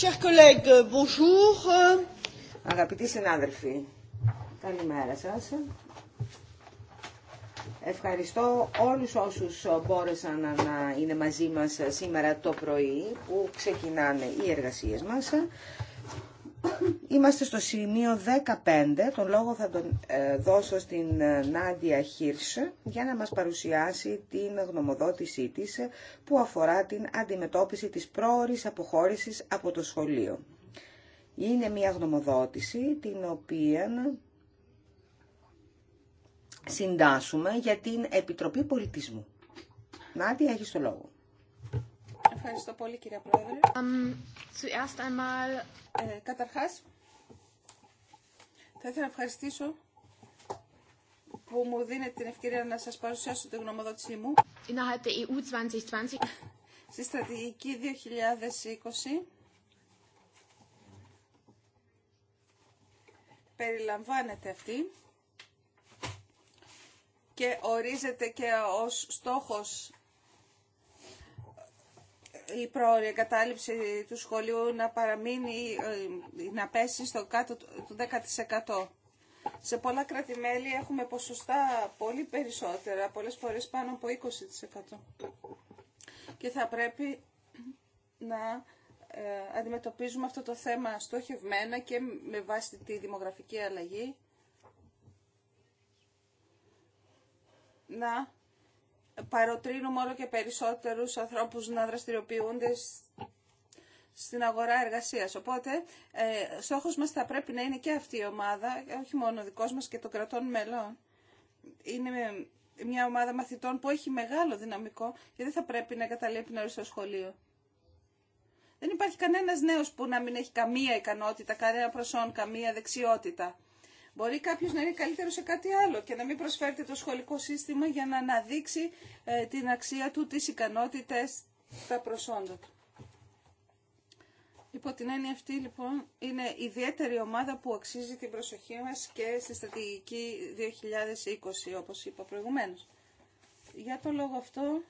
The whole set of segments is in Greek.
Chers collègues, euh, bonjour. Αγαπητοί συνάδελφοι, καλημέρα σα. Ευχαριστώ όλους όσους μπόρεσαν να είναι μαζί μας σήμερα το πρωί που ξεκινάνε οι εργασίες μας. Είμαστε στο σημείο 15. Τον λόγο θα τον ε, δώσω στην ε, Νάντια Χίρσ για να μας παρουσιάσει την γνωμοδότησή της ε, που αφορά την αντιμετώπιση της πρόορης αποχώρησης από το σχολείο. Είναι μια γνωμοδότηση την οποία συντάσσουμε για την Επιτροπή Πολιτισμού. Νάντια, έχει το λόγο. Ευχαριστώ πολύ κύριε Πρόεδρε. zuerst einmal... Ε, καταρχάς, θα ήθελα να ευχαριστήσω που μου δίνετε την ευκαιρία να σας παρουσιάσω την γνωμοδότησή μου. Innerhalb der EU 2020. Στη στρατηγική 2020 περιλαμβάνεται αυτή και ορίζεται και ως στόχος η πρόορη εγκατάλειψη του σχολείου να παραμείνει, ε, να πέσει στο κάτω του 10%. Σε πολλά κρατημέλη έχουμε ποσοστά πολύ περισσότερα, πολλές φορές πάνω από 20%. Και θα πρέπει να ε, αντιμετωπίζουμε αυτό το θέμα στοχευμένα και με βάση τη δημογραφική αλλαγή. Να παροτρύνουμε όλο και περισσότερους ανθρώπους να δραστηριοποιούνται στην αγορά εργασίας. Οπότε, ε, στόχος μας θα πρέπει να είναι και αυτή η ομάδα, όχι μόνο ο δικός μας και των κρατών μελών. Είναι μια ομάδα μαθητών που έχει μεγάλο δυναμικό και δεν θα πρέπει να καταλείπει ορίσει στο σχολείο. Δεν υπάρχει κανένας νέος που να μην έχει καμία ικανότητα, κανένα προσόν, καμία δεξιότητα. Μπορεί κάποιο να είναι καλύτερο σε κάτι άλλο και να μην προσφέρεται το σχολικό σύστημα για να αναδείξει ε, την αξία του, τι ικανότητε, τα προσόντα του. Υπό την έννοια αυτή, λοιπόν, είναι ιδιαίτερη ομάδα που αξίζει την προσοχή μα και στη στρατηγική 2020, όπω είπα προηγουμένω. Για τον λόγο αυτό,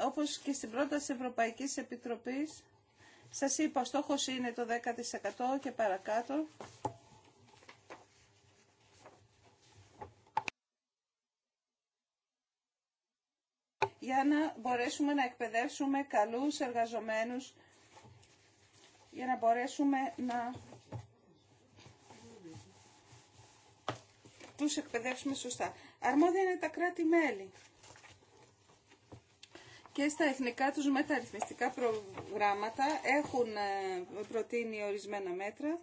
όπως και στην πρόταση Ευρωπαϊκής Επιτροπής, σας είπα, ο στόχος είναι το 10% και παρακάτω. για να μπορέσουμε να εκπαιδεύσουμε καλούς εργαζομένους, για να μπορέσουμε να τους εκπαιδεύσουμε σωστά. Αρμόδια είναι τα κράτη-μέλη και στα εθνικά τους μεταρρυθμιστικά προγράμματα έχουν ε, προτείνει ορισμένα μέτρα.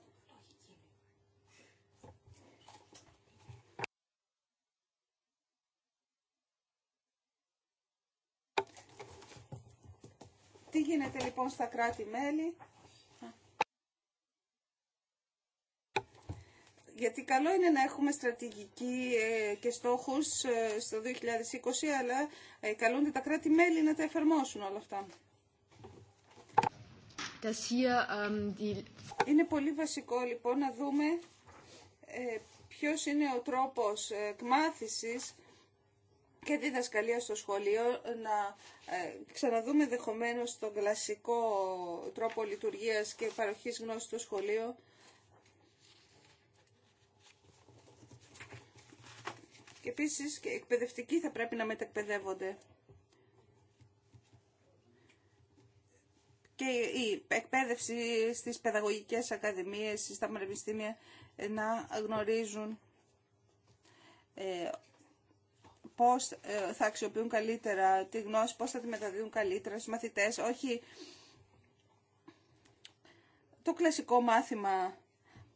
Τι γίνεται λοιπόν στα κράτη-μέλη. Γιατί καλό είναι να έχουμε στρατηγική ε, και στόχους ε, στο 2020, αλλά ε, καλούνται τα κράτη-μέλη να τα εφαρμόσουν όλα αυτά. Ähm, είναι πολύ βασικό λοιπόν να δούμε ποιος είναι ο τρόπος εκμάθησης και διδασκαλία στο σχολείο, να ξαναδούμε δεχομένως τον κλασικό τρόπο λειτουργίας και παροχής γνώσης στο σχολείο Και επίσης και εκπαιδευτικοί θα πρέπει να μετακπαιδεύονται. Και η εκπαίδευση στις παιδαγωγικές ακαδημίες, στα πανεπιστήμια ε, να γνωρίζουν ε, πώς ε, θα αξιοποιούν καλύτερα τη γνώση, πώς θα τη μεταδίδουν καλύτερα στους μαθητές, όχι το κλασικό μάθημα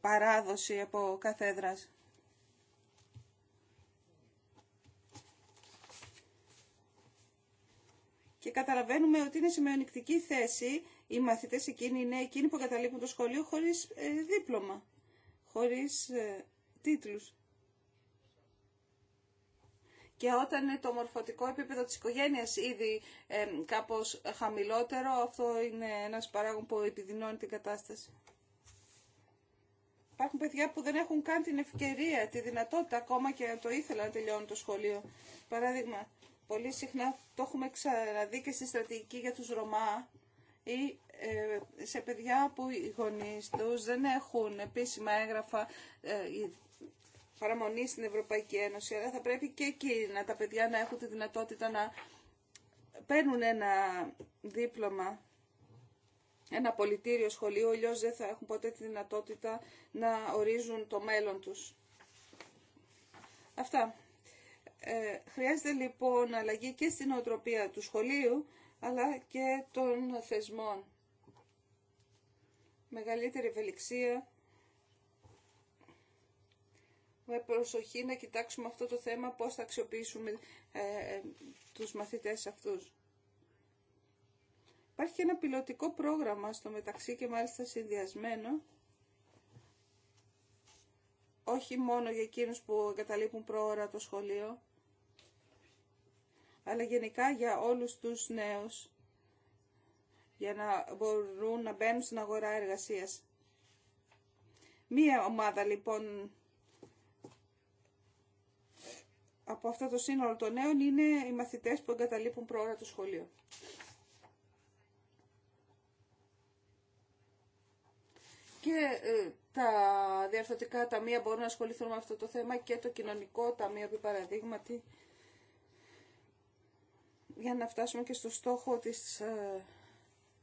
παράδοση από καθέδρας. και καταλαβαίνουμε ότι είναι σε θέση οι μαθητές εκείνοι, είναι εκείνοι που καταλήγουν το σχολείο χωρίς ε, δίπλωμα, χωρίς ε, τίτλους. Και όταν το μορφωτικό επίπεδο της οικογένειας ήδη ε, κάπως χαμηλότερο, αυτό είναι ένας παράγον που επιδεινώνει την κατάσταση. Υπάρχουν παιδιά που δεν έχουν καν την ευκαιρία, τη δυνατότητα ακόμα και το ήθελα να τελειώνουν το σχολείο. Παράδειγμα, Πολύ συχνά το έχουμε ξαναδεί και στη στρατηγική για τους Ρωμά ή ε, σε παιδιά που οι δεν έχουν επίσημα έγγραφα ε, παραμονή στην Ευρωπαϊκή Ένωση, αλλά θα πρέπει και εκεί να τα παιδιά να έχουν τη δυνατότητα να παίρνουν ένα δίπλωμα, ένα πολιτήριο σχολείου, αλλιώ δεν θα έχουν ποτέ τη δυνατότητα να ορίζουν το μέλλον τους. Αυτά. Ε, χρειάζεται λοιπόν αλλαγή και στην οτροπία του σχολείου, αλλά και των θεσμών. Μεγαλύτερη ευελιξία. Με προσοχή να κοιτάξουμε αυτό το θέμα, πώς θα αξιοποιήσουμε ε, τους μαθητές αυτούς. Υπάρχει ένα πιλωτικό πρόγραμμα στο μεταξύ και μάλιστα συνδυασμένο, όχι μόνο για εκείνους που εγκαταλείπουν πρόωρα το σχολείο, αλλά γενικά για όλους τους νέους, για να μπορούν να μπαίνουν στην αγορά εργασίας. Μία ομάδα λοιπόν από αυτό το σύνολο των νέων είναι οι μαθητές που εγκαταλείπουν πρόωρα το σχολείο. Και ε, τα διαρθωτικά ταμεία μπορούν να ασχοληθούν με αυτό το θέμα και το κοινωνικό ταμείο, επί παραδείγματι, για να φτάσουμε και στο στόχο της ε,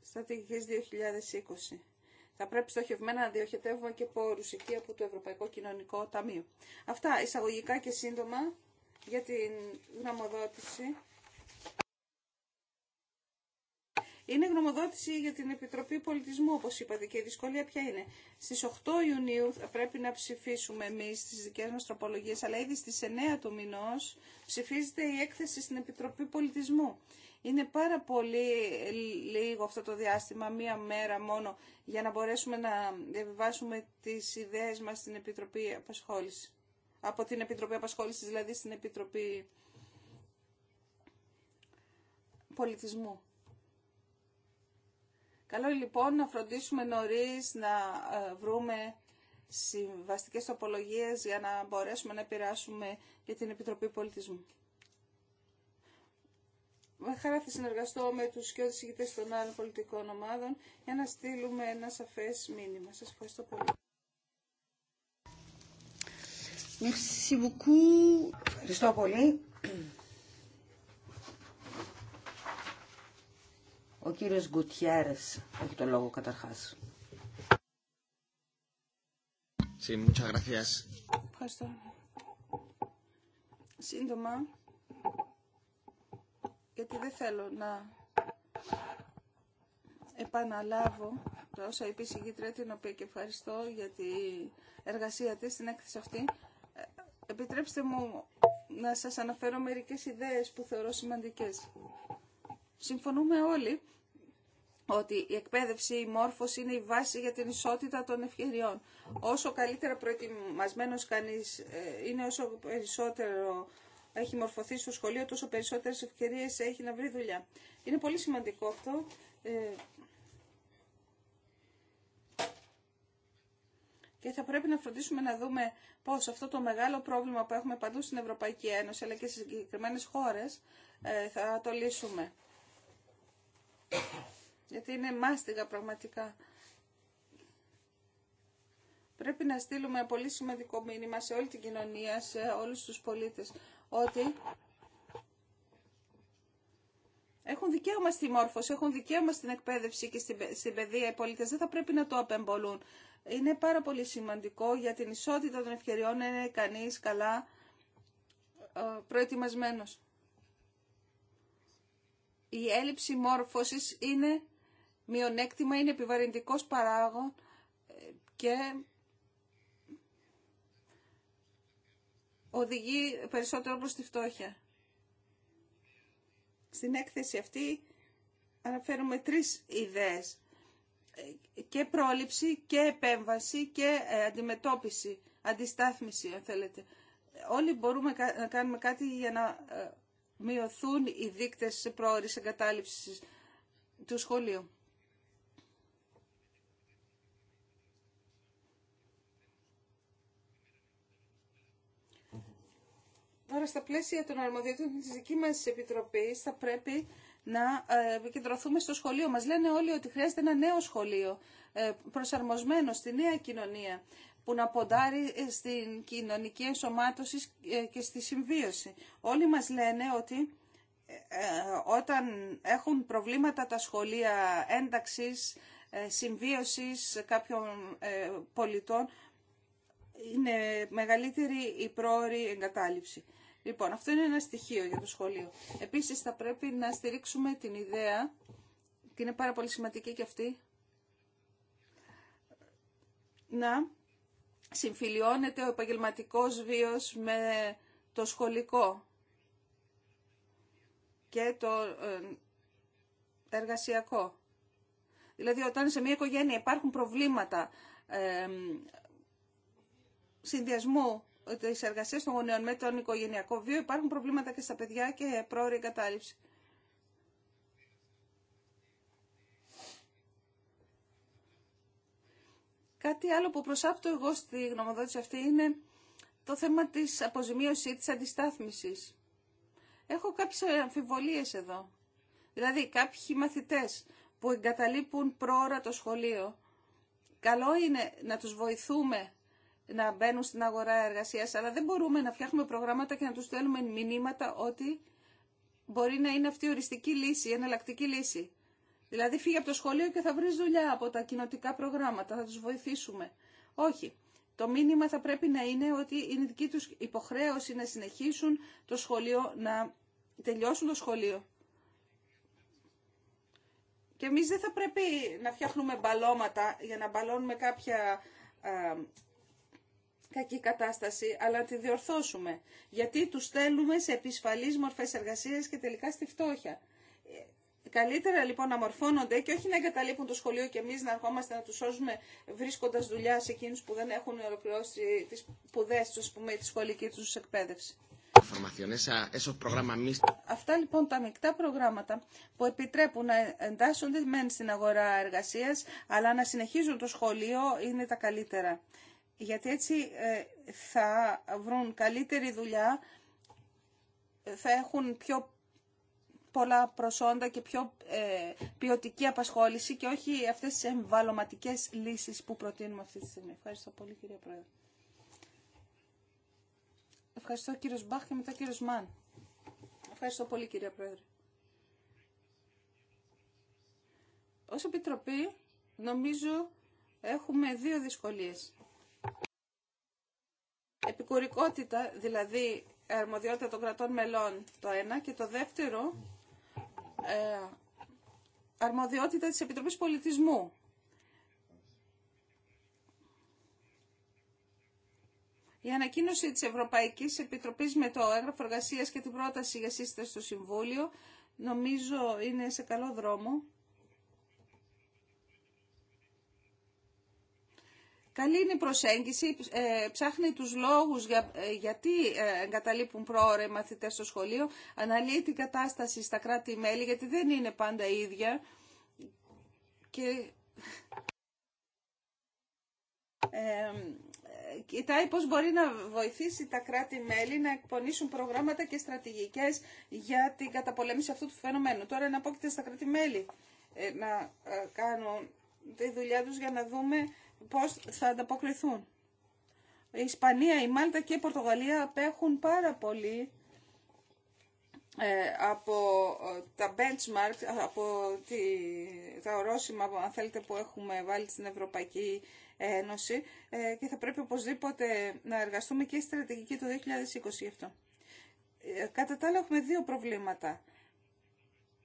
στρατηγικής 2020. Θα πρέπει στοχευμένα να διοχετεύουμε και πόρους εκεί από το Ευρωπαϊκό Κοινωνικό Ταμείο. Αυτά εισαγωγικά και σύντομα για την γραμμοδότηση. Είναι γνωμοδότηση για την Επιτροπή Πολιτισμού, όπω είπατε, και η δυσκολία ποια είναι. Στι 8 Ιουνίου θα πρέπει να ψηφίσουμε εμεί τι δικέ μα τροπολογίε, αλλά ήδη στι 9 του μηνό ψηφίζεται η έκθεση στην Επιτροπή Πολιτισμού. Είναι πάρα πολύ λίγο αυτό το διάστημα, μία μέρα μόνο, για να μπορέσουμε να διαβιβάσουμε τι ιδέε μα στην Επιτροπή Απασχόληση. Από την Επιτροπή απασχόληση δηλαδή στην Επιτροπή Πολιτισμού. Καλό λοιπόν να φροντίσουμε νωρίς να ε, βρούμε συμβαστικές τοπολογίες για να μπορέσουμε να επηρεάσουμε για την Επιτροπή Πολιτισμού. Με χαρά θα συνεργαστώ με τους και ηγητές των άλλων πολιτικών ομάδων για να στείλουμε ένα σαφές μήνυμα. Σας ευχαριστώ πολύ. Merci beaucoup. Ευχαριστώ πολύ. Ο κύριος Γκουτιέρες έχει το λόγο καταρχάς. Ευχαριστώ. Σύντομα, γιατί δεν θέλω να επαναλάβω τα όσα είπε η συγκήτρια, την οποία και ευχαριστώ για τη εργασία της στην έκθεση αυτή. Ε, επιτρέψτε μου να σας αναφέρω μερικές ιδέες που θεωρώ σημαντικές. Συμφωνούμε όλοι ότι η εκπαίδευση, η μόρφωση είναι η βάση για την ισότητα των ευκαιριών. Όσο καλύτερα προετοιμασμένος κανείς ε, είναι, όσο περισσότερο έχει μορφωθεί στο σχολείο, τόσο περισσότερες ευκαιρίες έχει να βρει δουλειά. Είναι πολύ σημαντικό αυτό. Ε, και θα πρέπει να φροντίσουμε να δούμε πώς αυτό το μεγάλο πρόβλημα που έχουμε παντού στην Ευρωπαϊκή Ένωση, αλλά και στις συγκεκριμένες χώρες, ε, θα το λύσουμε γιατί είναι μάστιγα πραγματικά. Πρέπει να στείλουμε ένα πολύ σημαντικό μήνυμα σε όλη την κοινωνία, σε όλους τους πολίτες, ότι έχουν δικαίωμα στη μόρφωση, έχουν δικαίωμα στην εκπαίδευση και στην παιδεία οι πολίτες. Δεν θα πρέπει να το απεμπολούν. Είναι πάρα πολύ σημαντικό για την ισότητα των ευκαιριών να είναι κανείς καλά ε, προετοιμασμένος η έλλειψη μόρφωσης είναι μειονέκτημα, είναι επιβαρυντικός παράγων ε, και οδηγεί περισσότερο προς τη φτώχεια. Στην έκθεση αυτή αναφέρουμε τρεις ιδέες. Ε, και πρόληψη και επέμβαση και ε, αντιμετώπιση, αντιστάθμιση αν θέλετε. Όλοι μπορούμε να κάνουμε κάτι για να μειωθούν οι δείκτες πρόορης εγκατάλειψης του σχολείου. Τώρα στα πλαίσια των αρμοδιότητων της δική μας Επιτροπής θα πρέπει να ε, επικεντρωθούμε στο σχολείο. Μας λένε όλοι ότι χρειάζεται ένα νέο σχολείο ε, προσαρμοσμένο στη νέα κοινωνία που να ποντάρει ε, στην κοινωνική ενσωμάτωση ε, και στη συμβίωση. Όλοι μας λένε ότι ε, όταν έχουν προβλήματα τα σχολεία ένταξης, συμβίωσης κάποιων πολιτών, είναι μεγαλύτερη η πρόορη εγκατάλειψη. Λοιπόν, αυτό είναι ένα στοιχείο για το σχολείο. Επίσης θα πρέπει να στηρίξουμε την ιδέα, και είναι πάρα πολύ σημαντική και αυτή, να συμφιλιώνεται ο επαγγελματικός βίος με το σχολικό και το ε, εργασιακό. Δηλαδή όταν σε μια οικογένεια υπάρχουν προβλήματα ε, συνδυασμού της εργασίας των γονέων με τον οικογενειακό βίο υπάρχουν προβλήματα και στα παιδιά και πρόορη εγκατάλειψη. Κάτι άλλο που προσάπτω εγώ στη γνωμοδότηση αυτή είναι το θέμα της αποζημίωσης ή της αντιστάθμισης. Έχω κάποιες αμφιβολίες εδώ. Δηλαδή κάποιοι μαθητές που εγκαταλείπουν πρόωρα το σχολείο, καλό είναι να τους βοηθούμε να μπαίνουν στην αγορά εργασίας, αλλά δεν μπορούμε να φτιάχνουμε προγράμματα και να τους στέλνουμε μηνύματα ότι μπορεί να είναι αυτή η οριστική λύση, η εναλλακτική λύση. Δηλαδή φύγει από το σχολείο και θα βρει δουλειά από τα κοινοτικά προγράμματα, θα τους βοηθήσουμε. Όχι. Το μήνυμα θα πρέπει να είναι ότι είναι δική του υποχρέωση να συνεχίσουν το σχολείο, να τελειώσουν το σχολείο. Και εμείς δεν θα πρέπει να φτιάχνουμε μπαλώματα για να μπαλώνουμε κάποια κακή κατάσταση, αλλά να τη διορθώσουμε. Γιατί τους στέλνουμε σε επισφαλείς μορφές εργασίας και τελικά στη φτώχεια. Καλύτερα λοιπόν να μορφώνονται και όχι να εγκαταλείπουν το σχολείο και εμεί να ερχόμαστε να τους σώζουμε βρίσκοντας δουλειά σε εκείνους που δεν έχουν ολοκληρώσει τις του, τους, πούμε, τη σχολική του εκπαίδευση. Αυτά λοιπόν τα μεικτά προγράμματα που επιτρέπουν να εντάσσονται μεν στην αγορά εργασία, αλλά να συνεχίζουν το σχολείο είναι τα καλύτερα. Γιατί έτσι ε, θα βρουν καλύτερη δουλειά, θα έχουν πιο πολλά προσόντα και πιο ε, ποιοτική απασχόληση και όχι αυτές τις εμβαλωματικές λύσεις που προτείνουμε αυτή τη στιγμή. Ευχαριστώ πολύ κύριε Πρόεδρε. Ευχαριστώ κύριος Μπάχ και μετά κύριος Μάν. Ευχαριστώ πολύ κύριε Πρόεδρε. Ως Επιτροπή νομίζω έχουμε δύο δυσκολίες. Επικουρικότητα, δηλαδή αρμοδιότητα των κρατών μελών το ένα και το δεύτερο ε, αρμοδιότητα της Επιτροπής Πολιτισμού. Η ανακοίνωση της Ευρωπαϊκής Επιτροπής με το έγγραφο εργασίας και την πρόταση για σύσταση στο Συμβούλιο νομίζω είναι σε καλό δρόμο Καλή είναι η προσέγγιση, ε, ψάχνει τους λόγους ε, γιατί ε, εγκαταλείπουν πρόωρε μαθητές στο σχολείο, αναλύει την κατάσταση στα κράτη-μέλη, γιατί δεν είναι πάντα ίδια. Και... κοιτάει πώς μπορεί να βοηθήσει τα κράτη-μέλη να εκπονήσουν προγράμματα και στρατηγικές για την καταπολέμηση αυτού του φαινομένου. Τώρα να και στα κράτη-μέλη να κάνουν τη δουλειά τους για να δούμε πώς θα ανταποκριθούν. Η Ισπανία, η Μάλτα και η Πορτογαλία απέχουν πάρα πολύ ε, από ε, τα benchmark από τη, τα ορόσημα αν θέλετε, που έχουμε βάλει στην Ευρωπαϊκή Ένωση ε, και θα πρέπει οπωσδήποτε να εργαστούμε και στη στρατηγική του 2020 γι' αυτό. Κατά τα άλλα έχουμε δύο προβλήματα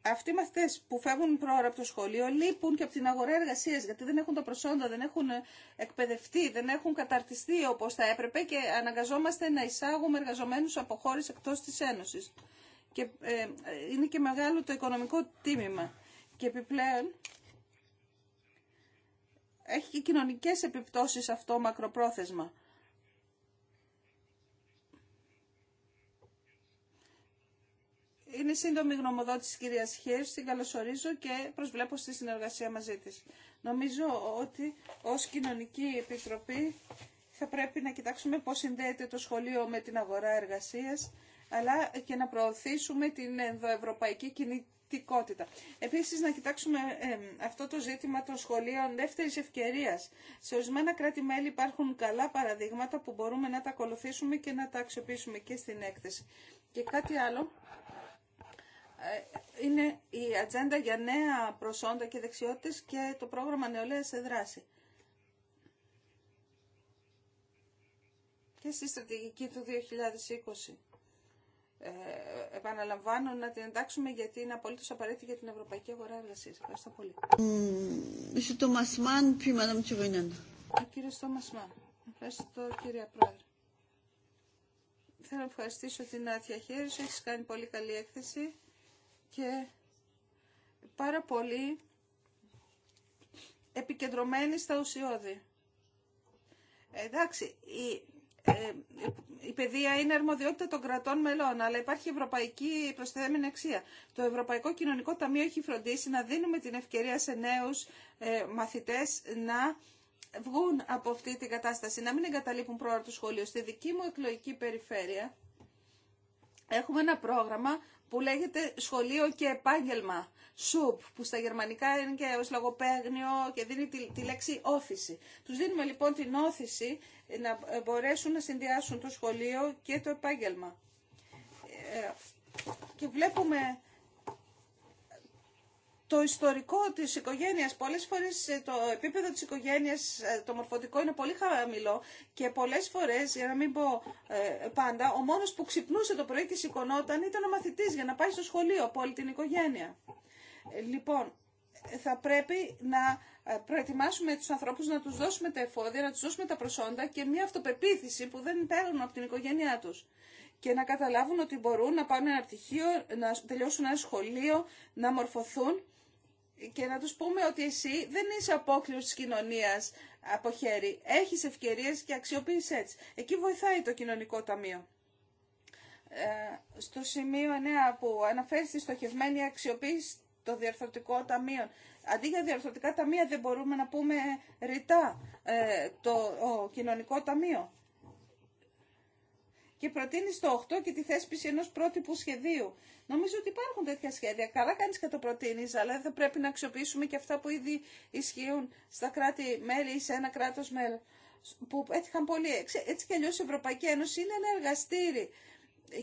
αυτοί οι μαθητές που φεύγουν πρόωρα από το σχολείο λείπουν και από την αγορά εργασία γιατί δεν έχουν τα προσόντα, δεν έχουν εκπαιδευτεί, δεν έχουν καταρτιστεί όπως θα έπρεπε και αναγκαζόμαστε να εισάγουμε εργαζομένους από χώρε εκτός της Ένωσης. Και ε, είναι και μεγάλο το οικονομικό τίμημα. Και επιπλέον έχει και κοινωνικές επιπτώσεις αυτό μακροπρόθεσμα. Είναι σύντομη η γνωμοδότηση της κυρίας Χέρς, την καλωσορίζω και προσβλέπω στη συνεργασία μαζί της. Νομίζω ότι ως Κοινωνική Επιτροπή θα πρέπει να κοιτάξουμε πώς συνδέεται το σχολείο με την αγορά εργασίας, αλλά και να προωθήσουμε την ενδοευρωπαϊκή κινητικότητα. Επίσης, να κοιτάξουμε αυτό το ζήτημα των σχολείων δεύτερης ευκαιρίας. Σε ορισμένα κράτη-μέλη υπάρχουν καλά παραδείγματα που μπορούμε να τα ακολουθήσουμε και να τα αξιοποιήσουμε και στην έκθεση. Και κάτι άλλο ε, είναι η ατζέντα για νέα προσόντα και δεξιότητες και το πρόγραμμα νεολαία σε δράση. Και στη στρατηγική του 2020. Ε, επαναλαμβάνω να την εντάξουμε γιατί είναι απολύτω απαραίτητη για την ευρωπαϊκή αγορά εργασία. Ευχαριστώ πολύ. Ο κύριο Τόμασμαν. Ευχαριστώ κύριε Πρόεδρε. Θέλω να ευχαριστήσω την Άτια Χέρι. Έχει κάνει πολύ καλή έκθεση και πάρα πολύ επικεντρωμένη στα ουσιώδη. Εντάξει, η, ε, η παιδεία είναι αρμοδιότητα των κρατών μελών, αλλά υπάρχει ευρωπαϊκή προσθέμενη αξία. Το Ευρωπαϊκό Κοινωνικό Ταμείο έχει φροντίσει να δίνουμε την ευκαιρία σε νέους ε, μαθητές να βγουν από αυτή την κατάσταση, να μην εγκαταλείπουν πρόωρα το σχολείο. Στη δική μου εκλογική περιφέρεια έχουμε ένα πρόγραμμα που λέγεται σχολείο και επάγγελμα, σουπ, που στα γερμανικά είναι και ως λογοπαίγνιο και δίνει τη, λέξη όθηση. Τους δίνουμε λοιπόν την όθηση να μπορέσουν να συνδυάσουν το σχολείο και το επάγγελμα. Ε, και βλέπουμε το ιστορικό της οικογένειας. Πολλές φορές ε, το επίπεδο της οικογένειας, ε, το μορφωτικό είναι πολύ χαμηλό και πολλές φορές, για να μην πω ε, πάντα, ο μόνος που ξυπνούσε το πρωί και σηκωνόταν ήταν ο μαθητής για να πάει στο σχολείο από όλη την οικογένεια. Λοιπόν, θα πρέπει να προετοιμάσουμε τους ανθρώπους, να τους δώσουμε τα εφόδια, να τους δώσουμε τα προσόντα και μια αυτοπεποίθηση που δεν παίρνουν από την οικογένειά τους. Και να καταλάβουν ότι μπορούν να πάνε ένα πτυχίο, να τελειώσουν ένα σχολείο, να μορφωθούν και να τους πούμε ότι εσύ δεν είσαι απόκλειος της κοινωνίας από χέρι. Έχεις ευκαιρίες και αξιοποιείς έτσι. Εκεί βοηθάει το κοινωνικό ταμείο. Ε, στο σημείο 9 που αναφέρει στη στοχευμένη αξιοποίηση των διαρθρωτικών ταμείων. Αντί για διαρθρωτικά ταμεία δεν μπορούμε να πούμε ρητά ε, το κοινωνικό ταμείο και προτείνει το 8 και τη θέσπιση ενό πρότυπου σχεδίου. Νομίζω ότι υπάρχουν τέτοια σχέδια. Καλά κάνει και το προτείνει, αλλά δεν πρέπει να αξιοποιήσουμε και αυτά που ήδη ισχύουν στα κράτη-μέλη ή σε ένα κράτο-μέλη. Που έτυχαν πολύ. Έτσι κι αλλιώ η Ευρωπαϊκή Ένωση είναι ένα εργαστήρι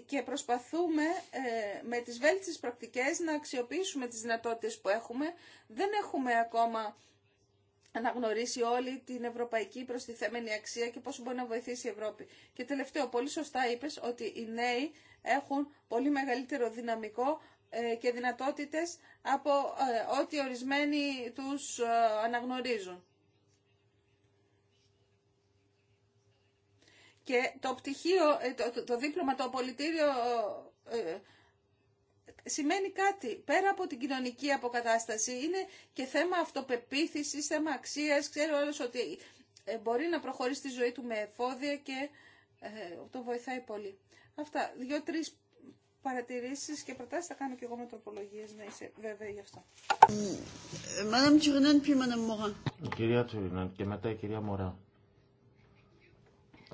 και προσπαθούμε ε, με τις βέλτιστες πρακτικές να αξιοποιήσουμε τις δυνατότητες που έχουμε. Δεν έχουμε ακόμα αναγνωρίσει όλη την ευρωπαϊκή προστιθέμενη αξία και πώς μπορεί να βοηθήσει η Ευρώπη. Και τελευταίο, πολύ σωστά είπες ότι οι νέοι έχουν πολύ μεγαλύτερο δυναμικό ε, και δυνατότητες από ε, ό,τι ορισμένοι τους ε, αναγνωρίζουν. Και το πτυχίο, το, το δίπλωμα, το πολιτήριο σημαίνει κάτι. Πέρα από την κοινωνική αποκατάσταση είναι και θέμα αυτοπεποίθησης, θέμα αξία. Ξέρω όλος ότι ε, μπορεί να προχωρήσει τη ζωή του με εφόδια και ε, το βοηθάει πολύ. Αυτά, δύο-τρεις παρατηρήσεις και προτάσεις θα κάνω και εγώ με τροπολογίε, να είσαι βέβαια γι' αυτό. Ε, κυρία Τσουρινάν και μετά η κυρία Μωρά.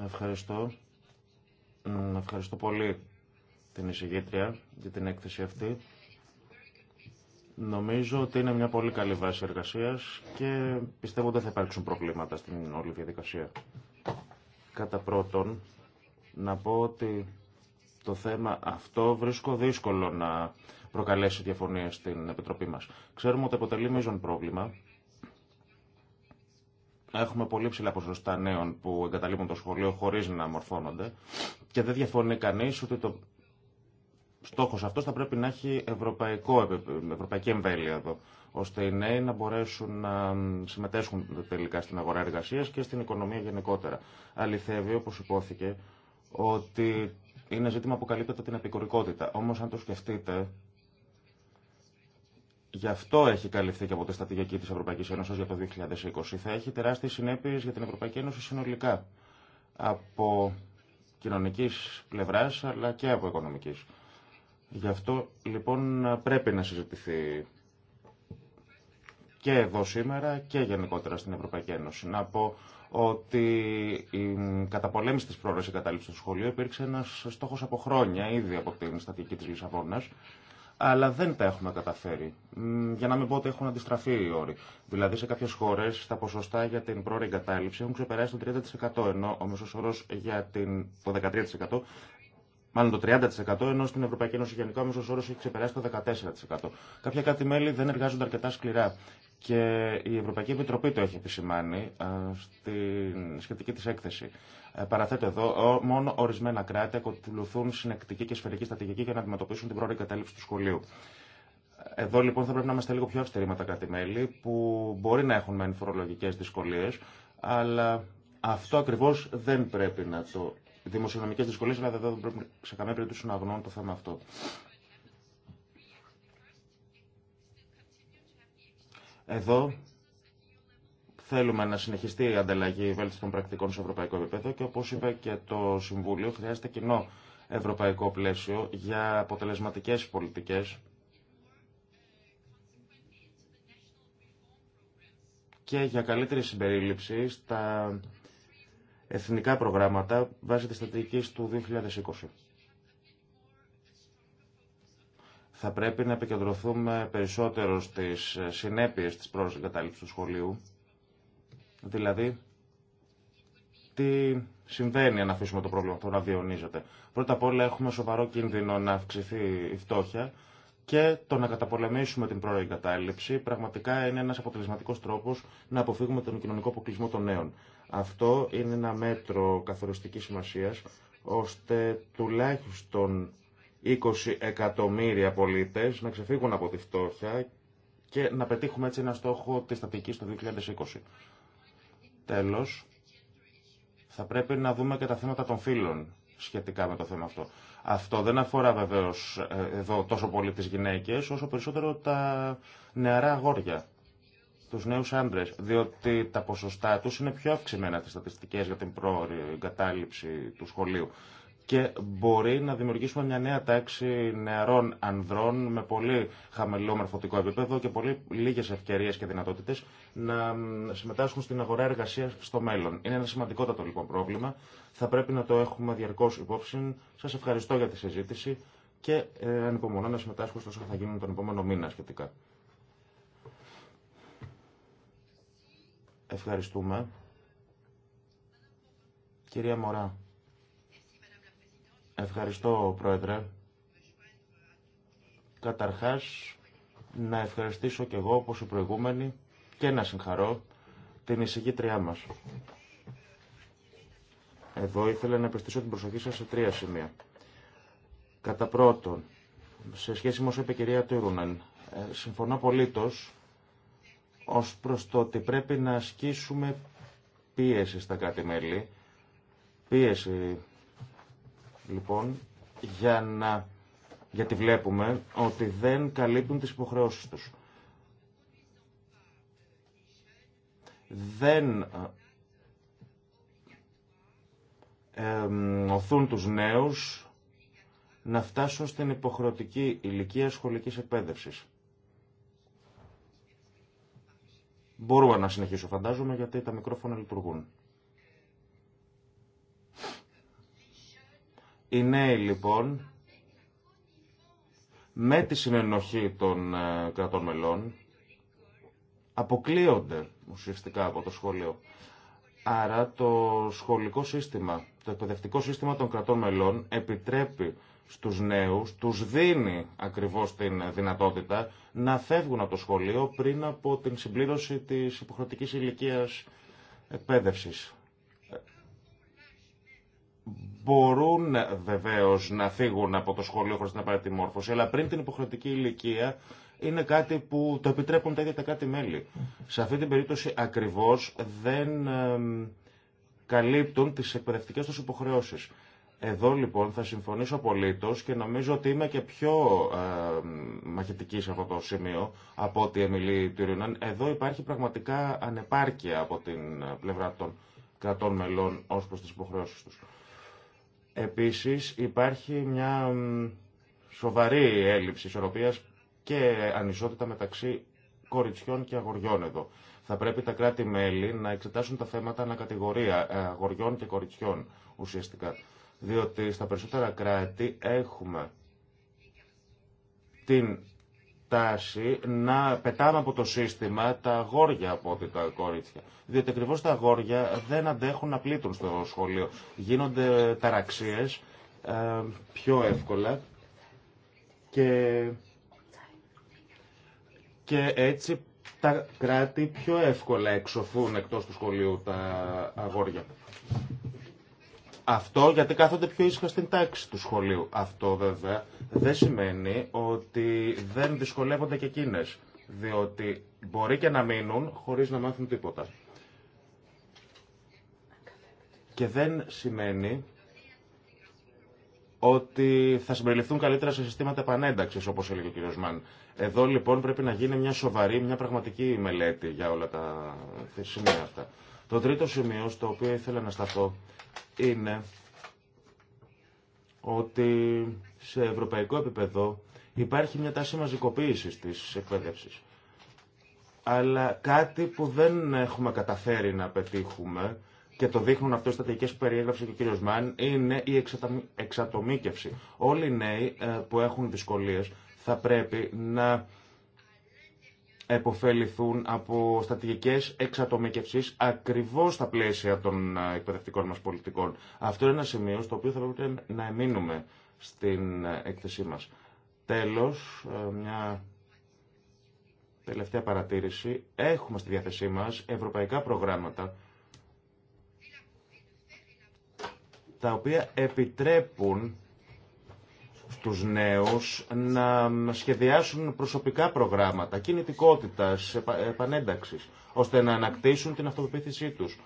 Ευχαριστώ. Ευχαριστώ πολύ την εισηγήτρια για την έκθεση αυτή. Νομίζω ότι είναι μια πολύ καλή βάση εργασίας και πιστεύω ότι δεν θα υπάρξουν προβλήματα στην όλη διαδικασία. Κατά πρώτον, να πω ότι το θέμα αυτό βρίσκω δύσκολο να προκαλέσει διαφωνίες στην Επιτροπή μας. Ξέρουμε ότι αποτελεί μείζον πρόβλημα. Έχουμε πολύ ψηλά ποσοστά νέων που εγκαταλείπουν το σχολείο χωρίς να μορφώνονται και δεν διαφωνεί κανείς ότι το Στόχο αυτό θα πρέπει να έχει ευρωπαϊκό, ευρωπαϊκή εμβέλεια εδώ, ώστε οι νέοι να μπορέσουν να συμμετέσχουν τελικά στην αγορά εργασία και στην οικονομία γενικότερα. Αληθεύει, όπω υπόθηκε, ότι είναι ζήτημα που καλύπτεται την επικουρικότητα. Όμω αν το σκεφτείτε, Γι' αυτό έχει καλυφθεί και από τη στρατηγική τη Ευρωπαϊκή Ένωση για το 2020. Θα έχει τεράστιε συνέπειε για την Ευρωπαϊκή Ένωση συνολικά. Από κοινωνική πλευρά αλλά και από οικονομική. Γι' αυτό λοιπόν πρέπει να συζητηθεί και εδώ σήμερα και γενικότερα στην Ευρωπαϊκή Ένωση. Να πω ότι η καταπολέμηση της πρόορας εγκατάλειψης στο σχολείο υπήρξε ένας στόχος από χρόνια, ήδη από την στατική της Λισαβόνας, αλλά δεν τα έχουμε καταφέρει. Για να μην πω ότι έχουν αντιστραφεί οι όροι. Δηλαδή σε κάποιες χώρες τα ποσοστά για την πρόορη εγκατάλειψη έχουν ξεπεράσει το 30%, ενώ ο μέσος όρος για την, το 13% μάλλον το 30% ενώ στην Ευρωπαϊκή Ένωση γενικά ο μέσο όρος έχει ξεπεράσει το 14%. Κάποια κάτι μέλη δεν εργάζονται αρκετά σκληρά και η Ευρωπαϊκή Επιτροπή το έχει επισημάνει στην σχετική τη έκθεση. Ε, παραθέτω εδώ, μόνο ορισμένα κράτη ακολουθούν συνεκτική και σφαιρική στρατηγική για να αντιμετωπίσουν την πρώτη κατάληψη του σχολείου. Εδώ λοιπόν θα πρέπει να είμαστε λίγο πιο αυστηροί με τα κράτη-μέλη που μπορεί να έχουν μεν φορολογικέ δυσκολίε, αλλά αυτό ακριβώ δεν πρέπει να το Δημοσιονομικέ δυσκολίε αλλά δεν πρέπει σε καμία περίπτωση να αγνοούν το θέμα αυτό. Εδώ θέλουμε να συνεχιστεί η ανταλλαγή βέλτιστων πρακτικών σε ευρωπαϊκό επίπεδο και όπως είπε και το Συμβούλιο χρειάζεται κοινό ευρωπαϊκό πλαίσιο για αποτελεσματικές πολιτικές και για καλύτερη συμπερίληψη στα εθνικά προγράμματα βάσει της στρατηγικής του 2020. Θα πρέπει να επικεντρωθούμε περισσότερο στις συνέπειες της πρόορας εγκατάλειψης του σχολείου, δηλαδή τι συμβαίνει αν αφήσουμε το πρόβλημα αυτό να διαιωνίζεται. Πρώτα απ' όλα έχουμε σοβαρό κίνδυνο να αυξηθεί η φτώχεια και το να καταπολεμήσουμε την πρώην εγκατάλειψη πραγματικά είναι ένας αποτελεσματικός τρόπος να αποφύγουμε τον κοινωνικό αποκλεισμό των νέων. Αυτό είναι ένα μέτρο καθοριστικής σημασίας, ώστε τουλάχιστον 20 εκατομμύρια πολίτες να ξεφύγουν από τη φτώχεια και να πετύχουμε έτσι ένα στόχο της στατική του 2020. Τέλος, θα πρέπει να δούμε και τα θέματα των φίλων σχετικά με το θέμα αυτό. Αυτό δεν αφορά βεβαίως ε, εδώ τόσο πολύ τις γυναίκες, όσο περισσότερο τα νεαρά αγόρια. Του νέου άντρε, διότι τα ποσοστά του είναι πιο αυξημένα τι στατιστικέ για την πρόορη εγκατάλειψη του σχολείου και μπορεί να δημιουργήσουμε μια νέα τάξη νεαρών ανδρών με πολύ χαμηλό μορφωτικό επίπεδο και πολύ λίγε ευκαιρίε και δυνατότητε να συμμετάσχουν στην αγορά εργασία στο μέλλον. Είναι ένα σημαντικότατο λοιπόν πρόβλημα. Θα πρέπει να το έχουμε διαρκώ υπόψη. Σα ευχαριστώ για τη συζήτηση και ε, ανυπομονώ να συμμετάσχω στο όσο θα γίνουν τον επόμενο μήνα σχετικά. Ευχαριστούμε. Κυρία Μωρά. Ευχαριστώ, Πρόεδρε. Καταρχάς, να ευχαριστήσω και εγώ, όπως οι προηγούμενοι, και να συγχαρώ την εισηγήτριά μας. Εδώ ήθελα να επιστήσω την προσοχή σας σε τρία σημεία. Κατά πρώτον, σε σχέση με όσο είπε η κυρία Τουρούνεν, ε, συμφωνώ απολύτως ως προς το ότι πρέπει να ασκήσουμε πίεση στα κάτι μέλη. Πίεση, λοιπόν, για να... γιατί βλέπουμε ότι δεν καλύπτουν τις υποχρεώσεις τους. Δεν ε, οθούν τους νέους να φτάσουν στην υποχρεωτική ηλικία σχολικής εκπαίδευσης. Μπορούμε να συνεχίσω φαντάζομαι γιατί τα μικρόφωνα λειτουργούν. Οι νέοι λοιπόν με τη συνενοχή των ε, κρατών μελών αποκλείονται ουσιαστικά από το σχολείο. Άρα το σχολικό σύστημα, το εκπαιδευτικό σύστημα των κρατών μελών επιτρέπει στους νέους, τους δίνει ακριβώς την δυνατότητα να φεύγουν από το σχολείο πριν από την συμπλήρωση της υποχρεωτικής ηλικίας εκπαίδευσης. Μπορούν βεβαίως να φύγουν από το σχολείο χωρίς να πάρει τη μόρφωση, αλλά πριν την υποχρεωτική ηλικία είναι κάτι που το επιτρέπουν τα ίδια τα κάτι μέλη. Σε αυτή την περίπτωση ακριβώς δεν καλύπτουν τις εκπαιδευτικές τους υποχρεώσεις. Εδώ λοιπόν θα συμφωνήσω απολύτω και νομίζω ότι είμαι και πιο ε, μαχητική σε αυτό το σημείο από ότι η Εμιλή Εδώ υπάρχει πραγματικά ανεπάρκεια από την πλευρά των κρατών μελών ω προ τι υποχρεώσει του. Επίση υπάρχει μια σοβαρή έλλειψη ισορροπία και ανισότητα μεταξύ κοριτσιών και αγοριών εδώ. Θα πρέπει τα κράτη-μέλη να εξετάσουν τα θέματα ανακατηγορία ε, αγοριών και κοριτσιών ουσιαστικά διότι στα περισσότερα κράτη έχουμε την τάση να πετάμε από το σύστημα τα αγόρια από ό,τι τα κορίτσια. Διότι ακριβώ τα αγόρια δεν αντέχουν να πλήττουν στο σχολείο. Γίνονται ταραξίες ε, πιο εύκολα και, και έτσι τα κράτη πιο εύκολα εξωθούν εκτός του σχολείου τα αγόρια. Αυτό γιατί κάθονται πιο ήσυχα στην τάξη του σχολείου. Αυτό βέβαια δεν σημαίνει ότι δεν δυσκολεύονται και εκείνε. διότι μπορεί και να μείνουν χωρί να μάθουν τίποτα. Και δεν σημαίνει ότι θα συμπεριληφθούν καλύτερα σε συστήματα επανένταξη, όπω έλεγε ο κ. Μαν. Εδώ λοιπόν πρέπει να γίνει μια σοβαρή, μια πραγματική μελέτη για όλα τα σημεία αυτά. Το τρίτο σημείο στο οποίο ήθελα να σταθώ είναι ότι σε ευρωπαϊκό επίπεδο υπάρχει μια τάση μαζικοποίησης τη εκπαίδευση, Αλλά κάτι που δεν έχουμε καταφέρει να πετύχουμε και το δείχνουν αυτό οι στατικέ που περιέγραψε και ο κ. Μαν, είναι η εξατομίκευση. Όλοι οι νέοι ε, που έχουν δυσκολίε θα πρέπει να εποφεληθούν από στρατηγικές εξατομικεύσεις ακριβώς στα πλαίσια των ε, εκπαιδευτικών μας πολιτικών. Αυτό είναι ένα σημείο στο οποίο θα πρέπει να εμείνουμε στην ε, έκθεσή μας. Τέλος, ε, μια τελευταία παρατήρηση. Έχουμε στη διάθεσή μας ευρωπαϊκά προγράμματα τα οποία επιτρέπουν τους νέους να σχεδιάσουν προσωπικά προγράμματα κινητικότητας, επανένταξης, ώστε να ανακτήσουν την αυτοπεποίθησή τους.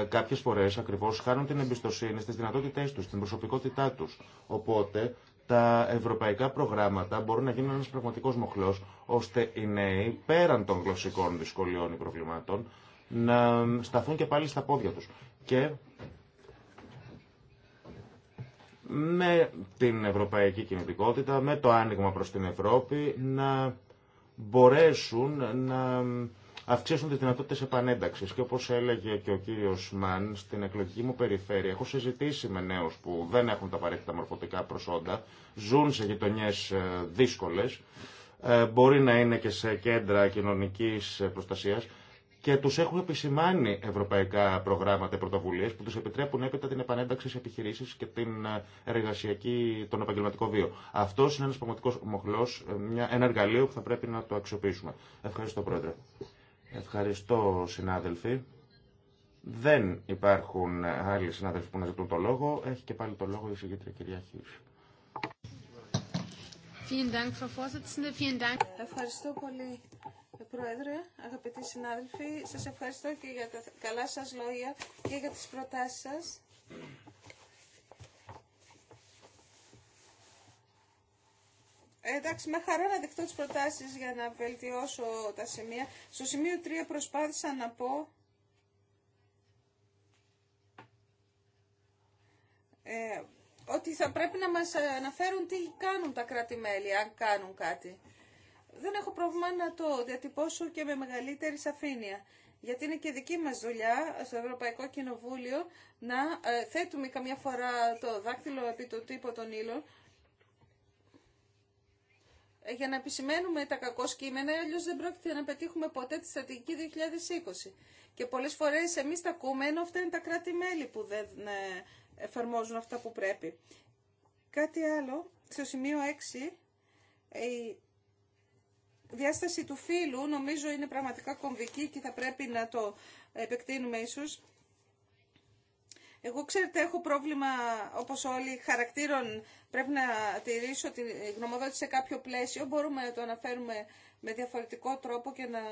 Ε, κάποιες φορές ακριβώς χάνουν την εμπιστοσύνη στις δυνατότητές τους, στην προσωπικότητά τους. Οπότε τα ευρωπαϊκά προγράμματα μπορούν να γίνουν ένας πραγματικός μοχλός, ώστε οι νέοι, πέραν των γλωσσικών δυσκολιών ή προβλημάτων, να σταθούν και πάλι στα πόδια τους. Και με την ευρωπαϊκή κινητικότητα, με το άνοιγμα προς την Ευρώπη, να μπορέσουν να αυξήσουν τις δυνατότητες επανένταξης. Και όπως έλεγε και ο κύριος Μαν, στην εκλογική μου περιφέρεια έχω συζητήσει με νέους που δεν έχουν τα απαραίτητα μορφωτικά προσόντα, ζουν σε γειτονιές ε, δύσκολες, ε, μπορεί να είναι και σε κέντρα κοινωνικής ε, προστασίας, και του έχουν επισημάνει ευρωπαϊκά προγράμματα, πρωτοβουλίες που του επιτρέπουν έπειτα την επανένταξη σε επιχειρήσει και την ε, εργασιακή, τον επαγγελματικό βίο. Αυτό είναι ένα πραγματικό μοχλός, ε, ένα εργαλείο που θα πρέπει να το αξιοποιήσουμε. Ευχαριστώ Πρόεδρε. Ευχαριστώ συνάδελφοι. Δεν υπάρχουν ε, άλλοι συνάδελφοι που να ζητούν το λόγο. Έχει και πάλι το λόγο η συγγετρία κυρία Χίρ. Ευχαριστώ πολύ ε, πρόεδρε, αγαπητοί συνάδελφοι, σας ευχαριστώ και για τα καλά σας λόγια και για τις προτάσεις σας. Ε, εντάξει, με χαρά να δεχτώ τις προτάσεις για να βελτιώσω τα σημεία. Στο σημείο 3 προσπάθησα να πω ε, ότι θα πρέπει να μας αναφέρουν τι κάνουν τα κράτη-μέλη, αν κάνουν κάτι δεν έχω πρόβλημα να το διατυπώσω και με μεγαλύτερη σαφήνεια. Γιατί είναι και δική μας δουλειά στο Ευρωπαϊκό Κοινοβούλιο να ε, θέτουμε καμιά φορά το δάκτυλο επί του τύπο των ύλων ε, για να επισημαίνουμε τα κακό κείμενα, αλλιώ δεν πρόκειται να πετύχουμε ποτέ τη στρατηγική 2020. Και πολλέ φορέ εμεί τα ακούμε, ενώ αυτά είναι τα κράτη-μέλη που δεν ε, εφαρμόζουν αυτά που πρέπει. Κάτι άλλο, στο σημείο 6, η διάσταση του φύλου νομίζω είναι πραγματικά κομβική και θα πρέπει να το επεκτείνουμε ίσως. Εγώ ξέρετε έχω πρόβλημα όπως όλοι χαρακτήρων πρέπει να τηρήσω τη γνωμοδότηση σε κάποιο πλαίσιο. Μπορούμε να το αναφέρουμε με διαφορετικό τρόπο και να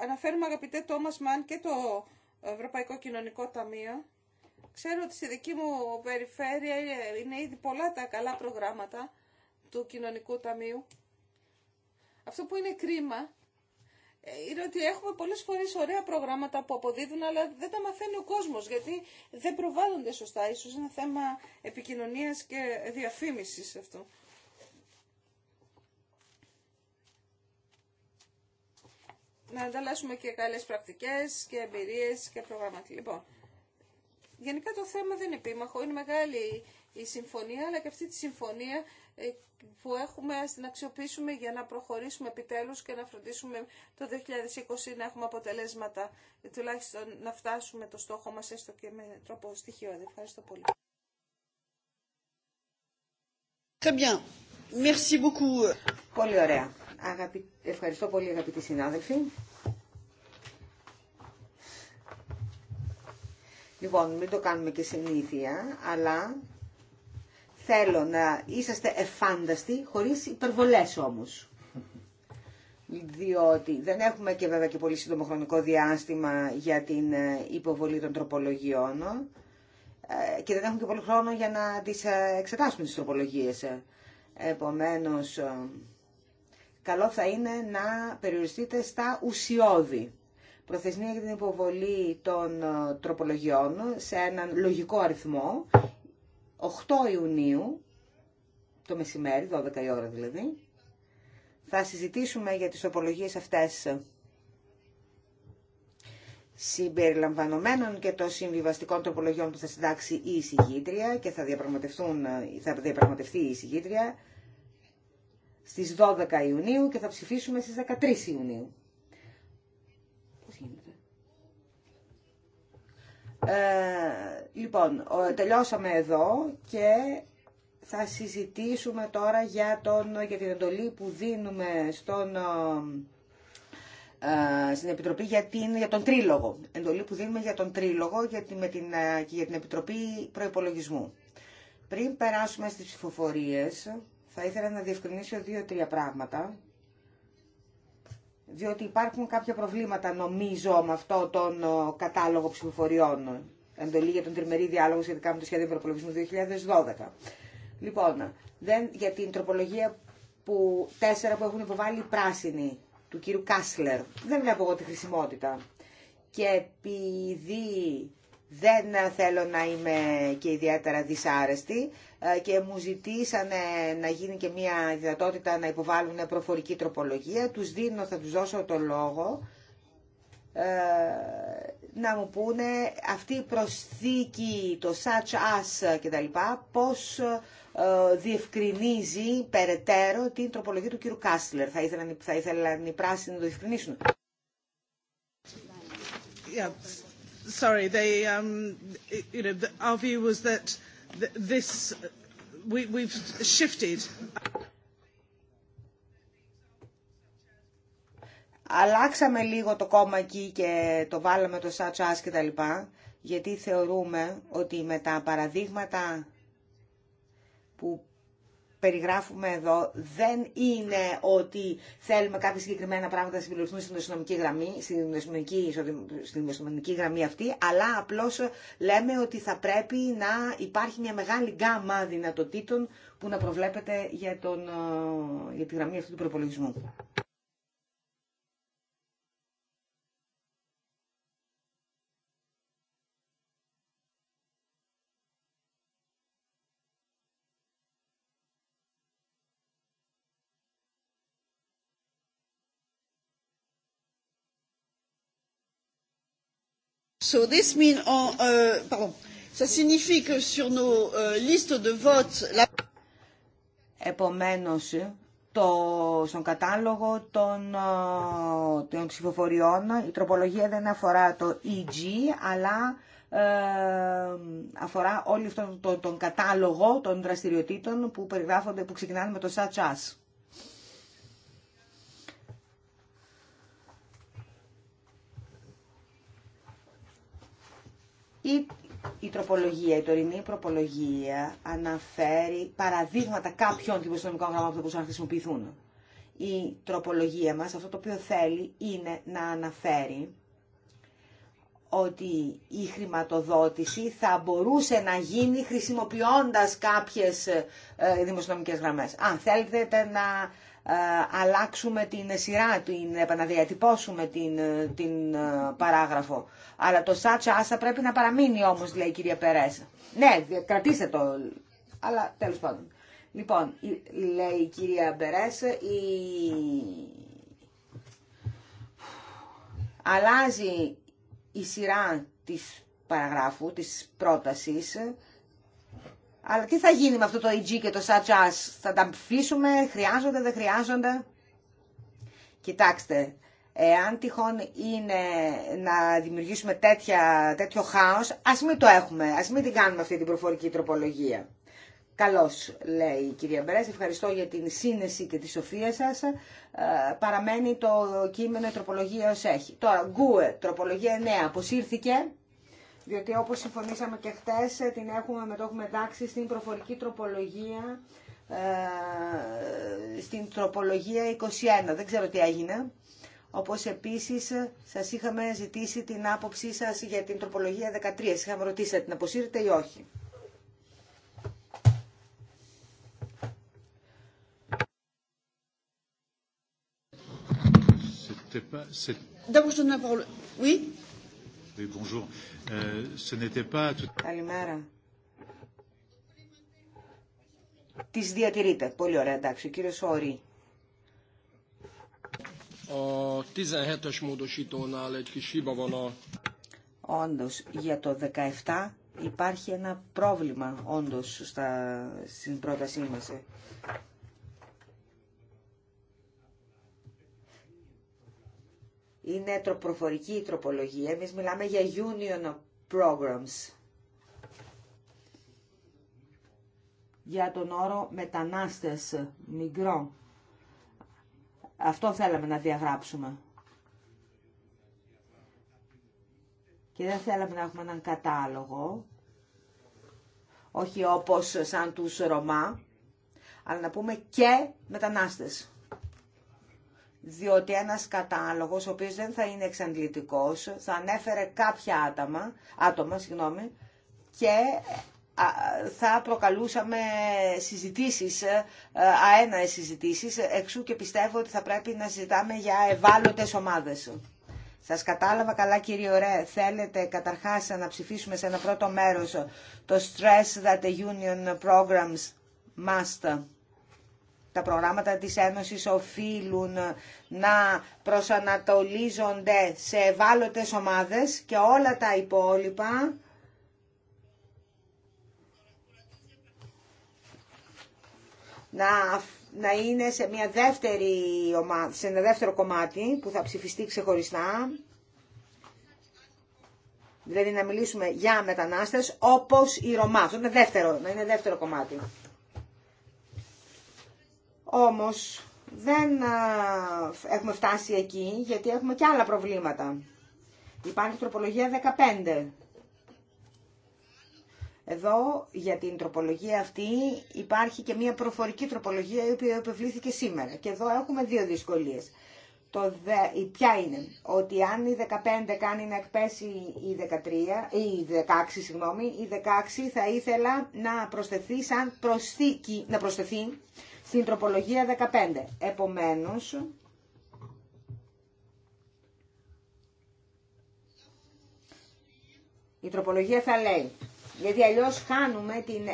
αναφέρουμε αγαπητέ Τόμας Μαν και το Ευρωπαϊκό Κοινωνικό Ταμείο. Ξέρω ότι στη δική μου περιφέρεια είναι ήδη πολλά τα καλά προγράμματα του Κοινωνικού Ταμείου. Αυτό που είναι κρίμα ε, είναι ότι έχουμε πολλές φορές ωραία προγράμματα που αποδίδουν, αλλά δεν τα μαθαίνει ο κόσμος, γιατί δεν προβάλλονται σωστά. Ίσως είναι θέμα επικοινωνίας και διαφήμισης αυτό. Να ανταλλάσσουμε και καλές πρακτικές και εμπειρίες και προγράμματα. Λοιπόν, γενικά το θέμα δεν είναι επίμαχο, είναι μεγάλη η συμφωνία, αλλά και αυτή τη συμφωνία ε, που έχουμε να αξιοποιήσουμε για να προχωρήσουμε επιτέλους και να φροντίσουμε το 2020 να έχουμε αποτελέσματα, τουλάχιστον να φτάσουμε το στόχο μας έστω και με τρόπο στοιχειώδη. Ευχαριστώ πολύ. Merci beaucoup. Πολύ ωραία. Ευχαριστώ πολύ αγαπητοί συνάδελφοι. Λοιπόν, μην το κάνουμε και συνήθεια, αλλά Θέλω να είσαστε εφάνταστοι, χωρίς υπερβολές όμως. Διότι δεν έχουμε και βέβαια και πολύ σύντομο χρονικό διάστημα για την ε, υποβολή των τροπολογιών ε, και δεν έχουμε και πολύ χρόνο για να τις ε, εξετάσουμε τις τροπολογίες. Επομένως, καλό θα είναι να περιοριστείτε στα ουσιώδη. Προθεσμία για την υποβολή των τροπολογιών σε έναν λογικό αριθμό 8 Ιουνίου, το μεσημέρι, 12 η ώρα δηλαδή, θα συζητήσουμε για τις οπολογίες αυτές συμπεριλαμβανομένων και των συμβιβαστικών τροπολογιών που θα συντάξει η εισηγήτρια και θα, διαπραγματευτούν, θα διαπραγματευτεί η εισηγήτρια στις 12 Ιουνίου και θα ψηφίσουμε στις 13 Ιουνίου. Ε, λοιπόν, τελειώσαμε εδώ και θα συζητήσουμε τώρα για, τον, για την εντολή που δίνουμε στον, ε, στην Επιτροπή για, την, για τον Τρίλογο. Εντολή που δίνουμε για τον Τρίλογο για την, με την, ε, και για την Επιτροπή Προϋπολογισμού. Πριν περάσουμε στις ψηφοφορίες, θα ήθελα να διευκρινίσω δύο-τρία πράγματα διότι υπάρχουν κάποια προβλήματα νομίζω με αυτό τον κατάλογο ψηφοφοριών. Εντολή για τον τριμερή διάλογο σχετικά με το σχέδιο προπολογισμού 2012. Λοιπόν, δεν, για την τροπολογία που, τέσσερα που έχουν υποβάλει οι πράσινοι του κύριου Κάσλερ. Δεν βλέπω εγώ τη χρησιμότητα. Και επειδή δεν θέλω να είμαι και ιδιαίτερα δυσάρεστη, ε, και μου ζητήσανε να γίνει και μια δυνατότητα να υποβάλουν προφορική τροπολογία. Τους δίνω, θα τους δώσω το λόγο ε, να μου πούνε αυτή η προσθήκη, το such as και τα λοιπά, πώς ε, διευκρινίζει περαιτέρω την τροπολογία του κύρου Κάστλερ. Θα ήθελαν, θα ήθελαν οι πράσινοι να το διευκρινίσουν. Yeah. Sorry, they, um, you know, our view was that this we we've shifted Αλλάξαμε λίγο το κόμμα εκεί και το βάλαμε το σατσάς και τα λοιπά, γιατί θεωρούμε ότι με τα παραδείγματα που περιγράφουμε εδώ δεν είναι ότι θέλουμε κάποια συγκεκριμένα πράγματα να συμπληρωθούν στην αστυνομική γραμμή, στην αστυνομική, στην αστυνομική γραμμή αυτή, αλλά απλώς λέμε ότι θα πρέπει να υπάρχει μια μεγάλη γκάμα δυνατοτήτων που να προβλέπεται για, τον, ε, για τη γραμμή αυτού του προπολογισμού. Επομένως, το, στον κατάλογο των, των ψηφοφοριών η τροπολογία δεν αφορά το EG, αλλά ε, αφορά όλο αυτόν τον, κατάλογο των δραστηριοτήτων που περιγράφονται, που ξεκινάνε με το such Η, η τροπολογία, η τωρινή προπολογία αναφέρει παραδείγματα κάποιων δημοσιονομικών γραμμάτων που μπορούσαν να χρησιμοποιηθούν. Η τροπολογία μας αυτό το οποίο θέλει είναι να αναφέρει ότι η χρηματοδότηση θα μπορούσε να γίνει χρησιμοποιώντας κάποιες ε, δημοσιονομικές γραμμές. Αν θέλετε να ε, αλλάξουμε την σειρά, την επαναδιατυπώσουμε την, την ε, παράγραφο. Αλλά το σάτσα άσα πρέπει να παραμείνει όμως, λέει η κυρία Περές. Ναι, κρατήστε το, αλλά τέλος πάντων. Λοιπόν, λέει η κυρία Περές, η... αλλάζει η σειρά της παραγράφου, της πρότασης, αλλά τι θα γίνει με αυτό το IG και το such as, θα τα αφήσουμε, χρειάζονται, δεν χρειάζονται. Κοιτάξτε, εάν τυχόν είναι να δημιουργήσουμε τέτοια, τέτοιο χάος, ας μην το έχουμε, ας μην την κάνουμε αυτή την προφορική τροπολογία. Καλώς, λέει η κυρία Μπερές, ευχαριστώ για την σύνεση και τη σοφία σας. Ε, παραμένει το κείμενο τροπολογία ως έχει. Τώρα, γκουε, τροπολογία 9, αποσύρθηκε διότι όπως συμφωνήσαμε και χτες, ε, την έχουμε με το στην προφορική τροπολογία, ε, στην τροπολογία 21. Δεν ξέρω τι έγινε. Όπως επίσης ε, σας είχαμε ζητήσει την άποψή σας για την τροπολογία 13. Σας είχαμε ρωτήσει την αποσύρετε ή όχι. Euh, Καλημέρα. Τι διατηρείτε. Πολύ ωραία, εντάξει. Ο Σόρι. Όρη. για το 17 υπάρχει ένα πρόβλημα, όντω στην πρότασή μα. Ε, Είναι προφορική η τροπολογία. Εμείς μιλάμε για union programs. Για τον όρο μετανάστες, μικρό. Αυτό θέλαμε να διαγράψουμε. Και δεν θέλαμε να έχουμε έναν κατάλογο, όχι όπως σαν τους Ρωμά, αλλά να πούμε και μετανάστες διότι ένας κατάλογος, ο οποίος δεν θα είναι εξαντλητικός, θα ανέφερε κάποια άτομα, άτομα συγγνώμη, και θα προκαλούσαμε συζητήσεις, ε, αέναες συζητήσεις, εξού και πιστεύω ότι θα πρέπει να συζητάμε για ευάλωτες ομάδες. Σας κατάλαβα καλά κύριε Ωρέ, Θέλετε καταρχάς να ψηφίσουμε σε ένα πρώτο μέρος το Stress That the Union Programs Must τα προγράμματα της Ένωσης οφείλουν να προσανατολίζονται σε ευάλωτες ομάδες και όλα τα υπόλοιπα να, να είναι σε, μια δεύτερη ομάδα, σε ένα δεύτερο κομμάτι που θα ψηφιστεί ξεχωριστά. Δηλαδή να μιλήσουμε για μετανάστες όπως η Ρωμά. Αυτό δεύτερο, να είναι δεύτερο κομμάτι. Όμως δεν έχουμε φτάσει εκεί γιατί έχουμε και άλλα προβλήματα. Υπάρχει τροπολογία 15. Εδώ για την τροπολογία αυτή υπάρχει και μια προφορική τροπολογία η οποία επιβλήθηκε σήμερα. Και εδώ έχουμε δύο δυσκολίες. Το δε, ποια είναι, ότι αν η 15 κάνει να εκπέσει η, 13, η 16, συγγνώμη, η 16 θα ήθελα να προσθεθεί σαν προσθήκη, να προσθεθεί στην τροπολογία 15. Επομένως, η τροπολογία θα λέει γιατί αλλιώς χάνουμε την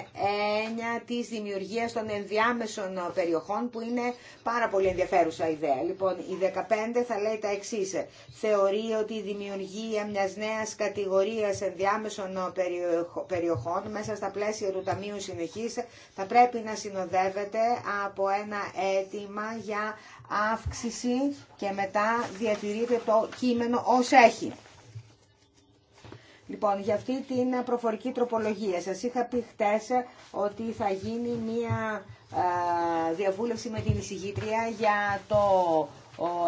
έννοια της δημιουργίας των ενδιάμεσων περιοχών που είναι πάρα πολύ ενδιαφέρουσα ιδέα. Λοιπόν, η 15 θα λέει τα εξής. Θεωρεί ότι η δημιουργία μιας νέας κατηγορίας ενδιάμεσων περιοχών μέσα στα πλαίσια του Ταμείου Συνεχής θα πρέπει να συνοδεύεται από ένα αίτημα για αύξηση και μετά διατηρείται το κείμενο ως έχει. Λοιπόν, για αυτή την προφορική τροπολογία σας είχα πει χτες ότι θα γίνει μια ε, διαβούλευση με την εισηγήτρια για το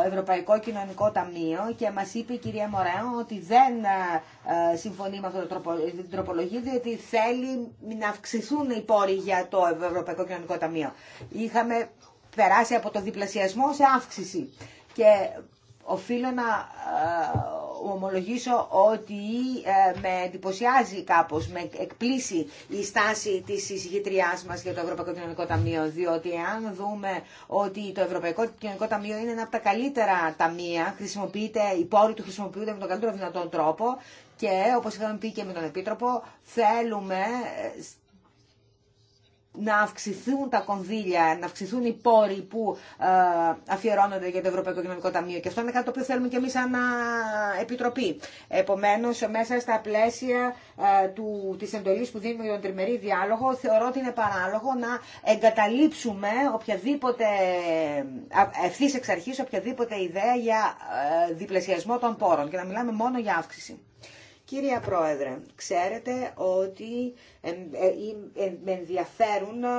Ευρωπαϊκό Κοινωνικό Ταμείο και μας είπε η κυρία Μωρέο ότι δεν ε, συμφωνεί με αυτή την τροπολογία διότι θέλει να αυξηθούν οι πόροι για το Ευρωπαϊκό Κοινωνικό Ταμείο. Είχαμε περάσει από το διπλασιασμό σε αύξηση και οφείλω να ε, ομολογήσω ότι ε, με εντυπωσιάζει κάπως, με εκπλήσει η στάση της συζητητριάς μας για το Ευρωπαϊκό Κοινωνικό Ταμείο, διότι αν δούμε ότι το Ευρωπαϊκό Κοινωνικό Ταμείο είναι ένα από τα καλύτερα ταμεία, χρησιμοποιείται, οι πόροι του χρησιμοποιούνται με τον καλύτερο δυνατόν τρόπο και όπως είχαμε πει και με τον Επίτροπο, θέλουμε ε, να αυξηθούν τα κονδύλια, να αυξηθούν οι πόροι που ε, αφιερώνονται για το Ευρωπαϊκό Κοινωνικό Ταμείο. Και αυτό είναι κάτι το οποίο θέλουμε και εμεί σαν Επιτροπή. Επομένως, μέσα στα πλαίσια ε, του, της εντολής που δίνουμε για τον τριμερή διάλογο, θεωρώ ότι είναι παράλογο να εγκαταλείψουμε οποιαδήποτε, ευθύ εξ αρχή οποιαδήποτε ιδέα για ε, διπλασιασμό των πόρων και να μιλάμε μόνο για αύξηση. Κύριε Πρόεδρε, ξέρετε ότι ε, με ενδιαφέρουν ε,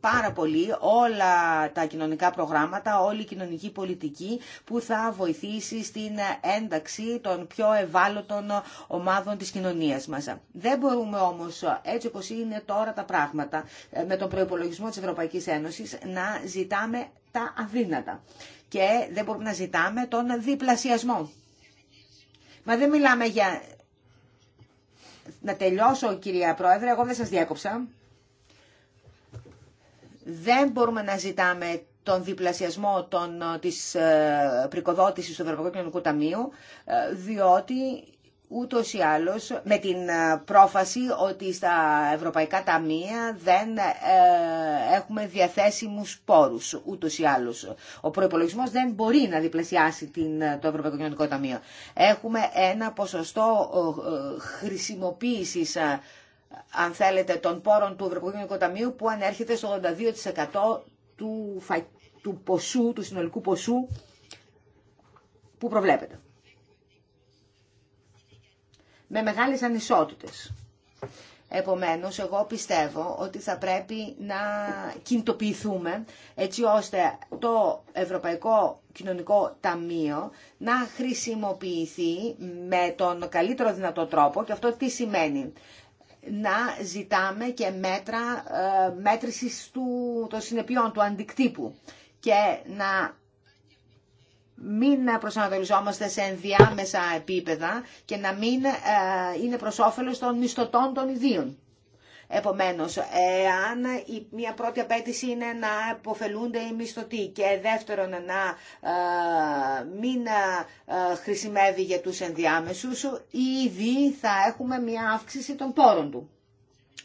πάρα πολύ όλα τα κοινωνικά προγράμματα, όλη η κοινωνική πολιτική που θα βοηθήσει στην ένταξη των πιο ευάλωτων ομάδων της κοινωνίας μας. Δεν μπορούμε όμως, έτσι όπως είναι τώρα τα πράγματα, ε, με τον προϋπολογισμό της Ευρωπαϊκής Ένωσης, να ζητάμε τα αδύνατα. Και δεν μπορούμε να ζητάμε τον διπλασιασμό Μα δεν μιλάμε για... Να τελειώσω, κυρία Πρόεδρε, εγώ δεν σας διέκοψα. Δεν μπορούμε να ζητάμε τον διπλασιασμό των, της ε, πρικοδότησης του Ευρωπαϊκού Κοινωνικού Ταμείου, ε, διότι ούτως ή άλλως με την ε, πρόφαση ότι στα ευρωπαϊκά ταμεία δεν ε, έχουμε διαθέσιμους πόρους ούτως ή άλλως. Ο προπολογισμό δεν μπορεί να διπλασιάσει την, ε, το Ευρωπαϊκό Κοινωνικό Ταμείο. Έχουμε ένα ποσοστό χρησιμοποίησης αν θέλετε, των πόρων του Ευρωπαϊκού Κοινωνικού Ταμείου που ανέρχεται στο 82% του, του, ποσού, του συνολικού ποσού που προβλέπεται με μεγάλες ανισότητες. Επομένως, εγώ πιστεύω ότι θα πρέπει να κινητοποιηθούμε έτσι ώστε το Ευρωπαϊκό Κοινωνικό Ταμείο να χρησιμοποιηθεί με τον καλύτερο δυνατό τρόπο και αυτό τι σημαίνει να ζητάμε και μέτρα ε, μέτρησης του, των συνεπειών, του αντικτύπου και να μην προσανατολισόμαστε σε ενδιάμεσα επίπεδα και να μην ε, είναι προς όφελος των μισθωτών των ιδίων. Επομένως, εάν μια πρώτη απέτηση είναι να αποφελούνται οι μισθωτοί και δεύτερον να ε, μην ε, χρησιμεύει για τους ενδιάμεσους, ήδη θα έχουμε μια αύξηση των πόρων του,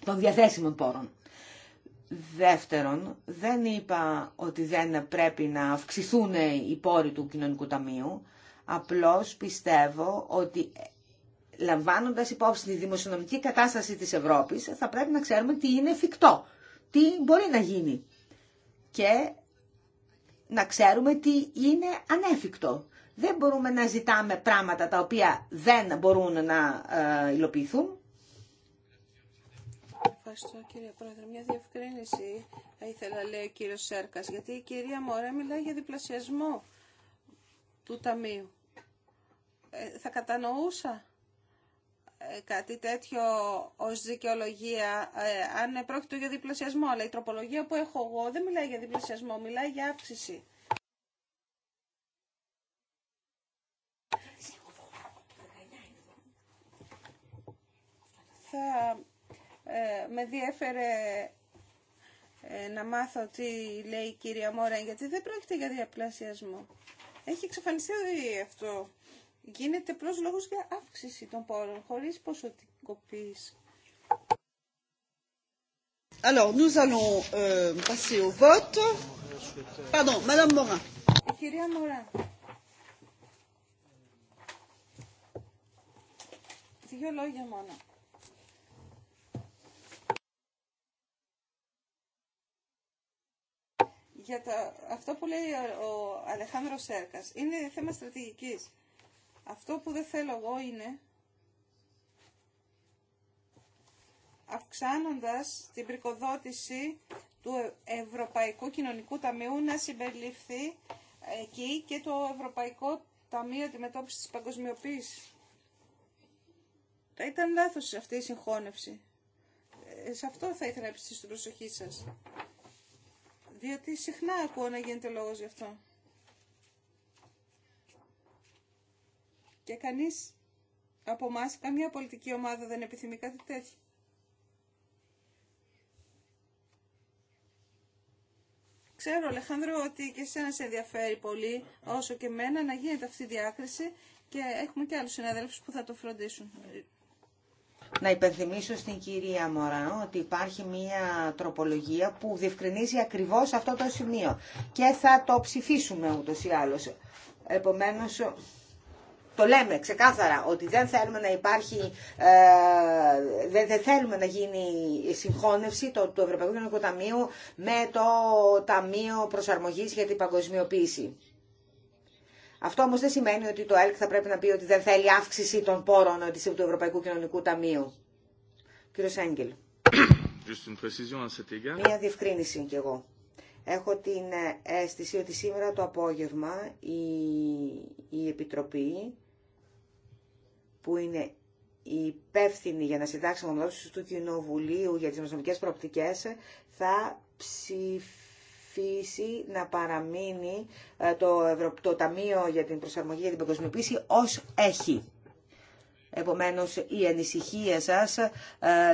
των διαθέσιμων πόρων. Δεύτερον, δεν είπα ότι δεν πρέπει να αυξηθούν οι πόροι του κοινωνικού ταμείου, απλώς πιστεύω ότι λαμβάνοντας υπόψη τη δημοσιονομική κατάσταση της Ευρώπης, θα πρέπει να ξέρουμε τι είναι εφικτό, τι μπορεί να γίνει και να ξέρουμε τι είναι ανέφικτο. Δεν μπορούμε να ζητάμε πράγματα τα οποία δεν μπορούν να ε, υλοποιηθούν Ευχαριστώ κύριε Πρόεδρε. Μια διευκρίνηση θα ήθελα λέει ο κύριος Σέρκας, γιατί η κυρία Μωρέ μιλάει για διπλασιασμό του Ταμείου. Ε, θα κατανοούσα ε, κάτι τέτοιο ως δικαιολογία ε, αν πρόκειται για διπλασιασμό, αλλά η τροπολογία που έχω εγώ δεν μιλάει για διπλασιασμό, μιλάει για αύξηση. Θα ε, με διέφερε ε, να μάθω τι λέει η κυρία Μόρα, γιατί δεν πρόκειται για διαπλασιασμό. Έχει εξαφανιστεί αυτό. Γίνεται πλώς λόγος για αύξηση των πόρων, χωρίς ποσοτικοποίηση. Alors, nous allons euh, passer au vote. Pardon, Madame Morin. Η κυρία για τα, αυτό που λέει ο Αλεχάνδρος Σέρκας. Είναι θέμα στρατηγικής. Αυτό που δεν θέλω εγώ είναι αυξάνοντας την πρικοδότηση του ε- Ευρωπαϊκού Κοινωνικού Ταμείου να συμπεριληφθεί εκεί και το Ευρωπαϊκό Ταμείο Αντιμετώπισης της Παγκοσμιοποίησης. Ήταν λάθος αυτή η συγχώνευση. Ε, σε αυτό θα ήθελα να επιστήσω την προσοχή σας διότι συχνά ακούω να γίνεται λόγος γι' αυτό. Και κανείς από εμά, καμία πολιτική ομάδα δεν επιθυμεί κάτι τέτοιο. Ξέρω, Αλεχάνδρο, ότι και εσένα σε ενδιαφέρει πολύ, όσο και μένα να γίνεται αυτή η διάκριση και έχουμε και άλλους συναδέλφους που θα το φροντίσουν να υπενθυμίσω στην κυρία Μωρά ότι υπάρχει μία τροπολογία που διευκρινίζει ακριβώς αυτό το σημείο και θα το ψηφίσουμε ούτως ή άλλως. Επομένως, το λέμε ξεκάθαρα ότι δεν θέλουμε να υπάρχει, ε, δεν, να γίνει συγχώνευση του Ευρωπαϊκού Κοινωνικού Ταμείου με το Ταμείο Προσαρμογής για την Παγκοσμιοποίηση. Αυτό όμως δεν σημαίνει ότι το ΕΛΚ θα πρέπει να πει ότι δεν θέλει αύξηση των πόρων του Ευρωπαϊκού Κοινωνικού Ταμείου. Κύριο Έγγελ. Μία διευκρίνηση κι εγώ. Έχω την ε, αίσθηση ότι σήμερα το απόγευμα η, η Επιτροπή που είναι υπεύθυνη για να συντάξει ομοδότηση του Κοινοβουλίου για τις μεσονομικές προοπτικές θα ψηφίσει να παραμείνει ε, το, Ευρω... το Ταμείο για την Προσαρμογή για την Παγκοσμιοποίηση ως έχει. Επομένως, η ανησυχία σας ε,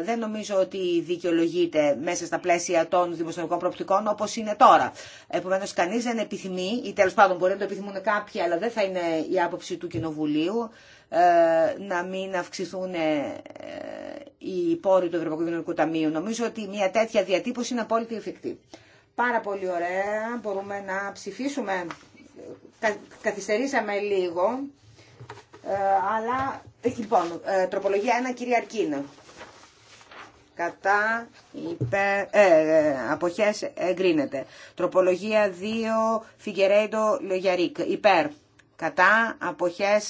δεν νομίζω ότι δικαιολογείται μέσα στα πλαίσια των δημοσιονομικών προοπτικών όπως είναι τώρα. Επομένως, κανείς δεν επιθυμεί, ή τέλος πάντων μπορεί να το επιθυμούν κάποιοι, αλλά δεν θα είναι η άποψη του Κοινοβουλίου, ε, να μην αυξηθούν οι πόροι του Ευρωπαϊκού Κοινωνικού Ταμείου. Νομίζω ότι μια τέτοια διατύπωση είναι απόλυτη εφικτή. Πάρα πολύ ωραία. Μπορούμε να ψηφίσουμε. Καθυστερήσαμε λίγο. Ε, αλλά, ε, λοιπόν, ε, τροπολογία 1, κυρία Κατά, ε, ε, αποχές εγκρίνεται. Τροπολογία 2, Φιγκερέντο, Λογιαρίκ. Υπέρ κατά, αποχέ,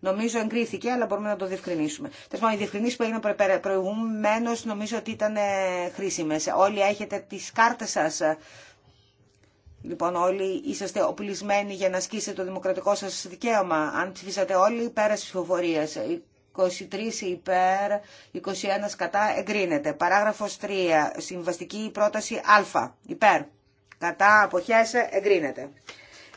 νομίζω εγκρίθηκε, αλλά μπορούμε να το διευκρινίσουμε. Τέλο πάντων, οι διευκρινήσει που έγιναν προηγουμένω νομίζω ότι ήταν ε, χρήσιμε. Όλοι έχετε τι κάρτε σα, Λοιπόν, όλοι είσαστε οπλισμένοι για να ασκήσετε το δημοκρατικό σα δικαίωμα. Αν ψηφίσατε όλοι, πέρασε ψηφοφορία. 23 υπέρ, 21 κατά, εγκρίνεται. Παράγραφος 3, συμβαστική πρόταση α, υπέρ. Κατά, αποχές, εγκρίνεται.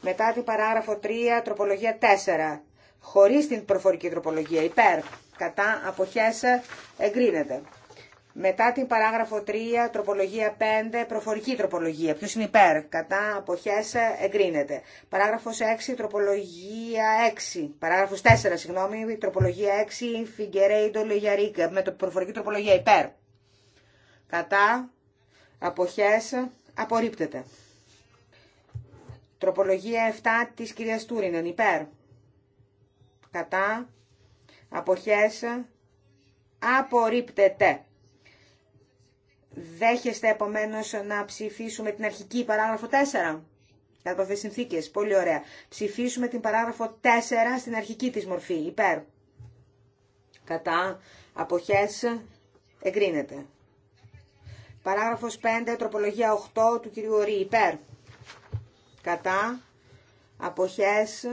Μετά την παράγραφο 3, τροπολογία 4. Χωρίς την προφορική τροπολογία. Υπέρ. Κατά αποχές εγκρίνεται. Μετά την παράγραφο 3, τροπολογία 5, προφορική τροπολογία. Ποιος είναι υπέρ. Κατά αποχές εγκρίνεται. Παράγραφος 6, τροπολογία 6. Παράγραφος 4, συγγνώμη, τροπολογία 6, Φιγκερέιντο Λεγιαρίκα. Με το προφορική τροπολογία υπέρ. Κατά αποχές απορρίπτεται. Τροπολογία 7 της κυρίας Τούρινεν, υπέρ. Κατά. Αποχές. Απορρίπτεται. Δέχεστε επομένως να ψηφίσουμε την αρχική παράγραφο 4. Κατά τις συνθήκες. Πολύ ωραία. Ψηφίσουμε την παράγραφο 4 στην αρχική της μορφή. Υπέρ. Κατά. Αποχές. Εγκρίνεται. Παράγραφος 5, τροπολογία 8 του κυρίου Ρή. Υπέρ κατά, αποχές,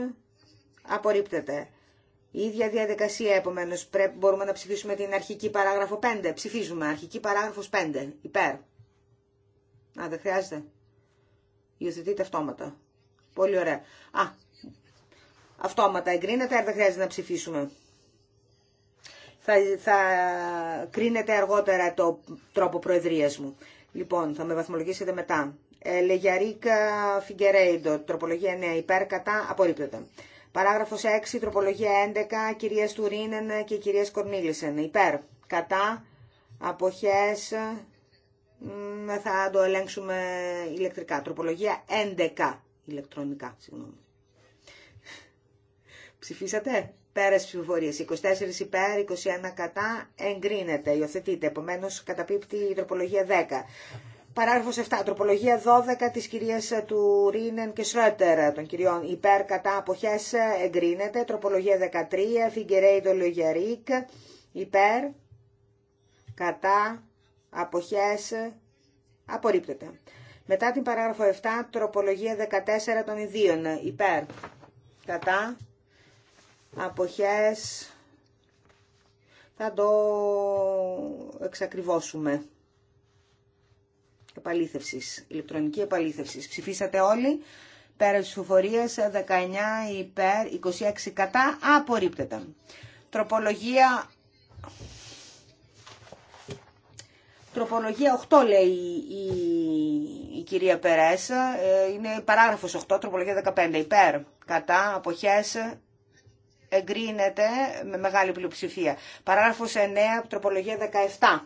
απορρίπτεται. Η ίδια διαδικασία, επομένως, πρέπει, μπορούμε να ψηφίσουμε την αρχική παράγραφο 5. Ψηφίζουμε, αρχική παράγραφος 5, υπέρ. Α, δεν χρειάζεται. Υιοθετείτε αυτόματα. Πολύ ωραία. Α, αυτόματα εγκρίνεται, δεν χρειάζεται να ψηφίσουμε. Θα, θα κρίνεται αργότερα το τρόπο προεδρίας μου. Λοιπόν, θα με βαθμολογήσετε μετά. Ε, Λεγιαρίκα Φιγκερέιντο, τροπολογία 9, υπέρ, κατά, απορρίπτεται. Παράγραφος 6, τροπολογία 11, κυρίες Τουρίνεν και κυρίες Κορνίλισεν, υπέρ, κατά, αποχές, θα το ελέγξουμε ηλεκτρικά. Τροπολογία 11, ηλεκτρονικά, συγγνώμη. Ψηφίσατε? Πέρας ψηφοφορίες. 24 υπέρ, 21 κατά, εγκρίνεται, υιοθετείται. Επομένως, καταπίπτει η τροπολογία 10. Παράγραφο 7. Τροπολογία 12 της κυρίας του Ρίνεν και Σρέτερ των κυρίων υπέρ κατά αποχές εγκρίνεται. Τροπολογία 13. Φιγκερέιντο Λογιαρίκ υπέρ κατά αποχές απορρίπτεται. Μετά την παράγραφο 7. Τροπολογία 14 των ιδίων υπέρ κατά αποχές θα το εξακριβώσουμε επαλήθευσης, ηλεκτρονική επαλήθευσης. Ψηφίσατε όλοι, πέρα τη 19 υπέρ, 26 κατά, απορρίπτεται. Τροπολογία... Τροπολογία 8 λέει η, η, κυρία Περέσα. Ε, είναι παράγραφος 8, τροπολογία 15, υπέρ, κατά, αποχές, εγκρίνεται με μεγάλη πλειοψηφία. Παράγραφος 9, τροπολογία 17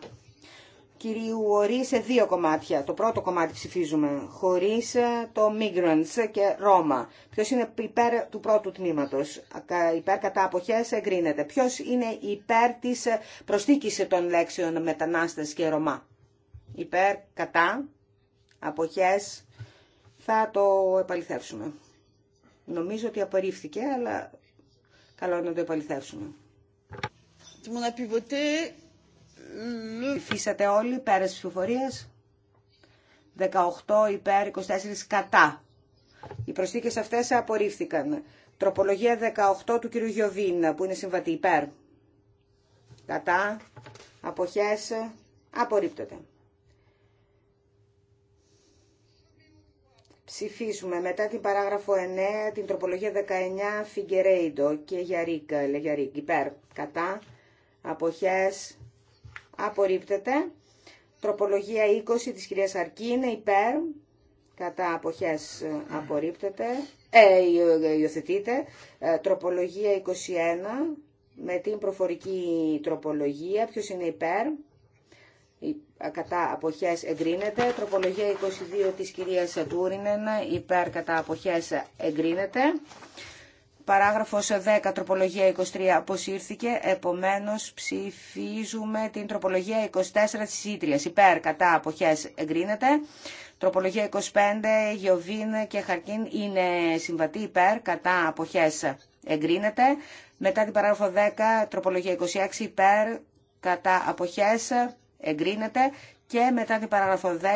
κυρίου Ορή σε δύο κομμάτια. Το πρώτο κομμάτι ψηφίζουμε χωρίς ε, το Migrants και Ρώμα. Ποιος είναι υπέρ του πρώτου τμήματος. Υπέρ κατά αποχές εγκρίνεται. Ποιος είναι υπέρ της προσθήκης των λέξεων μετανάστες και Ρωμά. Υπέρ κατά αποχές θα το επαληθεύσουμε. Νομίζω ότι απορρίφθηκε, αλλά καλό να το επαληθεύσουμε. Ψηφίσατε όλοι πέρα τη 18 υπέρ, 24 κατά. Οι προσθήκες αυτές απορρίφθηκαν. Τροπολογία 18 του κύριου Γιωβίνα, που είναι συμβατή υπέρ. Κατά, αποχές, απορρίπτεται. Ψηφίσουμε μετά την παράγραφο 9, την τροπολογία 19, Φιγκερέιντο και Γιαρίκ, ε, Γιαρίκ υπέρ. Κατά, αποχές, απορρίπτεται. Τροπολογία 20 της κυρίας Αρκή είναι υπέρ, κατά αποχές ε, απορρίπτεται, ε, ε υιοθετείται. Ε, τροπολογία 21 με την προφορική τροπολογία, ποιος είναι υπέρ, κατά αποχές εγκρίνεται. Τροπολογία 22 της κυρίας Τούρινεν, υπέρ κατά αποχές εγκρίνεται. Παράγραφος 10, τροπολογία 23 αποσύρθηκε, επομένως ψηφίζουμε την τροπολογία 24 της Ήτριας. Υπέρ, κατά, αποχές εγκρίνεται. Τροπολογία 25, Γεωβίν και Χαρκίν είναι συμβατή υπέρ, κατά, αποχές εγκρίνεται. Μετά την παράγραφο 10, τροπολογία 26 υπέρ, κατά, αποχές εγκρίνεται. Και μετά την παράγραφο 10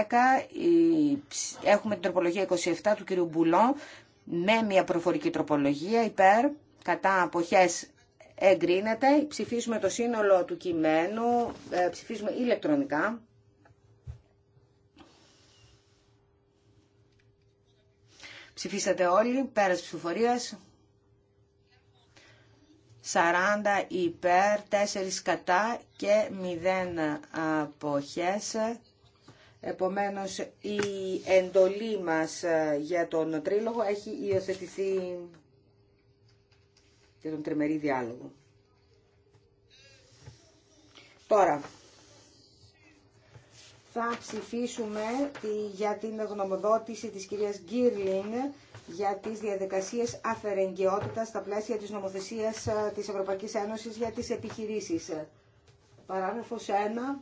έχουμε την τροπολογία 27 του κυρίου Μπουλόν με μια προφορική τροπολογία υπέρ, κατά αποχές εγκρίνεται. Ψηφίζουμε το σύνολο του κειμένου, ε, ψηφίζουμε ηλεκτρονικά. Ψηφίσατε όλοι, πέρας ψηφοφορίας. 40 υπέρ, 4 κατά και 0 αποχές. Επομένως, η εντολή μας ε, για τον τρίλογο έχει υιοθετηθεί για τον τριμερή διάλογο. Τώρα, θα ψηφίσουμε για την γνωμοδότηση της κυρίας Γκίρλιν για τις διαδικασίες αφαιρεγγιότητας στα πλαίσια της νομοθεσίας ε, της Ευρωπαϊκής Ένωσης για τις επιχειρήσεις. Παράγραφος ένα...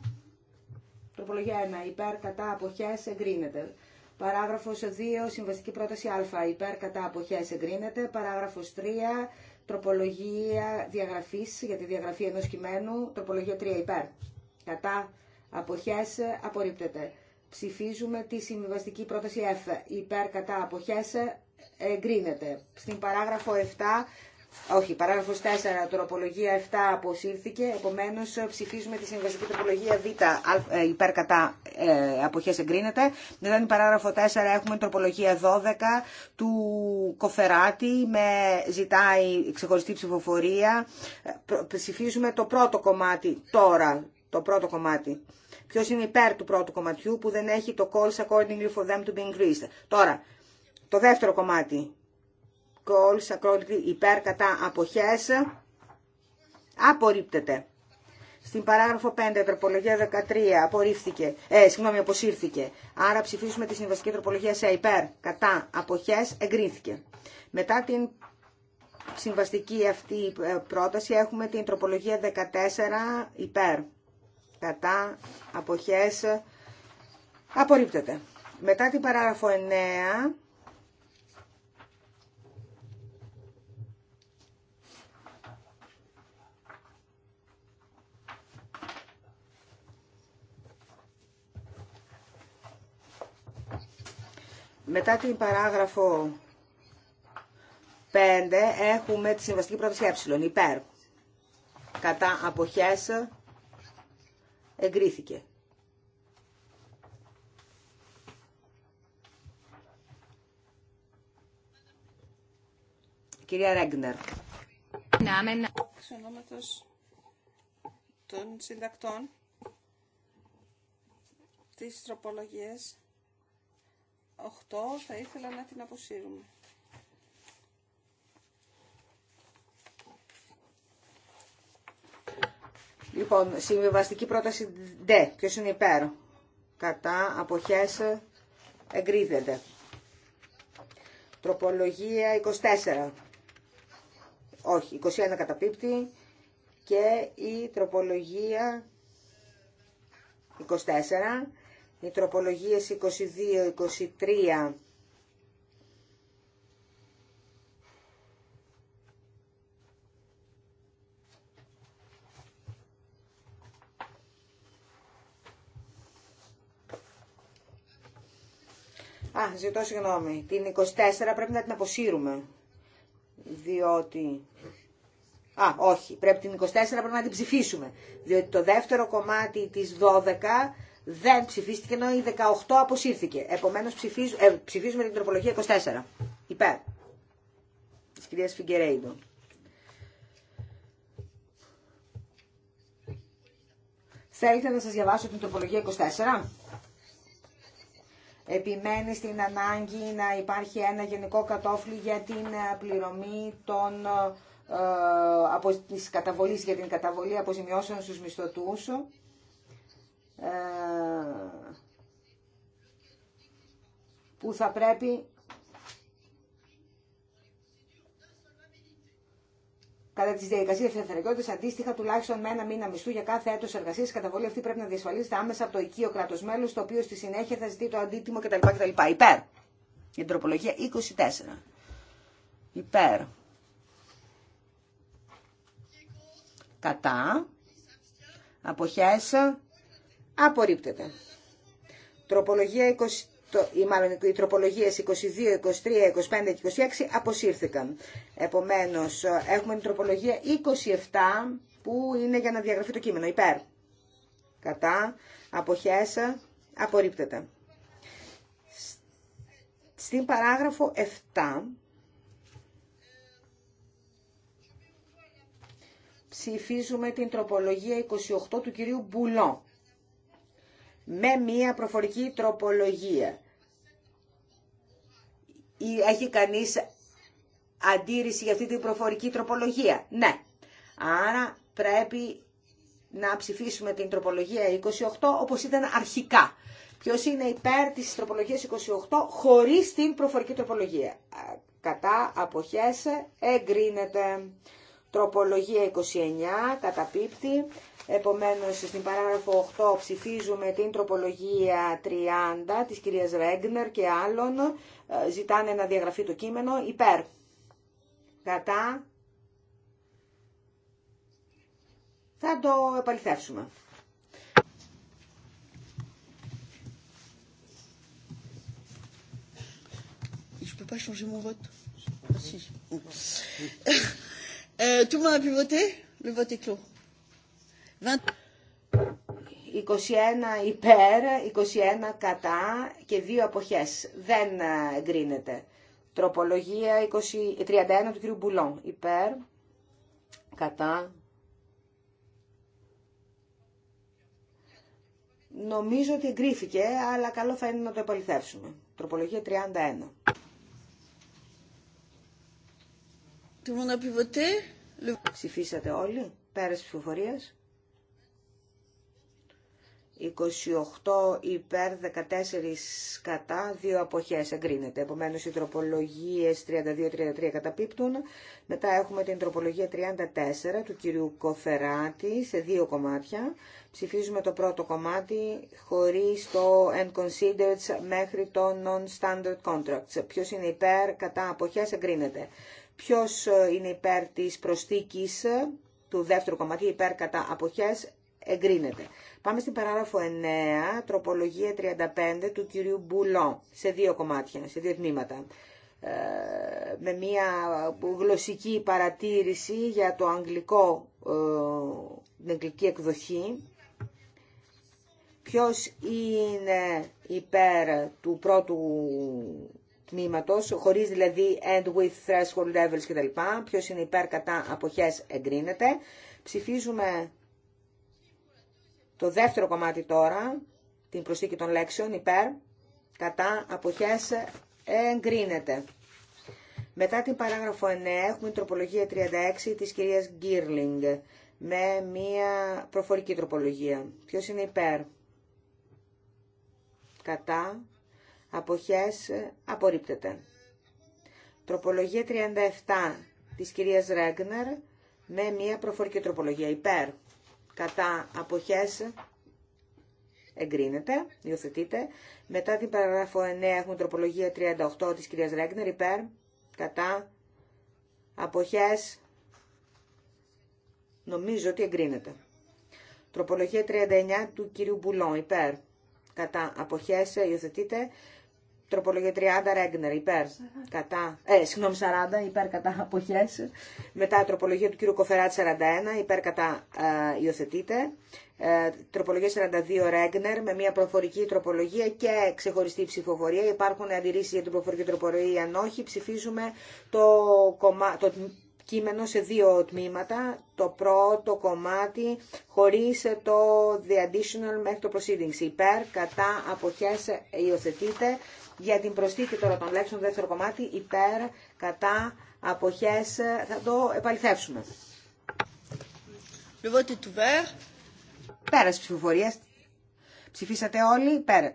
Τροπολογία 1. Υπέρ κατά αποχέ εγκρίνεται. Παράγραφο 2. Συμβαστική πρόταση α. Υπέρ κατά αποχέ εγκρίνεται. Παράγραφο 3. Τροπολογία διαγραφή για τη διαγραφή ενό κειμένου. Τροπολογία 3. Υπέρ. Κατά αποχέ απορρίπτεται. Ψηφίζουμε τη συμβιβαστική πρόταση F. Υπέρ κατά αποχέσε εγκρίνεται. Στην παράγραφο 7 όχι, παράγραφος 4, τροπολογία 7 αποσύρθηκε, επομένως ε, ψηφίζουμε τη συμβασική τροπολογία Β, ε, υπέρ κατά ε, αποχές εγκρίνεται. Μετά την παράγραφο 4 έχουμε τροπολογία 12 του Κοφεράτη, με ζητάει ξεχωριστή ψηφοφορία. Ε, ψηφίζουμε το πρώτο κομμάτι τώρα, το πρώτο κομμάτι. Ποιο είναι υπέρ του πρώτου κομματιού που δεν έχει το calls accordingly for them to be increased. Τώρα, το δεύτερο κομμάτι Κόλς, ακρόλυτη, υπέρ, κατά, αποχές, απορρίπτεται. Στην παράγραφο 5, τροπολογία 13, απορρίφθηκε, ε, συγγνώμη, αποσύρθηκε. Άρα ψηφίσουμε τη συμβαστική τροπολογία σε υπέρ, κατά, αποχές, εγκρίθηκε. Μετά την συμβαστική αυτή ε, πρόταση έχουμε την τροπολογία 14, υπέρ, κατά, αποχές, απορρίπτεται. Μετά την παράγραφο 9, Μετά την παράγραφο 5 έχουμε τη συμβαστική πρόταση ε, υπέρ. Κατά αποχές εγκρίθηκε. Κυρία Ρέγνερ. Εξ Ξενόματος των συντακτών της τροπολογίας 8 θα ήθελα να την αποσύρουμε. Λοιπόν, συμβιβαστική πρόταση D. Ποιος είναι υπέρ. Κατά αποχές εγκρίδεται. Τροπολογία 24. Όχι, 21 καταπίπτει και η τροπολογία 24 οι τροπολογίες 22-23 Α, ζητώ συγγνώμη. Την 24 πρέπει να την αποσύρουμε. Διότι... Α, όχι. Πρέπει την 24 πρέπει να την ψηφίσουμε. Διότι το δεύτερο κομμάτι της 12 δεν ψηφίστηκε, ενώ η 18 αποσύρθηκε. Επομένως ε, ψηφίζουμε, την τροπολογία 24. Υπέρ. Τη κυρία Φιγκερέιντο. Θέλετε να σας διαβάσω την τροπολογία 24. Επιμένει στην ανάγκη να υπάρχει ένα γενικό κατόφλι για την ε, πληρωμή των, ε, από, καταβολής, για την καταβολή αποζημιώσεων στους μισθωτούς ε, που θα πρέπει Κατά τι διαδικασίε ελευθερικότητα, αντίστοιχα τουλάχιστον με ένα μήνα μισθού για κάθε έτο εργασία, η καταβολή αυτή πρέπει να διασφαλίζεται άμεσα από το οικείο κράτο μέλο, το οποίο στη συνέχεια θα ζητεί το αντίτιμο κτλ. κτλ. Υπέρ. Για την τροπολογία 24. Υπέρ. Κατά. Αποχές. Απορρίπτεται. Τροπολογία 20, ή μάλλον οι τροπολογίες 22, 23, 25 και 26 αποσύρθηκαν. Επομένως, έχουμε την τροπολογία 27 που είναι για να διαγραφεί το κείμενο. Υπέρ. Κατά. Αποχές. Απορρίπτεται. Στην παράγραφο 7... Ψηφίζουμε την τροπολογία 28 του κυρίου Μπουλό με μία προφορική τροπολογία. Ή έχει κανείς αντίρρηση για αυτή την προφορική τροπολογία. Ναι. Άρα πρέπει να ψηφίσουμε την τροπολογία 28 όπως ήταν αρχικά. Ποιος είναι υπέρ της τροπολογίας 28 χωρίς την προφορική τροπολογία. Κατά αποχές εγκρίνεται. Τροπολογία 29 καταπίπτει. Επομένως, στην παράγραφο 8 ψηφίζουμε την τροπολογία 30 της κυρίας Ρέγνερ και άλλων. Ε, ζητάνε να διαγραφεί το κείμενο υπέρ. Κατά. Θα το επαληθεύσουμε. Je peux pas changer mon vote. Ah, si. Ε, tout le monde a pu voter Le vote est clos. 21 υπέρ, 21 κατά και 2 αποχές. Δεν εγκρίνεται. Τροπολογία 20, 31 του κ. Μπουλόν. Υπέρ, κατά. Νομίζω ότι εγκρίθηκε, αλλά καλό θα είναι να το επαληθεύσουμε. Τροπολογία 31. Tout le monde a pu Ψηφίσατε όλοι, πέρας ψηφοφορίας. 28 υπέρ, 14 κατά, 2 αποχές εγκρίνεται. Επομένως οι τροπολογίες 32-33 καταπίπτουν. Μετά έχουμε την τροπολογία 34 του κυρίου Κοφεράτη σε δύο κομμάτια. Ψηφίζουμε το πρώτο κομμάτι χωρίς το and considered μέχρι το non-standard contracts. Ποιος είναι υπέρ, κατά, αποχές εγκρίνεται ποιος ε, είναι υπέρ της προστίκης ε, του δεύτερου κομματιού υπέρ κατά αποχές εγκρίνεται. Πάμε στην παράγραφο 9, τροπολογία 35 του κυρίου Μπουλό, σε δύο κομμάτια, σε δύο τμήματα. Ε, με μια γλωσσική παρατήρηση για το αγγλικό, την αγγλική εκδοχή. Ποιος είναι υπέρ του πρώτου τμήματος, χωρίς δηλαδή end with threshold levels κτλ. Ποιο είναι υπέρ κατά αποχές εγκρίνεται. Ψηφίζουμε το δεύτερο κομμάτι τώρα, την προσθήκη των λέξεων, υπέρ, κατά, αποχές, εγκρίνεται. Μετά την παράγραφο 9 έχουμε τροπολογία 36 της κυρίας Γκίρλινγκ με μία προφορική τροπολογία. Ποιος είναι υπέρ, κατά, αποχές απορρίπτεται. Τροπολογία 37 της κυρίας Ρέγνερ με μία προφορική τροπολογία υπέρ. Κατά αποχές εγκρίνεται, υιοθετείται. Μετά την παραγράφο 9 έχουμε τροπολογία 38 της κυρίας Ρέγνερ υπέρ. Κατά αποχές νομίζω ότι εγκρίνεται. Τροπολογία 39 του κυρίου Μπουλόν υπέρ. Κατά αποχές υιοθετείται. Τροπολογία 30 Ρέγνερ υπέρ κατά. Ε, συγγνώμη 40 υπέρ κατά αποχέ. Μετά τροπολογία του κύριου Κοφεράτη 41 υπέρ κατά ε, υιοθετείται. Ε, τροπολογία 42 Ρέγνερ με μια προφορική τροπολογία και ξεχωριστή ψηφοφορία. Υπάρχουν αντιρρήσει για την προφορική τροπολογία. Αν όχι, ψηφίζουμε το, κομμά... το κείμενο σε δύο τμήματα. Το πρώτο κομμάτι χωρί το the additional μέχρι το proceedings. Υπέρ, κατά, αποχέ, υιοθετείται για την προσθήκη τώρα των λέξεων δεύτερο κομμάτι υπέρ, κατά, αποχές θα το επαληθεύσουμε. Le vote est ouvert. ψηφοφορίας. Ψηφίσατε όλοι υπέρ.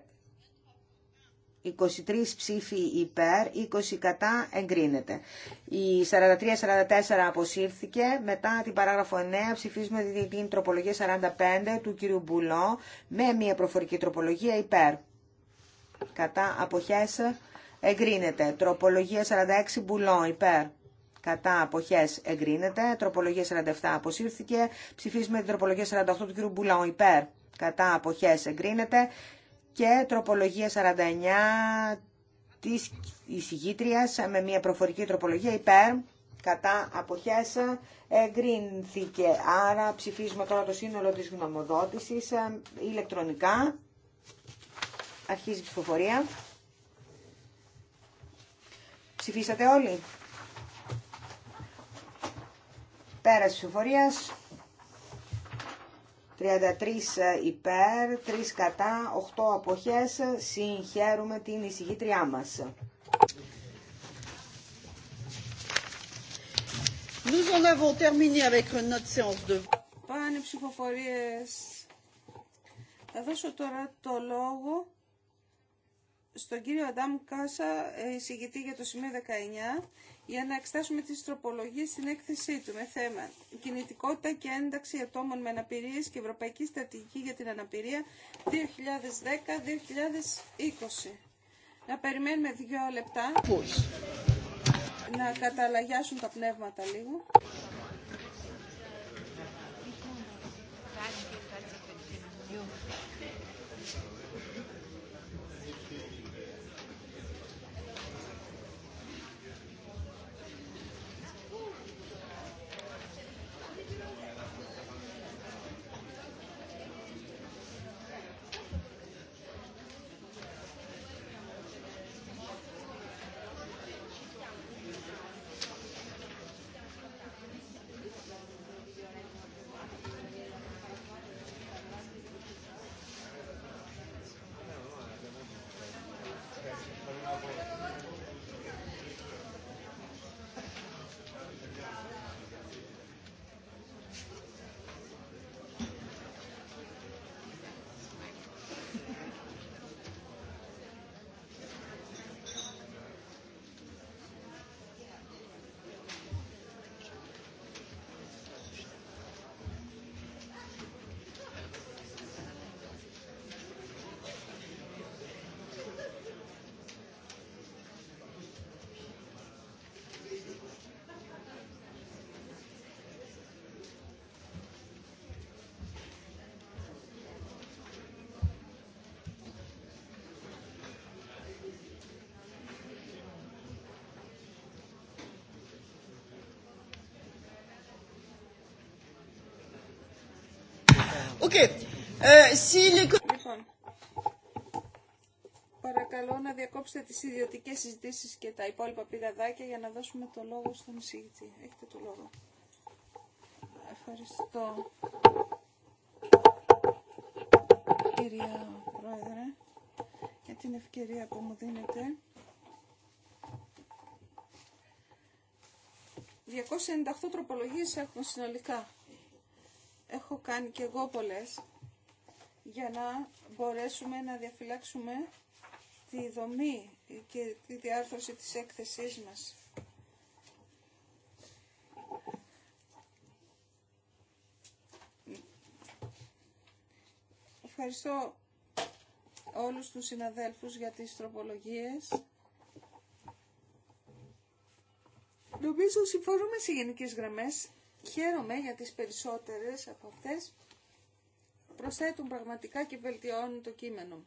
23 ψήφοι υπέρ, 20 κατά εγκρίνεται. Η 43-44 αποσύρθηκε. Μετά την παράγραφο 9 ψηφίζουμε την τροπολογία 45 του κυρίου Μπουλό με μια προφορική τροπολογία υπέρ κατά αποχές εγκρίνεται. Τροπολογία 46 μπουλών υπέρ κατά αποχές εγκρίνεται. Τροπολογία 47 αποσύρθηκε. Ψηφίσουμε την τροπολογία 48 του κ. μπουλών υπέρ κατά αποχές εγκρίνεται. Και τροπολογία 49 της εισηγήτριας με μια προφορική τροπολογία υπέρ κατά αποχές εγκρίνθηκε. Άρα ψηφίζουμε τώρα το σύνολο της γνωμοδότησης ε, ηλεκτρονικά. Αρχίζει η ψηφοφορία. Ψηφίσατε όλοι. Πέρας ψηφοφορίας. 33 ε, υπέρ, 3 κατά, 8 αποχές. Συγχαίρουμε την εισηγήτριά μας. Nous en avons terminé avec notre Πάνε ψηφοφορίες. Θα δώσω τώρα το λόγο στον κύριο Αντάμ Κάσα, ε, εισηγητή για το σημείο 19, για να εξτάσουμε τις τροπολογίες στην έκθεσή του με θέμα κινητικότητα και ένταξη ατόμων με αναπηρίες και Ευρωπαϊκή Στρατηγική για την Αναπηρία 2010-2020. Να περιμένουμε δύο λεπτά να καταλαγιάσουν τα πνεύματα λίγο. Ε, λοιπόν, παρακαλώ να διακόψετε τις ιδιωτικές συζητήσεις και τα υπόλοιπα πηγαδάκια για να δώσουμε το λόγο στον εισηγητή. Έχετε το λόγο. Ευχαριστώ. Κυρία Πρόεδρε, για την ευκαιρία που μου δίνετε. 298 τροπολογίες έχουμε συνολικά κάνει και εγώ πολλές για να μπορέσουμε να διαφυλάξουμε τη δομή και τη διάρθρωση της έκθεσής μας. Ευχαριστώ όλους τους συναδέλφους για τις τροπολογίες. Νομίζω συμφωνούμε σε γενικές γραμμές. Χαίρομαι για τις περισσότερες από αυτές. Προσθέτουν πραγματικά και βελτιώνουν το κείμενο.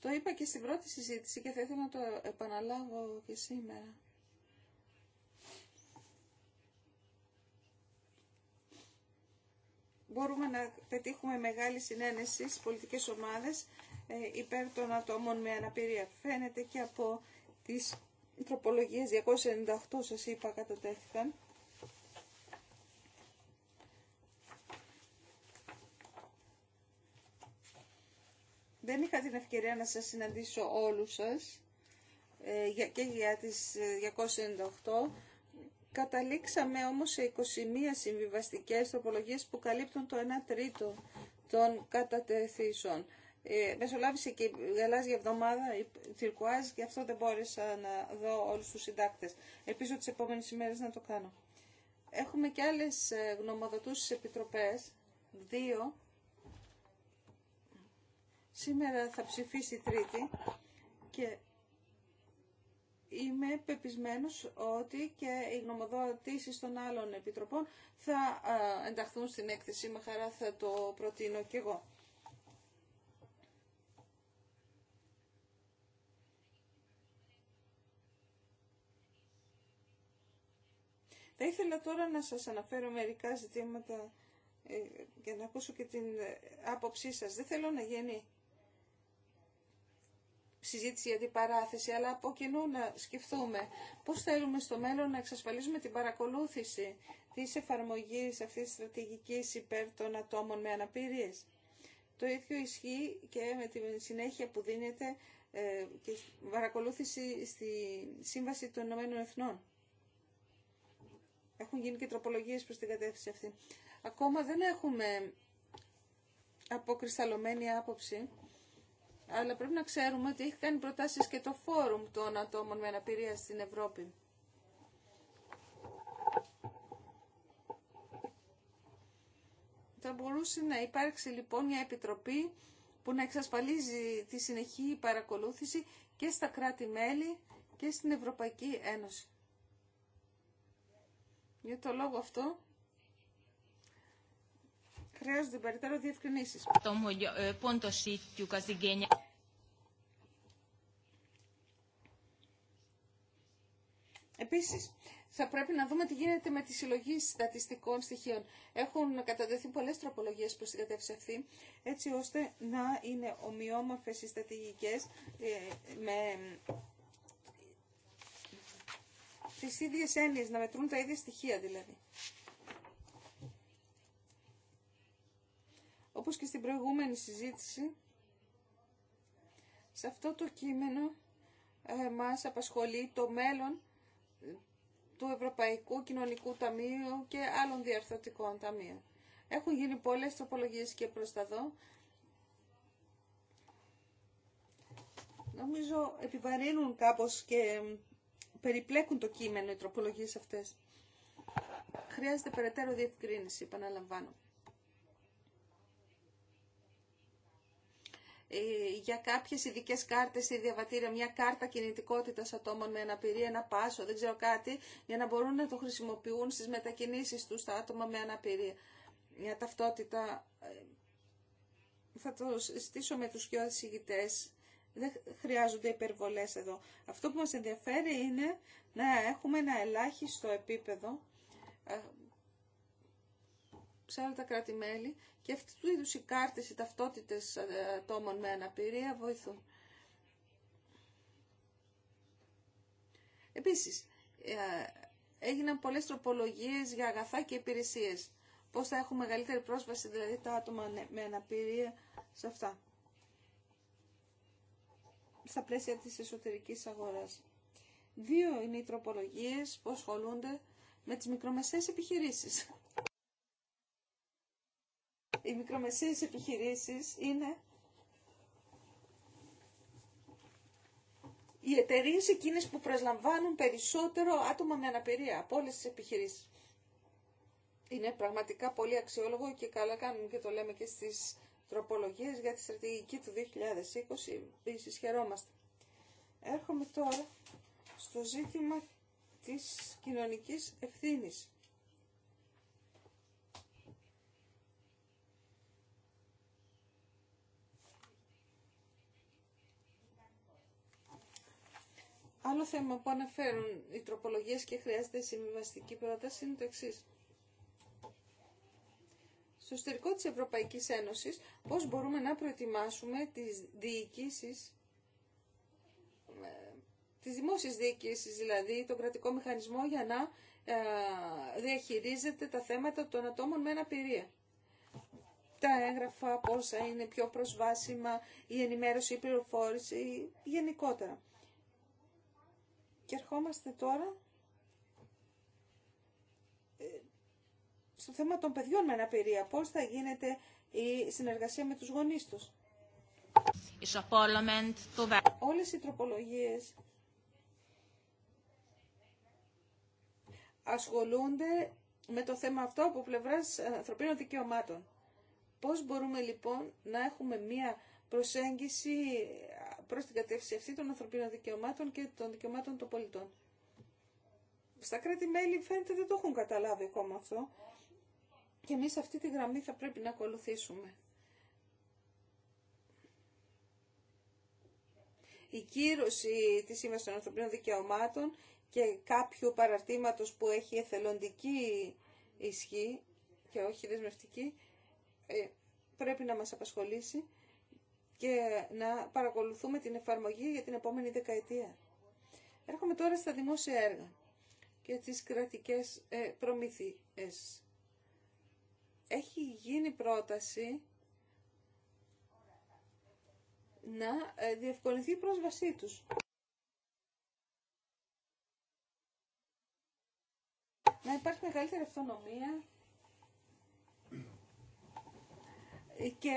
Το είπα και στην πρώτη συζήτηση και θα ήθελα να το επαναλάβω και σήμερα. Μπορούμε να πετύχουμε μεγάλη συνένεση στις πολιτικές ομάδες ε, υπέρ των ατόμων με αναπηρία. Φαίνεται και από τις τροπολογίες 298 σας είπα κατατέθηκαν. Δεν είχα την ευκαιρία να σας συναντήσω όλους σας ε, και για τις 298. Ε, Καταλήξαμε όμως σε 21 συμβιβαστικές τροπολογίες που καλύπτουν το 1 τρίτο των κατατεθήσεων. Ε, μεσολάβησε και η γαλάζια εβδομάδα, η ε, τυρκουάζ, και αυτό δεν μπόρεσα να δω όλους τους συντάκτες. Ελπίζω τις επόμενες ημέρες να το κάνω. Έχουμε και άλλες ε, γνωμοδοτούσεις επιτροπές, δύο. Σήμερα θα ψηφίσει η τρίτη και είμαι πεπισμένος ότι και οι γνωμοδοτήσεις των άλλων επιτροπών θα ενταχθούν στην έκθεση. Με χαρά θα το προτείνω κι εγώ. Θα ήθελα τώρα να σας αναφέρω μερικά ζητήματα ε, για να ακούσω και την ε, άποψή σας. Δεν θέλω να γίνει συζήτηση για την παράθεση, αλλά από κοινού να σκεφτούμε πώς θέλουμε στο μέλλον να εξασφαλίσουμε την παρακολούθηση της εφαρμογής αυτής της στρατηγικής υπέρ των ατόμων με αναπηρίες. Το ίδιο ισχύει και με τη συνέχεια που δίνεται ε, και παρακολούθηση στη Σύμβαση των Ηνωμένων Εθνών. Έχουν γίνει και τροπολογίες προς την κατεύθυνση αυτή. Ακόμα δεν έχουμε αποκρισταλωμένη άποψη, αλλά πρέπει να ξέρουμε ότι έχει κάνει προτάσεις και το φόρουμ των ατόμων με αναπηρία στην Ευρώπη. Θα μπορούσε να υπάρξει λοιπόν μια επιτροπή που να εξασφαλίζει τη συνεχή παρακολούθηση και στα κράτη-μέλη και στην Ευρωπαϊκή Ένωση. Για το λόγο αυτό χρειάζονται περαιτέρω διευκρινήσεις. Ε, Επίσης, θα πρέπει να δούμε τι γίνεται με τη συλλογή στατιστικών στοιχείων. Έχουν κατατεθεί πολλές τροπολογίες προς την κατεύθυνση αυτή, έτσι ώστε να είναι ομοιόμορφες οι στατηγικές ε, με τις ίδιες έννοιες, να μετρούν τα ίδια στοιχεία δηλαδή. Όπως και στην προηγούμενη συζήτηση, σε αυτό το κείμενο ε, μας απασχολεί το μέλλον του Ευρωπαϊκού Κοινωνικού Ταμείου και άλλων διαρθρωτικών ταμείων. Έχουν γίνει πολλές τροπολογίες και προς τα δω. Νομίζω επιβαρύνουν κάπως και περιπλέκουν το κείμενο οι τροπολογίες αυτές. Χρειάζεται περαιτέρω διευκρίνηση, επαναλαμβάνω. Ε, για κάποιες ειδικέ κάρτες ή διαβατήρια, μια κάρτα κινητικότητας ατόμων με αναπηρία, ένα πάσο, δεν ξέρω κάτι, για να μπορούν να το χρησιμοποιούν στις μετακινήσεις τους τα άτομα με αναπηρία. Μια ταυτότητα ε, θα το συστήσω με του πιο δεν χρειάζονται υπερβολές εδώ. Αυτό που μας ενδιαφέρει είναι να έχουμε ένα ελάχιστο επίπεδο ε, σε όλα τα κρατη και αυτού του είδους οι κάρτες, οι ταυτότητες ε, ατόμων με αναπηρία βοηθούν. Επίσης, ε, έγιναν πολλές τροπολογίες για αγαθά και υπηρεσίες. Πώς θα έχουν μεγαλύτερη πρόσβαση δηλαδή τα άτομα με αναπηρία σε αυτά στα πλαίσια της εσωτερικής αγοράς. Δύο είναι οι τροπολογίες που ασχολούνται με τις μικρομεσαίες επιχειρήσεις. Οι μικρομεσαίες επιχειρήσεις είναι οι εταιρείε εκείνες που προσλαμβάνουν περισσότερο άτομα με αναπηρία από όλες τις επιχειρήσεις. Είναι πραγματικά πολύ αξιόλογο και καλά κάνουν και το λέμε και στις τροπολογίες για τη στρατηγική του 2020 επίσης χαιρόμαστε. Έρχομαι τώρα στο ζήτημα της κοινωνικής ευθύνης. Άλλο θέμα που αναφέρουν οι τροπολογίες και χρειάζεται η συμβιβαστική πρόταση είναι το εξής στο εσωτερικό της Ευρωπαϊκής Ένωσης πώς μπορούμε να προετοιμάσουμε τις διοικήσεις, ε, τις δημόσιες διοικήσεις δηλαδή, τον κρατικό μηχανισμό για να ε, διαχειρίζεται τα θέματα των ατόμων με αναπηρία. Τα έγγραφα, πόσα είναι πιο προσβάσιμα, η ενημέρωση, η πληροφόρηση, γενικότερα. Και ερχόμαστε τώρα στο θέμα των παιδιών με αναπηρία. Πώς θα γίνεται η συνεργασία με τους γονείς τους. Όλες οι τροπολογίες ασχολούνται με το θέμα αυτό από πλευράς ανθρωπίνων δικαιωμάτων. Πώς μπορούμε λοιπόν να έχουμε μία προσέγγιση προς την κατεύθυνση αυτή των ανθρωπίνων δικαιωμάτων και των δικαιωμάτων των πολιτών. Στα κράτη-μέλη φαίνεται δεν το έχουν καταλάβει ακόμα αυτό και εμείς αυτή τη γραμμή θα πρέπει να ακολουθήσουμε. Η κύρωση της Σύμβασης των Ανθρωπίνων Δικαιωμάτων και κάποιου παραρτήματος που έχει εθελοντική ισχύ και όχι δεσμευτική ε, πρέπει να μας απασχολήσει και να παρακολουθούμε την εφαρμογή για την επόμενη δεκαετία. Έρχομαι τώρα στα δημόσια έργα και τις κρατικές ε, προμήθειες έχει γίνει πρόταση να ε, διευκολυνθεί η πρόσβασή τους. Να υπάρχει μεγαλύτερη αυτονομία και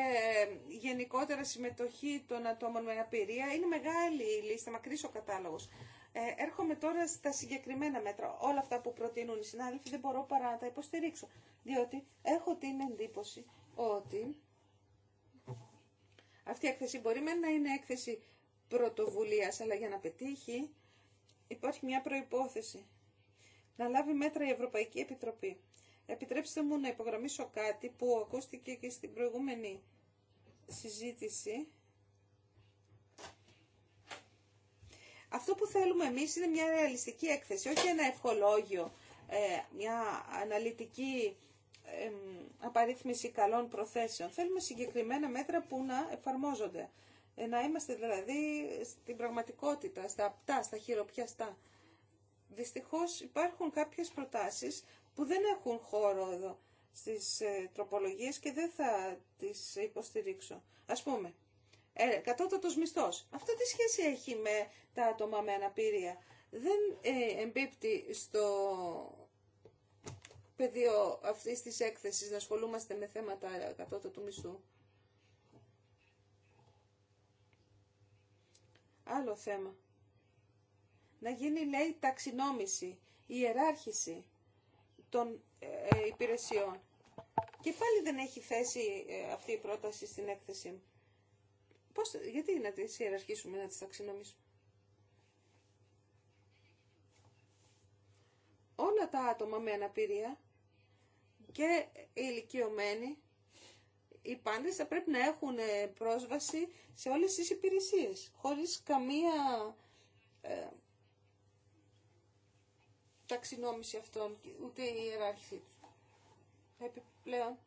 γενικότερα συμμετοχή των ατόμων με αναπηρία. Είναι μεγάλη η λίστα, μακρύς ο κατάλογος. Ε, έρχομαι τώρα στα συγκεκριμένα μέτρα. Όλα αυτά που προτείνουν οι συνάδελφοι δεν μπορώ παρά να τα υποστηρίξω διότι έχω την εντύπωση ότι αυτή η έκθεση μπορεί να είναι έκθεση πρωτοβουλίας, αλλά για να πετύχει υπάρχει μια προϋπόθεση. Να λάβει μέτρα η Ευρωπαϊκή Επιτροπή. Επιτρέψτε μου να υπογραμμίσω κάτι που ακούστηκε και στην προηγούμενη συζήτηση. Αυτό που θέλουμε εμείς είναι μια ρεαλιστική έκθεση, όχι ένα ευχολόγιο, ε, μια αναλυτική απαρίθμηση καλών προθέσεων. Θέλουμε συγκεκριμένα μέτρα που να εφαρμόζονται. Ε, να είμαστε δηλαδή στην πραγματικότητα, στα απτά, στα χειροπιαστά. Δυστυχώς υπάρχουν κάποιες προτάσεις που δεν έχουν χώρο εδώ στις ε, τροπολογίες και δεν θα τις υποστηρίξω. Ας πούμε, ε, κατώτατος μισθός. Αυτό τι σχέση έχει με τα άτομα με αναπηρία. Δεν ε, εμπίπτει στο πεδίο αυτή της έκθεση να ασχολούμαστε με θέματα κατώτατου του μισθού. Άλλο θέμα. Να γίνει, λέει, ταξινόμηση, ιεράρχηση των ε, υπηρεσιών. Και πάλι δεν έχει θέση ε, αυτή η πρόταση στην έκθεση Πώς, γιατί να τις ιεραρχήσουμε, να τις ταξινομήσουμε. Όλα τα άτομα με αναπηρία και οι ηλικιωμένοι, οι πάντες θα πρέπει να έχουν ε, πρόσβαση σε όλες τις υπηρεσίες, χωρίς καμία ε, ταξινόμηση αυτών, ούτε η ιεράρχηση τους. Επιπλέον,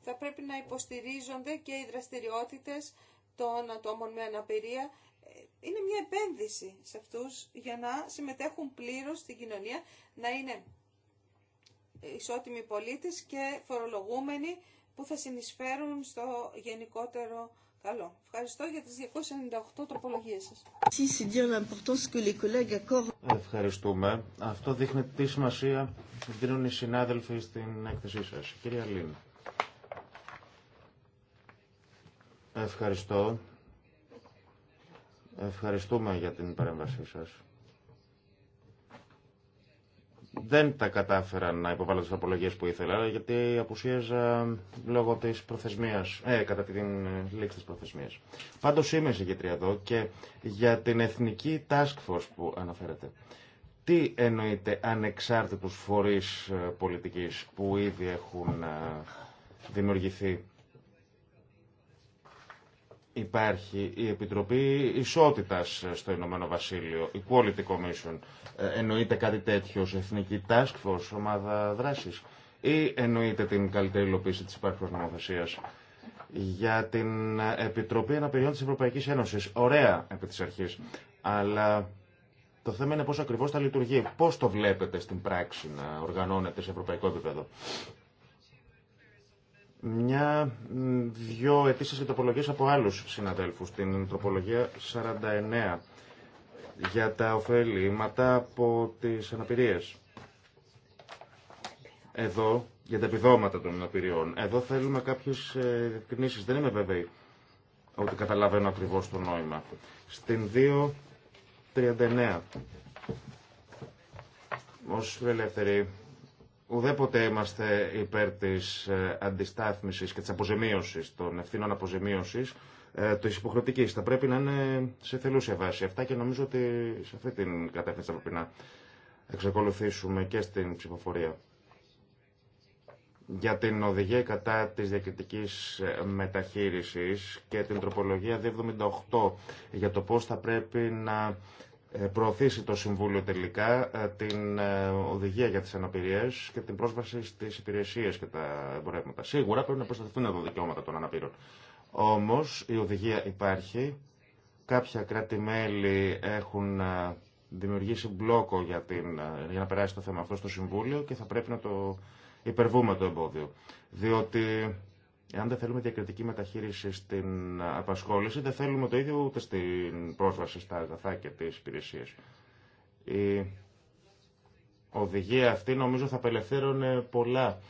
θα πρέπει να υποστηρίζονται και οι δραστηριότητες των ατόμων με αναπηρία. Ε, είναι μια επένδυση σε αυτούς για να συμμετέχουν πλήρως στην κοινωνία, να είναι ισότιμοι πολίτες και φορολογούμενοι που θα συνεισφέρουν στο γενικότερο καλό. Ευχαριστώ για τις 298 τροπολογίες σας. Ευχαριστούμε. Αυτό δείχνει τι σημασία δίνουν οι συνάδελφοι στην έκθεσή σας. Κυρία Λίν. Ευχαριστώ. Ευχαριστούμε για την παρέμβασή σας. Δεν τα κατάφερα να υποβάλω τι απολογίε που ήθελα, γιατί απουσίαζα λόγω τη προθεσμία, ε, κατά την λήξη τη προθεσμία. Πάντω είμαι και για την εθνική task force που αναφέρατε. Τι εννοείται ανεξάρτητους φορείς ε, πολιτικής που ήδη έχουν ε, δημιουργηθεί υπάρχει η Επιτροπή Ισότητας στο Ηνωμένο Βασίλειο, η Quality Commission. Ε, εννοείται κάτι τέτοιο εθνική task force, ομάδα δράσης ή εννοείται την καλύτερη υλοποίηση της υπάρχουσας νομοθεσίας για την Επιτροπή Αναπηριών της Ευρωπαϊκής Ένωσης. Ωραία επί της αρχής, αλλά το θέμα είναι πώς ακριβώς θα λειτουργεί, πώς το βλέπετε στην πράξη να οργανώνεται σε ευρωπαϊκό επίπεδο. Μια-δυο αιτήσει για τροπολογίε από άλλου συναδέλφου. Την τροπολογία 49 για τα ωφέληματα από τι αναπηρίε. Εδώ, για τα επιδόματα των αναπηριών. Εδώ θέλουμε κάποιε διευκρινήσει. Δεν είμαι βέβαιη ότι καταλαβαίνω ακριβώ το νόημα. Στην 2.39. Ω ελεύθερη Ουδέποτε είμαστε υπέρ τη ε, αντιστάθμισης και τη αποζημίωσης, των ευθύνων αποζημίωσης, ε, τη υποχρεωτική. Θα πρέπει να είναι σε θελούσια βάση αυτά και νομίζω ότι σε αυτή την κατεύθυνση θα πρέπει να εξακολουθήσουμε και στην ψηφοφορία. Για την οδηγία κατά της διακριτική ε, μεταχείρισης και την τροπολογία 278 για το πώ θα πρέπει να ε, προωθήσει το Συμβούλιο τελικά ε, την ε, οδηγία για τις αναπηρίες και την πρόσβαση στις υπηρεσίες και τα εμπορεύματα. Σίγουρα πρέπει να προστατευτούν εδώ δικαιώματα των αναπήρων. Όμως η οδηγία υπάρχει, κάποια κράτη-μέλη έχουν δημιουργήσει μπλόκο για, την, για να περάσει το θέμα αυτό στο Συμβούλιο και θα πρέπει να το υπερβούμε το εμπόδιο. Διότι Εάν δεν θέλουμε διακριτική μεταχείριση στην απασχόληση, δεν θέλουμε το ίδιο ούτε στην πρόσβαση στα αγαθά και τι υπηρεσίε. Η οδηγία αυτή νομίζω θα απελευθέρωνε πολλά.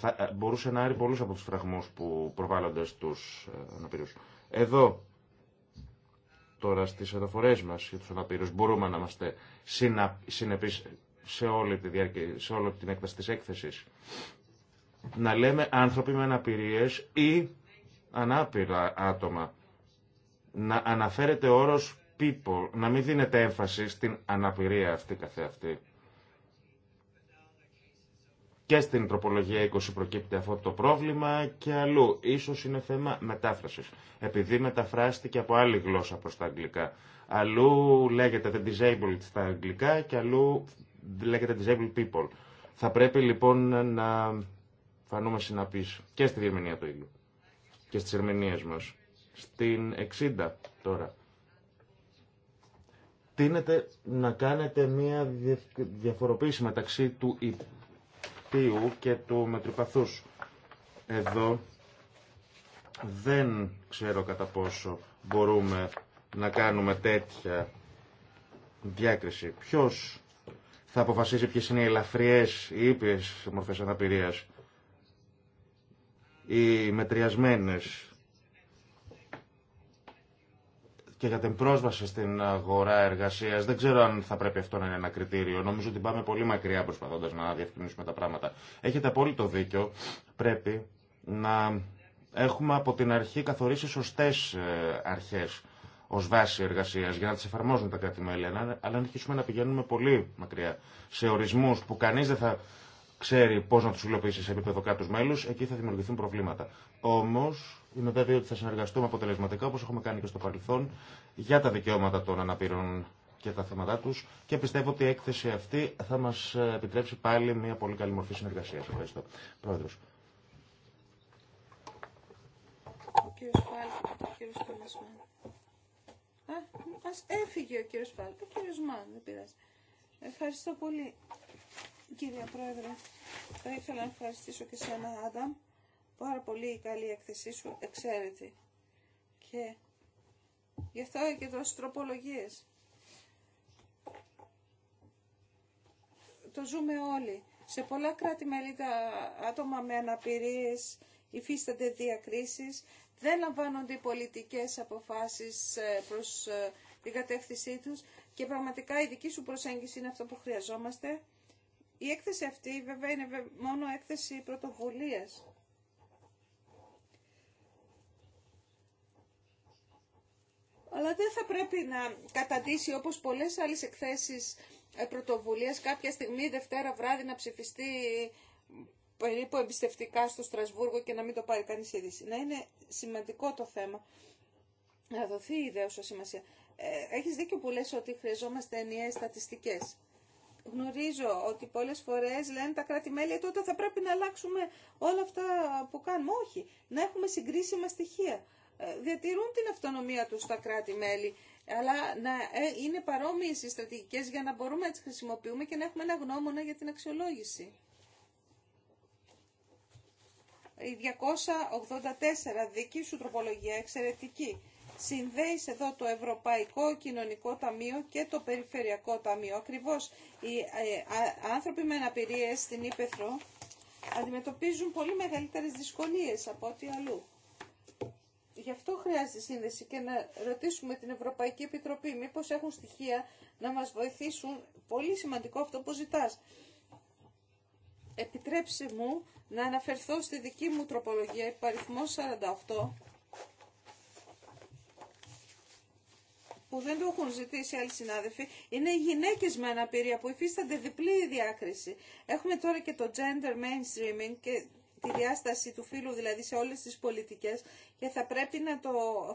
Θα μπορούσε να άρει πολλούς από του φραγμούς που προβάλλονται στους ε, αναπήρους. Εδώ, τώρα στις αναφορές μα για του αναπήρους, μπορούμε να είμαστε συνεπεί σε όλη, σε όλη την έκταση της έκθεσης να λέμε άνθρωποι με αναπηρίες ή ανάπηρα άτομα. Να αναφέρεται όρος people, να μην δίνεται έμφαση στην αναπηρία αυτή καθεαυτή. Και στην τροπολογία 20 προκύπτει αυτό το πρόβλημα και αλλού. Ίσως είναι θέμα μετάφρασης, επειδή μεταφράστηκε από άλλη γλώσσα προς τα αγγλικά. Αλλού λέγεται the disabled στα αγγλικά και αλλού λέγεται disabled people. Θα πρέπει λοιπόν να φανούμε συναπεί και στη διερμηνία το ίδιο και στι ερμηνείε μας. Στην 60 τώρα. τίνεται να κάνετε μία διαφοροποίηση μεταξύ του ιππίου και του μετροπαθούς. Εδώ δεν ξέρω κατά πόσο μπορούμε να κάνουμε τέτοια διάκριση. Ποιος θα αποφασίσει ποιες είναι οι ελαφριές ή ήπιες μορφές αναπηρίας οι μετριασμένες και για την πρόσβαση στην αγορά εργασίας. Δεν ξέρω αν θα πρέπει αυτό να είναι ένα κριτήριο. Νομίζω ότι πάμε πολύ μακριά προσπαθώντας να διευκρινίσουμε τα πράγματα. Έχετε απόλυτο δίκιο. Πρέπει να έχουμε από την αρχή καθορίσει σωστές ε, αρχές ω βάση εργασία για να τις εφαρμόζουν τα κράτη-μέλη. Αλλά αν αρχίσουμε να πηγαίνουμε πολύ μακριά σε ορισμούς που κανείς δεν θα ξέρει πώ να του υλοποιήσει σε επίπεδο κάτου μέλου, εκεί θα δημιουργηθούν προβλήματα. Όμω, είναι βέβαιο ότι θα συνεργαστούμε αποτελεσματικά, όπω έχουμε κάνει και στο παρελθόν, για τα δικαιώματα των αναπήρων και τα θέματα του και πιστεύω ότι η έκθεση αυτή θα μα ε, επιτρέψει πάλι μια πολύ καλή μορφή συνεργασία. Ευχαριστώ. Πρόεδρο. Α, ας έφυγε ο κύριος ο κύριος Μάν, δεν Ευχαριστώ πολύ. Κύριε Πρόεδρε, θα ήθελα να ευχαριστήσω και σένα, Άνταμ. Πάρα πολύ καλή έκθεσή σου, εξαίρετη. Και γι' αυτό και δώσει τροπολογίες. Το ζούμε όλοι. Σε πολλά κράτη-μέλη τα άτομα με αναπηρίες υφίστανται διακρίσεις, δεν λαμβάνονται οι πολιτικές αποφάσεις ε, προς ε, την κατεύθυνσή τους και πραγματικά η δική σου προσέγγιση είναι αυτό που χρειαζόμαστε η έκθεση αυτή βέβαια είναι μόνο έκθεση πρωτοβουλίας. Αλλά δεν θα πρέπει να καταντήσει όπως πολλές άλλες εκθέσεις ε, πρωτοβουλίας κάποια στιγμή Δευτέρα βράδυ να ψηφιστεί περίπου εμπιστευτικά στο Στρασβούργο και να μην το πάρει κανείς είδηση. Να είναι σημαντικό το θέμα. Να δοθεί η σου σημασία. Ε, έχεις δίκιο που λες ότι χρειαζόμαστε ενιαίες στατιστικές γνωρίζω ότι πολλές φορές λένε τα κράτη-μέλη «Ε, τότε θα πρέπει να αλλάξουμε όλα αυτά που κάνουμε. Όχι, να έχουμε συγκρίσιμα στοιχεία. Ε, διατηρούν την αυτονομία τους τα κράτη-μέλη, αλλά να ε, είναι παρόμοιες οι στρατηγικές για να μπορούμε να τις χρησιμοποιούμε και να έχουμε ένα γνώμονα για την αξιολόγηση. Η 284 δική σου τροπολογία εξαιρετική συνδέεις εδώ το Ευρωπαϊκό Κοινωνικό Ταμείο και το Περιφερειακό Ταμείο. Ακριβώς οι ε, άνθρωποι με αναπηρίες στην Ήπεθρο αντιμετωπίζουν πολύ μεγαλύτερες δυσκολίες από ό,τι αλλού. Γι' αυτό χρειάζεται σύνδεση και να ρωτήσουμε την Ευρωπαϊκή Επιτροπή μήπως έχουν στοιχεία να μας βοηθήσουν. Πολύ σημαντικό αυτό που ζητάς. Επιτρέψε μου να αναφερθώ στη δική μου τροπολογία υπαριθμό 48 που δεν το έχουν ζητήσει άλλοι συνάδελφοι είναι οι γυναίκες με αναπηρία που υφίστανται διπλή διάκριση. Έχουμε τώρα και το gender mainstreaming και τη διάσταση του φύλου δηλαδή σε όλες τις πολιτικές και θα πρέπει να το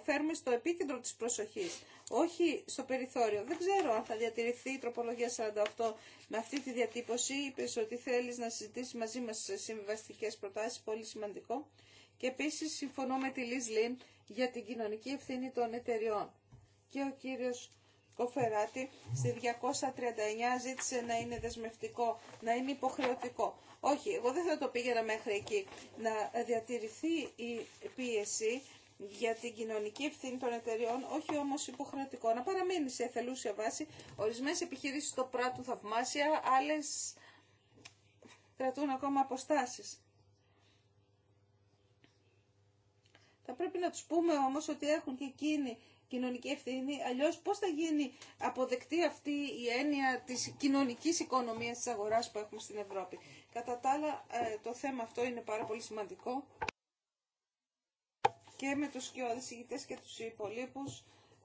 φέρουμε στο επίκεντρο της προσοχής, όχι στο περιθώριο. Δεν ξέρω αν θα διατηρηθεί η τροπολογία 48 με αυτή τη διατύπωση. Είπε ότι θέλεις να συζητήσει μαζί μας συμβιβαστικές προτάσεις, πολύ σημαντικό. Και επίσης συμφωνώ με τη Λίζ Λίν για την κοινωνική ευθύνη των εταιριών και ο κύριος Κοφεράτη στη 239 ζήτησε να είναι δεσμευτικό, να είναι υποχρεωτικό. Όχι, εγώ δεν θα το πήγαινα μέχρι εκεί. Να διατηρηθεί η πίεση για την κοινωνική ευθύνη των εταιριών, όχι όμω υποχρεωτικό. Να παραμείνει σε εθελούσια βάση. Ορισμένε επιχειρήσει το πράττουν θαυμάσια, άλλε κρατούν ακόμα αποστάσει. Θα πρέπει να τους πούμε όμως ότι έχουν και εκείνοι κοινωνική ευθύνη. Αλλιώ πώ θα γίνει αποδεκτή αυτή η έννοια τη κοινωνική οικονομία τη αγορά που έχουμε στην Ευρώπη. Κατά τα άλλα ε, το θέμα αυτό είναι πάρα πολύ σημαντικό και με τους ηγητέ και του υπολείπου,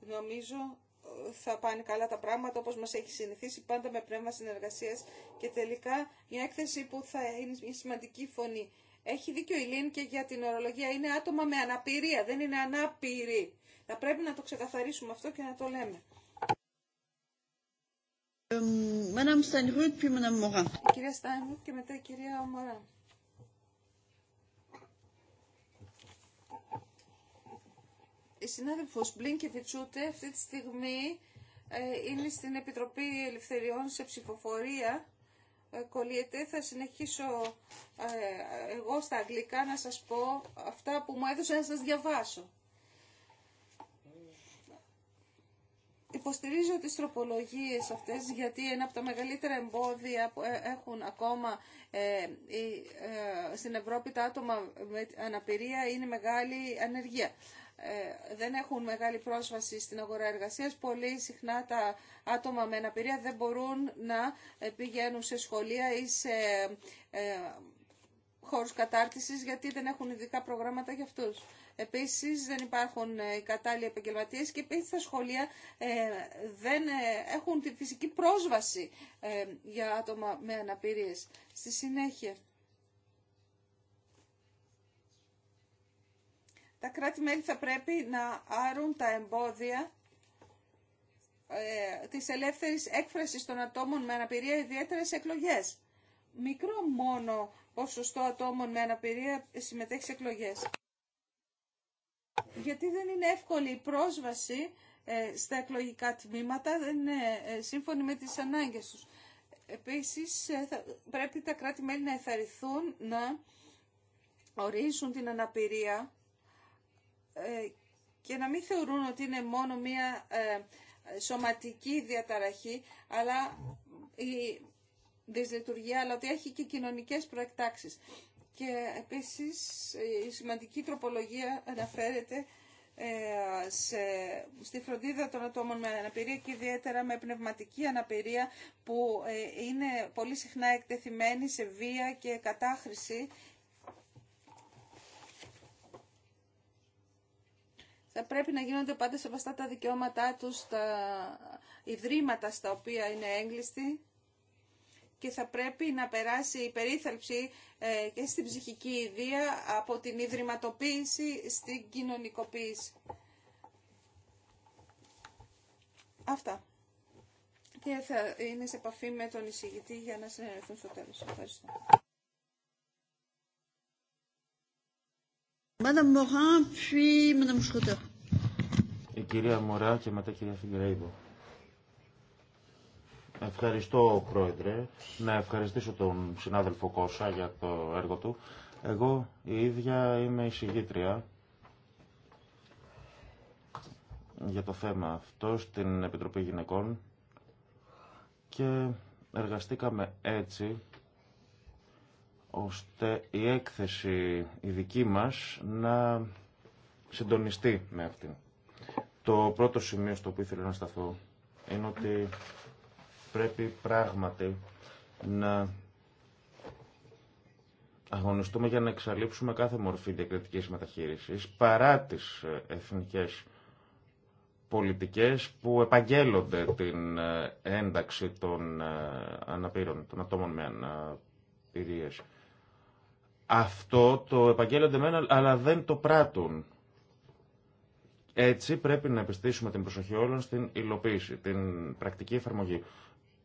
νομίζω ε, θα πάνε καλά τα πράγματα όπως μας έχει συνηθίσει πάντα με πνεύμα συνεργασίας και τελικά μια έκθεση που θα είναι μια σημαντική φωνή. Έχει δίκιο η Λίν και για την ορολογία. Είναι άτομα με αναπηρία, δεν είναι ανάπηροι. Θα πρέπει να το ξεκαθαρίσουμε αυτό και να το λέμε. Ε, η κυρία και μετά η κυρία Η συνάδελφος Μπλίνκεβιτσούτε αυτή τη στιγμή ε, είναι στην Επιτροπή Ελευθεριών σε ψηφοφορία. Ε, κολλιέται. Θα συνεχίσω εγώ στα αγγλικά να σας πω αυτά που μου έδωσε να σας διαβάσω. Υποστηρίζω τις τροπολογίες αυτές γιατί ένα από τα μεγαλύτερα εμπόδια που ε, έχουν ακόμα ε, ε, στην Ευρώπη τα άτομα με αναπηρία είναι μεγάλη ανεργία. Δεν έχουν μεγάλη πρόσβαση στην αγορά εργασίας. Πολύ συχνά τα άτομα με αναπηρία δεν μπορούν να πηγαίνουν σε σχολεία ή σε χώρους κατάρτισης γιατί δεν έχουν ειδικά προγράμματα για αυτούς. Επίση δεν υπάρχουν ε, κατάλληλοι επαγγελματίε και επίση τα σχολεία ε, δεν ε, έχουν τη φυσική πρόσβαση για άτομα με αναπηρίες. Στη συνέχεια. Τα κράτη-μέλη θα πρέπει να άρουν τα εμπόδια ε, της ελεύθερης έκφρασης των ατόμων με αναπηρία, ιδιαίτερα σε εκλογές. Μικρό μόνο ποσοστό ατόμων με αναπηρία συμμετέχει σε εκλογές γιατί δεν είναι εύκολη η πρόσβαση ε, στα εκλογικά τμήματα, δεν είναι ε, σύμφωνη με τις ανάγκες τους. Επίσης, ε, πρέπει τα κράτη-μέλη να εθαριθούν, να ορίσουν την αναπηρία και να μην θεωρούν ότι είναι μόνο μία σωματική διαταραχή, αλλά η δυσλειτουργία, αλλά ότι έχει και κοινωνικές προεκτάξεις. Και επίσης η σημαντική τροπολογία αναφέρεται ε, σε, στη φροντίδα των ατόμων με αναπηρία και ιδιαίτερα με πνευματική αναπηρία που ε, είναι πολύ συχνά εκτεθειμένη σε βία και κατάχρηση. Θα πρέπει να γίνονται πάντα σεβαστά τα δικαιώματά τους, τα ιδρύματα στα οποία είναι έγκλειστοι και θα πρέπει να περάσει η περίθαλψη ε, και στην ψυχική ιδεία από την ιδρυματοποίηση στην κοινωνικοποίηση. Αυτά. Και θα είναι σε επαφή με τον εισηγητή για να συνεργαστούν στο τέλος. Ευχαριστώ. Η κυρία Μωρά και μετά η κυρία Φιγκρέιβο. Ευχαριστώ, Πρόεδρε. Να ευχαριστήσω τον συνάδελφο Κώσα για το έργο του. Εγώ η ίδια είμαι εισηγήτρια για το θέμα αυτό στην Επιτροπή Γυναικών και εργαστήκαμε έτσι ώστε η έκθεση η δική μας να συντονιστεί με αυτήν. Το πρώτο σημείο στο οποίο ήθελα να σταθώ είναι ότι Πρέπει πράγματι να αγωνιστούμε για να εξαλείψουμε κάθε μορφή διακριτικής μεταχείρισης παρά τις ε, εθνικές πολιτικές που επαγγέλλονται την ε, ένταξη των ε, αναπήρων, των ατόμων με αναπηρίες. Αυτό το επαγγέλλονται μένα, αλλά δεν το πράττουν. Έτσι πρέπει να επιστήσουμε την προσοχή όλων στην υλοποίηση, την πρακτική εφαρμογή.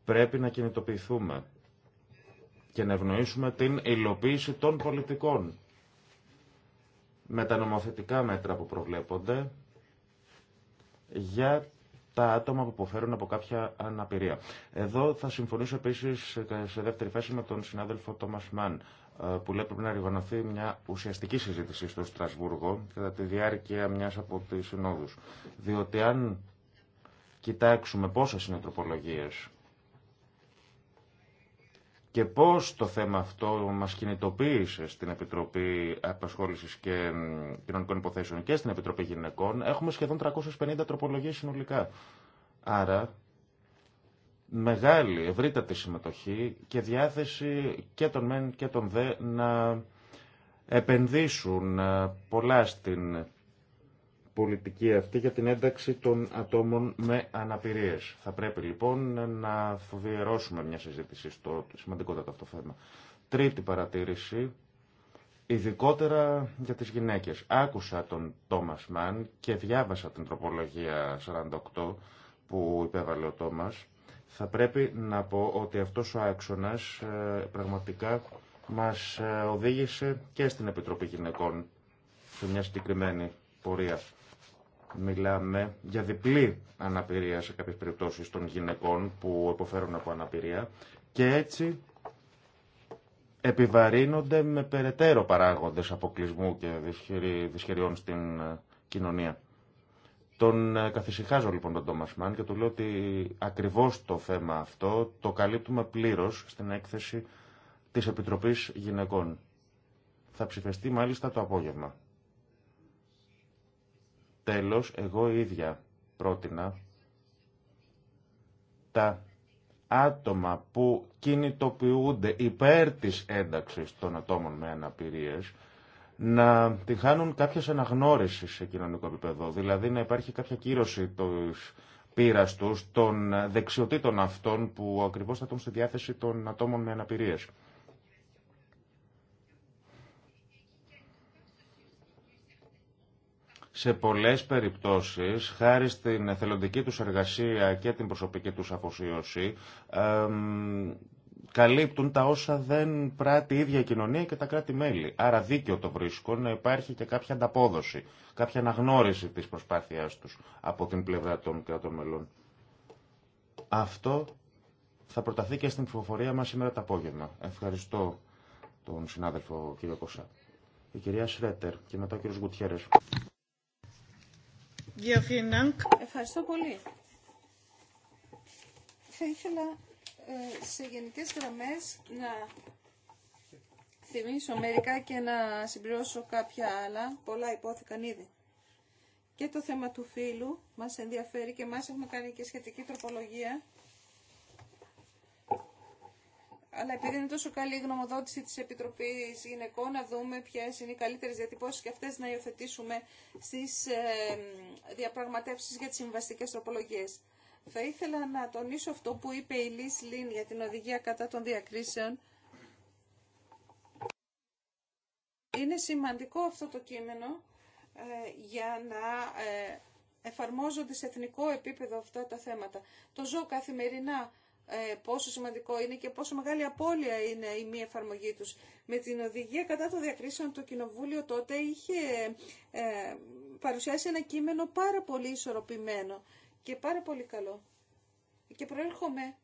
Πρέπει να κινητοποιηθούμε και να ευνοήσουμε την υλοποίηση των πολιτικών με τα νομοθετικά μέτρα που προβλέπονται για τα άτομα που υποφέρουν από κάποια αναπηρία. Εδώ θα συμφωνήσω επίσης σε δεύτερη φάση με τον συνάδελφο Τόμας Μαν, ε, που λέει πρέπει να ρηγονωθεί μια ουσιαστική συζήτηση στο Στρασβούργο κατά τη διάρκεια μια από τις συνόδους. Διότι αν κοιτάξουμε πόσε είναι τροπολογίες και πώς το θέμα αυτό μας κινητοποίησε στην Επιτροπή Απασχόλησης και Κοινωνικών Υποθέσεων και στην Επιτροπή Γυναικών. Έχουμε σχεδόν 350 τροπολογίες συνολικά. Άρα μεγάλη, ευρύτατη συμμετοχή και διάθεση και των μεν και των δε να επενδύσουν ε, πολλά στην πολιτική αυτή για την ένταξη των ατόμων με αναπηρίες. Θα πρέπει λοιπόν να φοβιερώσουμε μια συζήτηση στο σημαντικότατο αυτό θέμα. Τρίτη παρατήρηση, ειδικότερα για τις γυναίκες. Άκουσα τον Τόμας Μαν και διάβασα την τροπολογία 48 που υπέβαλε ο Τόμας. Θα πρέπει να πω ότι αυτός ο άξονας ε, πραγματικά μας ε, οδήγησε και στην Επιτροπή Γυναικών σε μια συγκεκριμένη πορεία. Μιλάμε για διπλή αναπηρία σε κάποιες περιπτώσεις των γυναικών που υποφέρουν από αναπηρία και έτσι επιβαρύνονται με περαιτέρω παράγοντες αποκλεισμού και δυσχεριών στην ε, κοινωνία. Τον ε, καθησυχάζω λοιπόν τον Τόμας Μαν και του λέω ότι ακριβώς το θέμα αυτό το καλύπτουμε πλήρως στην έκθεση της Επιτροπής Γυναικών. Θα ψηφιστεί μάλιστα το απόγευμα. Τέλος, εγώ ίδια πρότεινα τα άτομα που κινητοποιούνται υπέρ της ένταξης των ατόμων με αναπηρίες να τη χάνουν κάποιες αναγνώρισης σε κοινωνικό επίπεδο, δηλαδή να υπάρχει κάποια κύρωση της πείρας τους, των δεξιοτήτων αυτών που ακριβώς θα τον στη διάθεση των ατόμων με αναπηρίες. σε πολλές περιπτώσεις, χάρη στην εθελοντική τους εργασία και την προσωπική τους αφοσίωση, καλύπτουν τα όσα δεν πράττει η ίδια η κοινωνία και τα κράτη-μέλη. Άρα δίκαιο το βρίσκω να υπάρχει και κάποια ανταπόδοση, κάποια αναγνώριση της προσπάθειάς τους από την πλευρά των κρατών μελών. Αυτό θα προταθεί και στην ψηφοφορία μας σήμερα το απόγευμα. Ευχαριστώ τον συνάδελφο κύριο Κωσά. Η κυρία Σρέτερ και μετά ο κύριος Γκουτιέρες. Ευχαριστώ πολύ. Θα ήθελα ε, σε γενικές γραμμές να θυμίσω μερικά και να συμπληρώσω κάποια άλλα. Πολλά υπόθηκαν ήδη. Και το θέμα του φίλου μας ενδιαφέρει και μας έχουμε κάνει και σχετική τροπολογία αλλά επειδή είναι τόσο καλή η γνωμοδότηση της Επιτροπής Γυναικών, να δούμε ποιες είναι οι καλύτερες διατυπώσεις και αυτές να υιοθετήσουμε στις ε, διαπραγματεύσεις για τις συμβαστικές τροπολογίες. Θα ήθελα να τονίσω αυτό που είπε η Λίς Λίν για την οδηγία κατά των διακρίσεων. Είναι σημαντικό αυτό το κείμενο ε, για να ε, εφαρμόζονται σε εθνικό επίπεδο αυτά τα θέματα. Το ζω καθημερινά ε, πόσο σημαντικό είναι και πόσο μεγάλη απώλεια είναι η μη εφαρμογή τους. Με την οδηγία κατά το διακρίσεων το Κοινοβούλιο τότε είχε ε, παρουσιάσει ένα κείμενο πάρα πολύ ισορροπημένο και πάρα πολύ καλό. Και προέρχομαι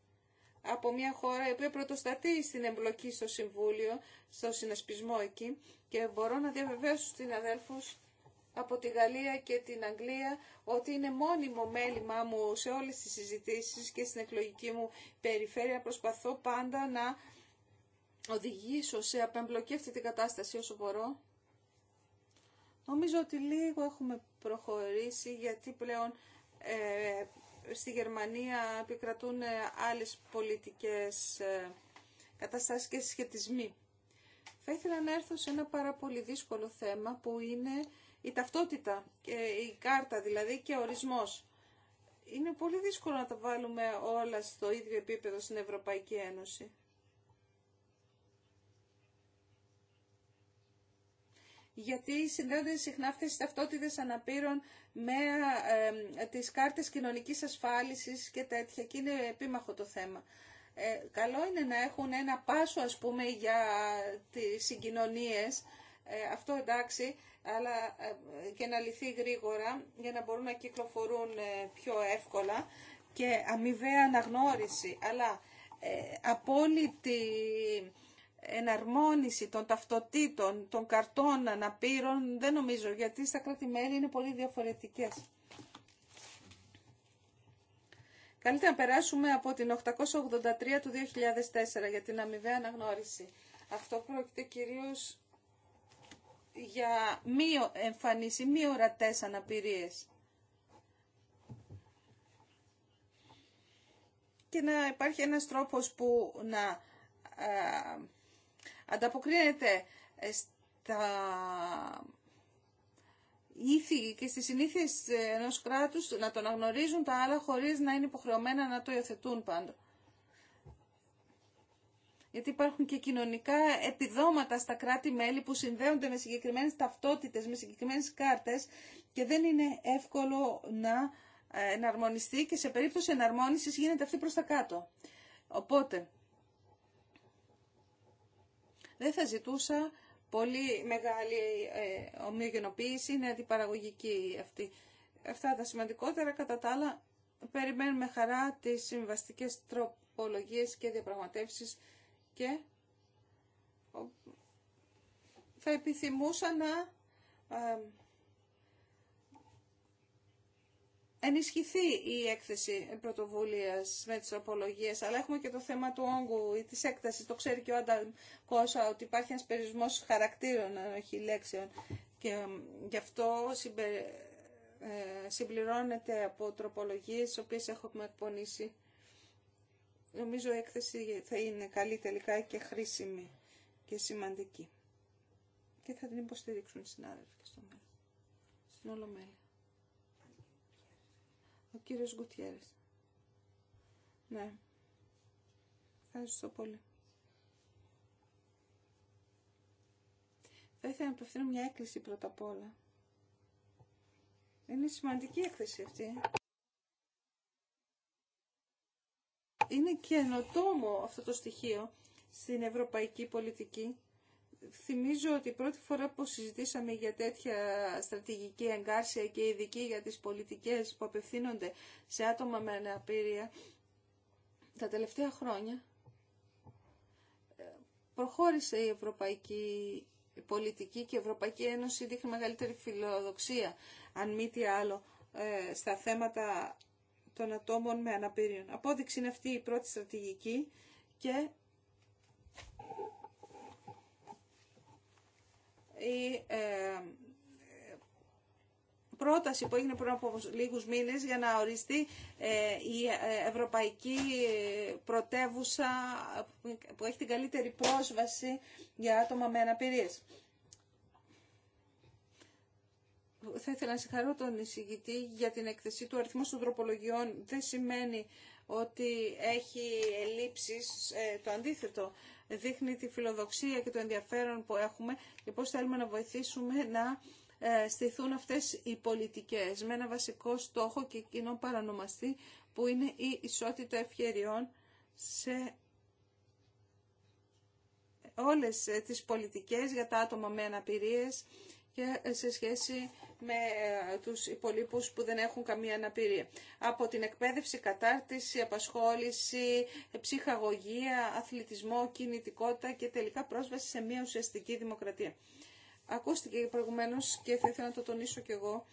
από μια χώρα η οποία πρωτοστατεί στην εμπλοκή στο Συμβούλιο, στο συνασπισμό εκεί και μπορώ να διαβεβαίωσω στους αδέλφους από τη Γαλλία και την Αγγλία ότι είναι μόνιμο μέλημά μου σε όλες τις συζητήσεις και στην εκλογική μου περιφέρεια. Προσπαθώ πάντα να οδηγήσω σε απεμπλοκή αυτή την κατάσταση όσο μπορώ. Νομίζω ότι λίγο έχουμε προχωρήσει γιατί πλέον ε, στη Γερμανία επικρατούν άλλες πολιτικές ε, καταστάσεις και συσχετισμοί. Θα ήθελα να έρθω σε ένα πάρα πολύ δύσκολο θέμα που είναι η ταυτότητα, και η κάρτα δηλαδή και ο ορισμός. Είναι πολύ δύσκολο να τα βάλουμε όλα στο ίδιο επίπεδο στην Ευρωπαϊκή Ένωση. γιατί συνδέονται συχνά αυτές οι ταυτότητες αναπήρων με ε, τις κάρτες κοινωνικής ασφάλισης και τέτοια και είναι επίμαχο το θέμα. Ε, καλό είναι να έχουν ένα πάσο ας πούμε για τις συγκοινωνίες ε, αυτό εντάξει, αλλά ε, και να λυθεί γρήγορα για να μπορούν να κυκλοφορούν ε, πιο εύκολα και αμοιβαία αναγνώριση, αλλά απόλυτη εναρμόνιση των ταυτοτήτων, των καρτών αναπήρων, δεν νομίζω, γιατί στα κράτη-μέλη είναι πολύ διαφορετικές. Καλύτερα να περάσουμε από την 883 του 2004 για την αμοιβαία αναγνώριση. Αυτό πρόκειται κυρίως για μη εμφανίσει, μη ορατές αναπηρίες. Και να υπάρχει ένας τρόπος που να ανταποκρίνεται στα ήθη και στις συνήθειες ενός κράτους να τον αγνωρίζουν τα άλλα χωρίς να είναι υποχρεωμένα να το υιοθετούν πάντοτε γιατί υπάρχουν και κοινωνικά επιδόματα στα κράτη-μέλη που συνδέονται με συγκεκριμένες ταυτότητες, με συγκεκριμένες κάρτες και δεν είναι εύκολο να εναρμονιστεί και σε περίπτωση εναρμόνισης γίνεται αυτή προς τα κάτω. Οπότε, δεν θα ζητούσα πολύ μεγάλη ε, ομοιογενοποίηση, είναι αντιπαραγωγική αυτή. Αυτά τα σημαντικότερα, κατά τα άλλα, περιμένουμε χαρά τις συμβαστικές τροπολογίες και διαπραγματεύσεις και θα επιθυμούσα να ενισχυθεί η έκθεση πρωτοβουλίας με τις τροπολογίες, αλλά έχουμε και το θέμα του όγκου ή της έκτασης. Το ξέρει και ο Άνταμ Κώσα ότι υπάρχει ένας περιορισμός χαρακτήρων, όχι λέξεων. Και γι' αυτό ε, συμπληρώνεται από τροπολογίες, τις οποίες έχουμε εκπονήσει Νομίζω η έκθεση θα είναι καλή τελικά και χρήσιμη και σημαντική. Και θα την υποστηρίξουν οι συνάδελφοι και στο μέλλον. Στην Ολομέλεια. Ο κύριος Γκουτιέρης. Ναι. Ευχαριστώ πολύ. Θα ήθελα να απευθύνω μια έκκληση πρώτα απ' όλα. Είναι σημαντική έκθεση αυτή. είναι καινοτόμο αυτό το στοιχείο στην ευρωπαϊκή πολιτική. Θυμίζω ότι η πρώτη φορά που συζητήσαμε για τέτοια στρατηγική εγκάρσια και ειδική για τις πολιτικές που απευθύνονται σε άτομα με αναπηρία τα τελευταία χρόνια ε, προχώρησε η ευρωπαϊκή πολιτική και η Ευρωπαϊκή Ένωση δείχνει μεγαλύτερη φιλοδοξία αν μη τι άλλο ε, στα θέματα των ατόμων με αναπηρίων. Απόδειξη είναι αυτή η πρώτη στρατηγική και η ε, πρόταση που έγινε πριν από λίγους μήνες για να οριστεί ε, η ε, Ευρωπαϊκή Πρωτεύουσα που έχει την καλύτερη πρόσβαση για άτομα με αναπηρίες θα ήθελα να συγχαρώ τον εισηγητή για την έκθεσή του. Ο των τροπολογιών δεν σημαίνει ότι έχει ελλείψεις. Ε, το αντίθετο δείχνει τη φιλοδοξία και το ενδιαφέρον που έχουμε και πώς θέλουμε να βοηθήσουμε να ε, στηθούν αυτές οι πολιτικές με ένα βασικό στόχο και κοινό παρανομαστή που είναι η ισότητα ευκαιριών σε όλες ε, τις πολιτικές για τα άτομα με αναπηρίες και σε σχέση με ε, τους υπολείπους που δεν έχουν καμία αναπηρία. Από την εκπαίδευση, κατάρτιση, απασχόληση, ψυχαγωγία, αθλητισμό, κινητικότητα και τελικά πρόσβαση σε μια ουσιαστική δημοκρατία. Ακούστηκε προηγουμένως και θα ήθελα να το τονίσω κι εγώ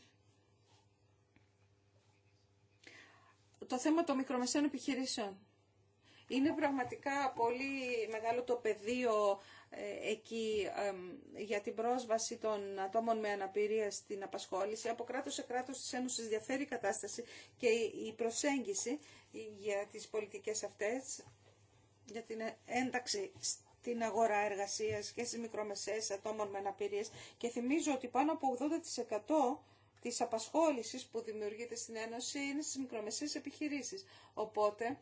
το θέμα των μικρομεσαίων επιχειρήσεων. Είναι πραγματικά πολύ μεγάλο το πεδίο ε, εκεί για την πρόσβαση των ατόμων με αναπηρία στην απασχόληση. Από κράτος σε κράτος της Ένωσης διαφέρει η κατάσταση και η προσέγγιση για τις πολιτικές αυτές, για την ένταξη την αγορά εργασίας και στις μικρομεσαίες ατόμων με αναπηρίες και θυμίζω ότι πάνω από 80% της απασχόλησης που δημιουργείται στην Ένωση είναι στις μικρομεσαίες επιχειρήσεις. Οπότε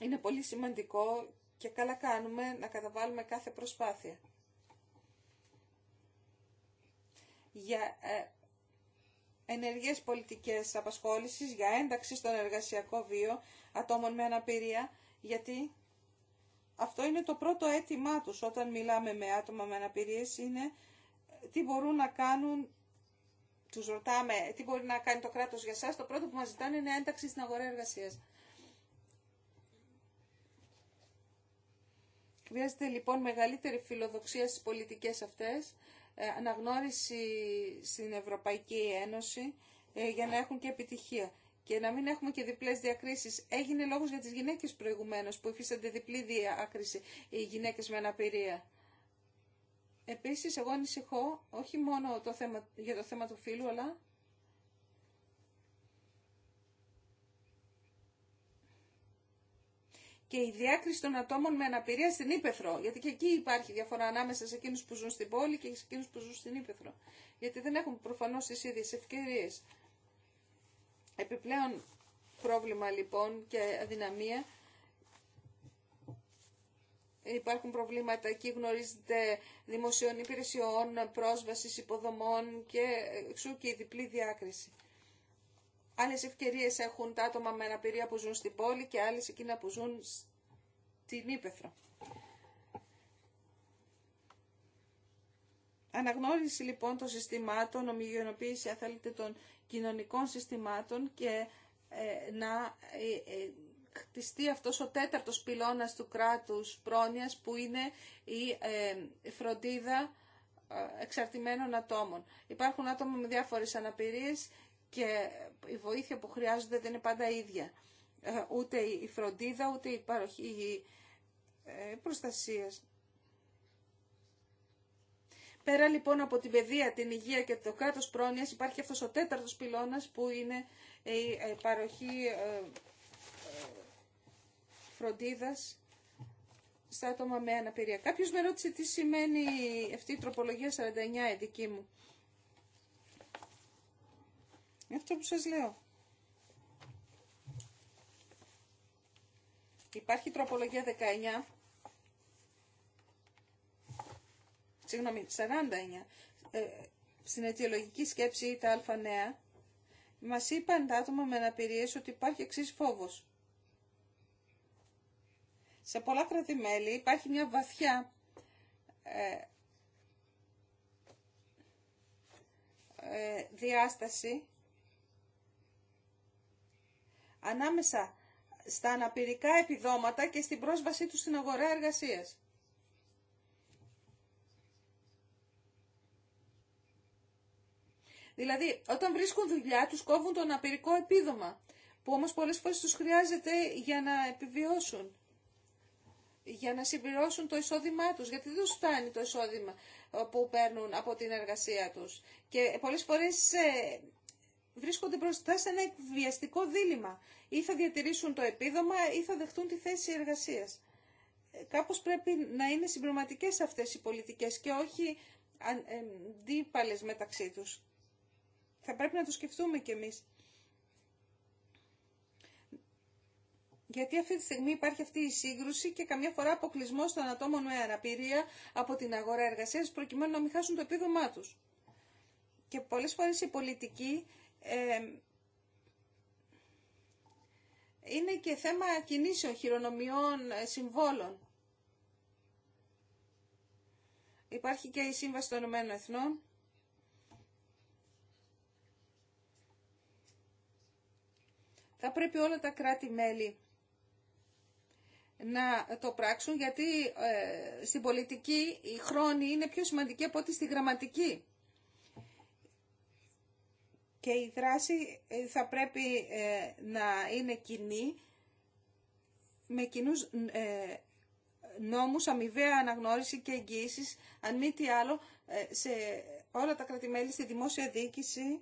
είναι πολύ σημαντικό και καλά κάνουμε να καταβάλουμε κάθε προσπάθεια. Για ε, ενεργές πολιτικές απασχόλησης, για ένταξη στον εργασιακό βίο ατόμων με αναπηρία, γιατί αυτό είναι το πρώτο αίτημά τους όταν μιλάμε με άτομα με αναπηρίες, είναι τι μπορούν να κάνουν, τους ρωτάμε τι μπορεί να κάνει το κράτος για σας, το πρώτο που μας ζητάνε είναι ένταξη στην αγορά εργασίας. Χρειάζεται λοιπόν μεγαλύτερη φιλοδοξία στις πολιτικές αυτές, ε, αναγνώριση στην Ευρωπαϊκή Ένωση ε, για να έχουν και επιτυχία. Και να μην έχουμε και διπλές διακρίσεις. Έγινε λόγος για τις γυναίκες προηγουμένως που υφίστανται διπλή διάκριση οι γυναίκες με αναπηρία. Επίσης εγώ ανησυχώ όχι μόνο για το θέμα του φύλου, αλλά και η διάκριση των ατόμων με αναπηρία στην Ήπεθρο. Γιατί και εκεί υπάρχει διαφορά ανάμεσα σε εκείνους που ζουν στην πόλη και σε εκείνους που ζουν στην Ήπεθρο. Γιατί δεν έχουν προφανώς τις ίδιες ευκαιρίες. Επιπλέον πρόβλημα λοιπόν και αδυναμία. Υπάρχουν προβλήματα εκεί, γνωρίζετε, δημοσίων υπηρεσιών, πρόσβασης υποδομών και εξού και η διπλή διάκριση. Άλλες ευκαιρίες έχουν τα άτομα με αναπηρία που ζουν στην πόλη και άλλες εκείνα που ζουν στην Ήπεθρο. Αναγνώριση λοιπόν των συστημάτων, ομιγενοποίηση αν θέλετε των κοινωνικών συστημάτων και ε, να ε, ε, χτιστεί αυτός ο τέταρτος πυλώνας του κράτους πρόνοιας που είναι η ε, φροντίδα εξαρτημένων ατόμων. Υπάρχουν άτομα με διάφορες αναπηρίες και η βοήθεια που χρειάζονται δεν είναι πάντα ίδια. Ε, ούτε η φροντίδα, ούτε η παροχή ε, προστασίας. Πέρα λοιπόν από την παιδεία, την υγεία και το κράτος πρόνοιας υπάρχει αυτός ο τέταρτος πυλώνας που είναι η ε, παροχή φροντίδας στα άτομα με αναπηρία. Κάποιος με ρώτησε τι σημαίνει αυτή η τροπολογία 49 η δική μου αυτό που σας λέω. Υπάρχει τροπολογία 19. Συγγνώμη, 49. Ε, στην αιτιολογική σκέψη ή τα α νέα, μας είπαν τα άτομα με αναπηρίες ότι υπάρχει εξής φόβος. Σε πολλά κρατημέλη υπάρχει μια βαθιά ε, ε, διάσταση ανάμεσα στα αναπηρικά επιδόματα και στην πρόσβασή τους στην αγορά εργασίας. Δηλαδή, όταν βρίσκουν δουλειά, τους κόβουν το αναπηρικό επίδομα, που όμως πολλές φορές τους χρειάζεται για να επιβιώσουν, για να συμπληρώσουν το εισόδημά τους, γιατί δεν τους φτάνει το εισόδημα ε, που παίρνουν από την εργασία τους. Και πολλές φορές ε, βρίσκονται μπροστά σε ένα εκβιαστικό δίλημα. Ή θα διατηρήσουν το επίδομα ή θα δεχτούν τη θέση εργασία. Ε, κάπως πρέπει να είναι συμπληρωματικές αυτές οι πολιτικές και όχι αντίπαλες μεταξύ τους. Θα πρέπει να το σκεφτούμε κι εμείς. Γιατί αυτή τη στιγμή υπάρχει αυτή η σύγκρουση και καμιά φορά αποκλεισμό των ατόμων με αναπηρία από την αγορά εργασίας προκειμένου να μην χάσουν το επίδομά τους. Και πολλές φορές οι πολιτικοί είναι και θέμα κινήσεων, χειρονομιών, ε, συμβόλων. Υπάρχει και η Σύμβαση των Ηνωμένων Εθνών. Θα πρέπει όλα τα κράτη-μέλη να το πράξουν, γιατί ε, στην πολιτική η χρόνη είναι πιο σημαντική από ό,τι στη γραμματική και η δράση ε, θα πρέπει ε, να είναι κοινή με κοινούς ε, νόμους, αμοιβαία αναγνώριση και εγγύηση, αν μη τι άλλο, σε όλα τα κρατημέλη στη δημόσια διοίκηση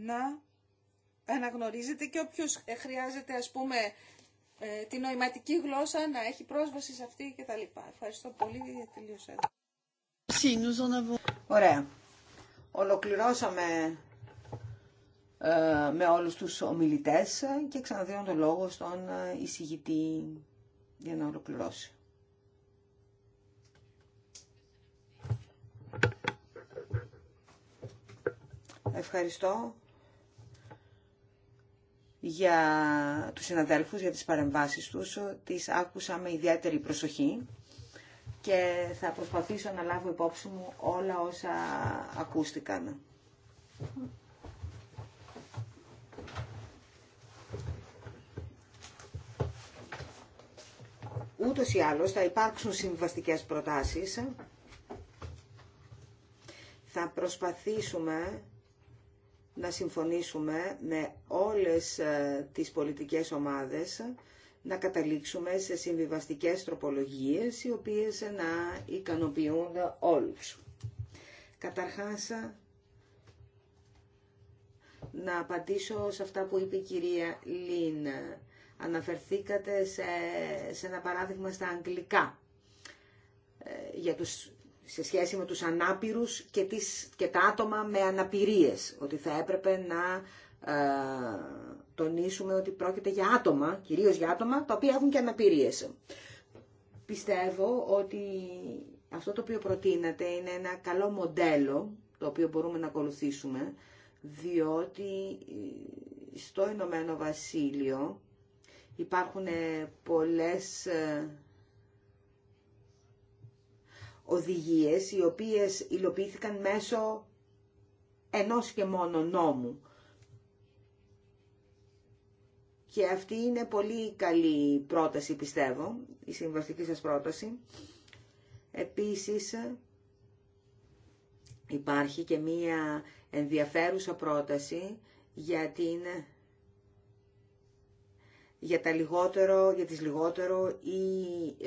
να αναγνωρίζεται και όποιος χρειάζεται, ας πούμε, τη νοηματική γλώσσα να έχει πρόσβαση σε αυτή κτλ. Ευχαριστώ πολύ για τελείωσα. Ωραία. Ολοκληρώσαμε ε, με όλους τους ομιλητές και ξαναδίνω τον λόγο στον ε, εισηγητή για να ολοκληρώσει. Ευχαριστώ για τους συναδέλφους, για τις παρεμβάσεις τους. Τις άκουσα με ιδιαίτερη προσοχή και θα προσπαθήσω να λάβω υπόψη μου όλα όσα ακούστηκαν. Ούτως ή άλλως θα υπάρξουν συμβαστικές προτάσεις. Θα προσπαθήσουμε να συμφωνήσουμε με όλες ε, τις πολιτικές ομάδες να καταλήξουμε σε συμβιβαστικές τροπολογίες οι οποίες να ικανοποιούν όλους. Καταρχάς, να απαντήσω σε αυτά που είπε η κυρία Λίν Αναφερθήκατε σε, σε ένα παράδειγμα στα αγγλικά ε, για τους, σε σχέση με τους ανάπηρους και, τις, και τα άτομα με αναπηρίες, ότι θα έπρεπε να ε, τονίσουμε ότι πρόκειται για άτομα, κυρίως για άτομα, τα οποία έχουν και αναπηρίες. Πιστεύω ότι αυτό το οποίο προτείνατε είναι ένα καλό μοντέλο, το οποίο μπορούμε να ακολουθήσουμε, διότι ε, στο Ηνωμένο Βασίλειο Υπάρχουν ε, πολλές ε, οδηγίες οι οποίες υλοποιήθηκαν μέσω ενός και μόνο νόμου. Και αυτή είναι πολύ καλή πρόταση, πιστεύω, η συμβαστική σας πρόταση. Επίσης, υπάρχει και μία ενδιαφέρουσα πρόταση για την για, τα λιγότερο, για τις λιγότερο ή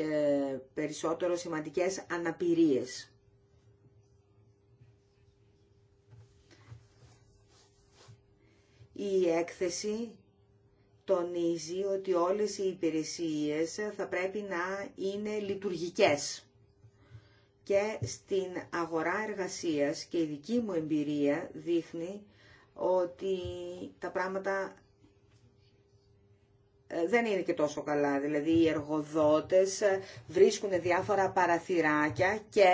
ε, περισσότερο σημαντικές αναπηρίες. Η περισσοτερο σημαντικες τονίζει ότι όλες οι υπηρεσίες θα πρέπει να είναι λειτουργικές. Και στην αγορά εργασίας και η δική μου εμπειρία δείχνει ότι τα πράγματα ε, δεν είναι και τόσο καλά. Δηλαδή οι εργοδότες ε, βρίσκουν διάφορα παραθυράκια και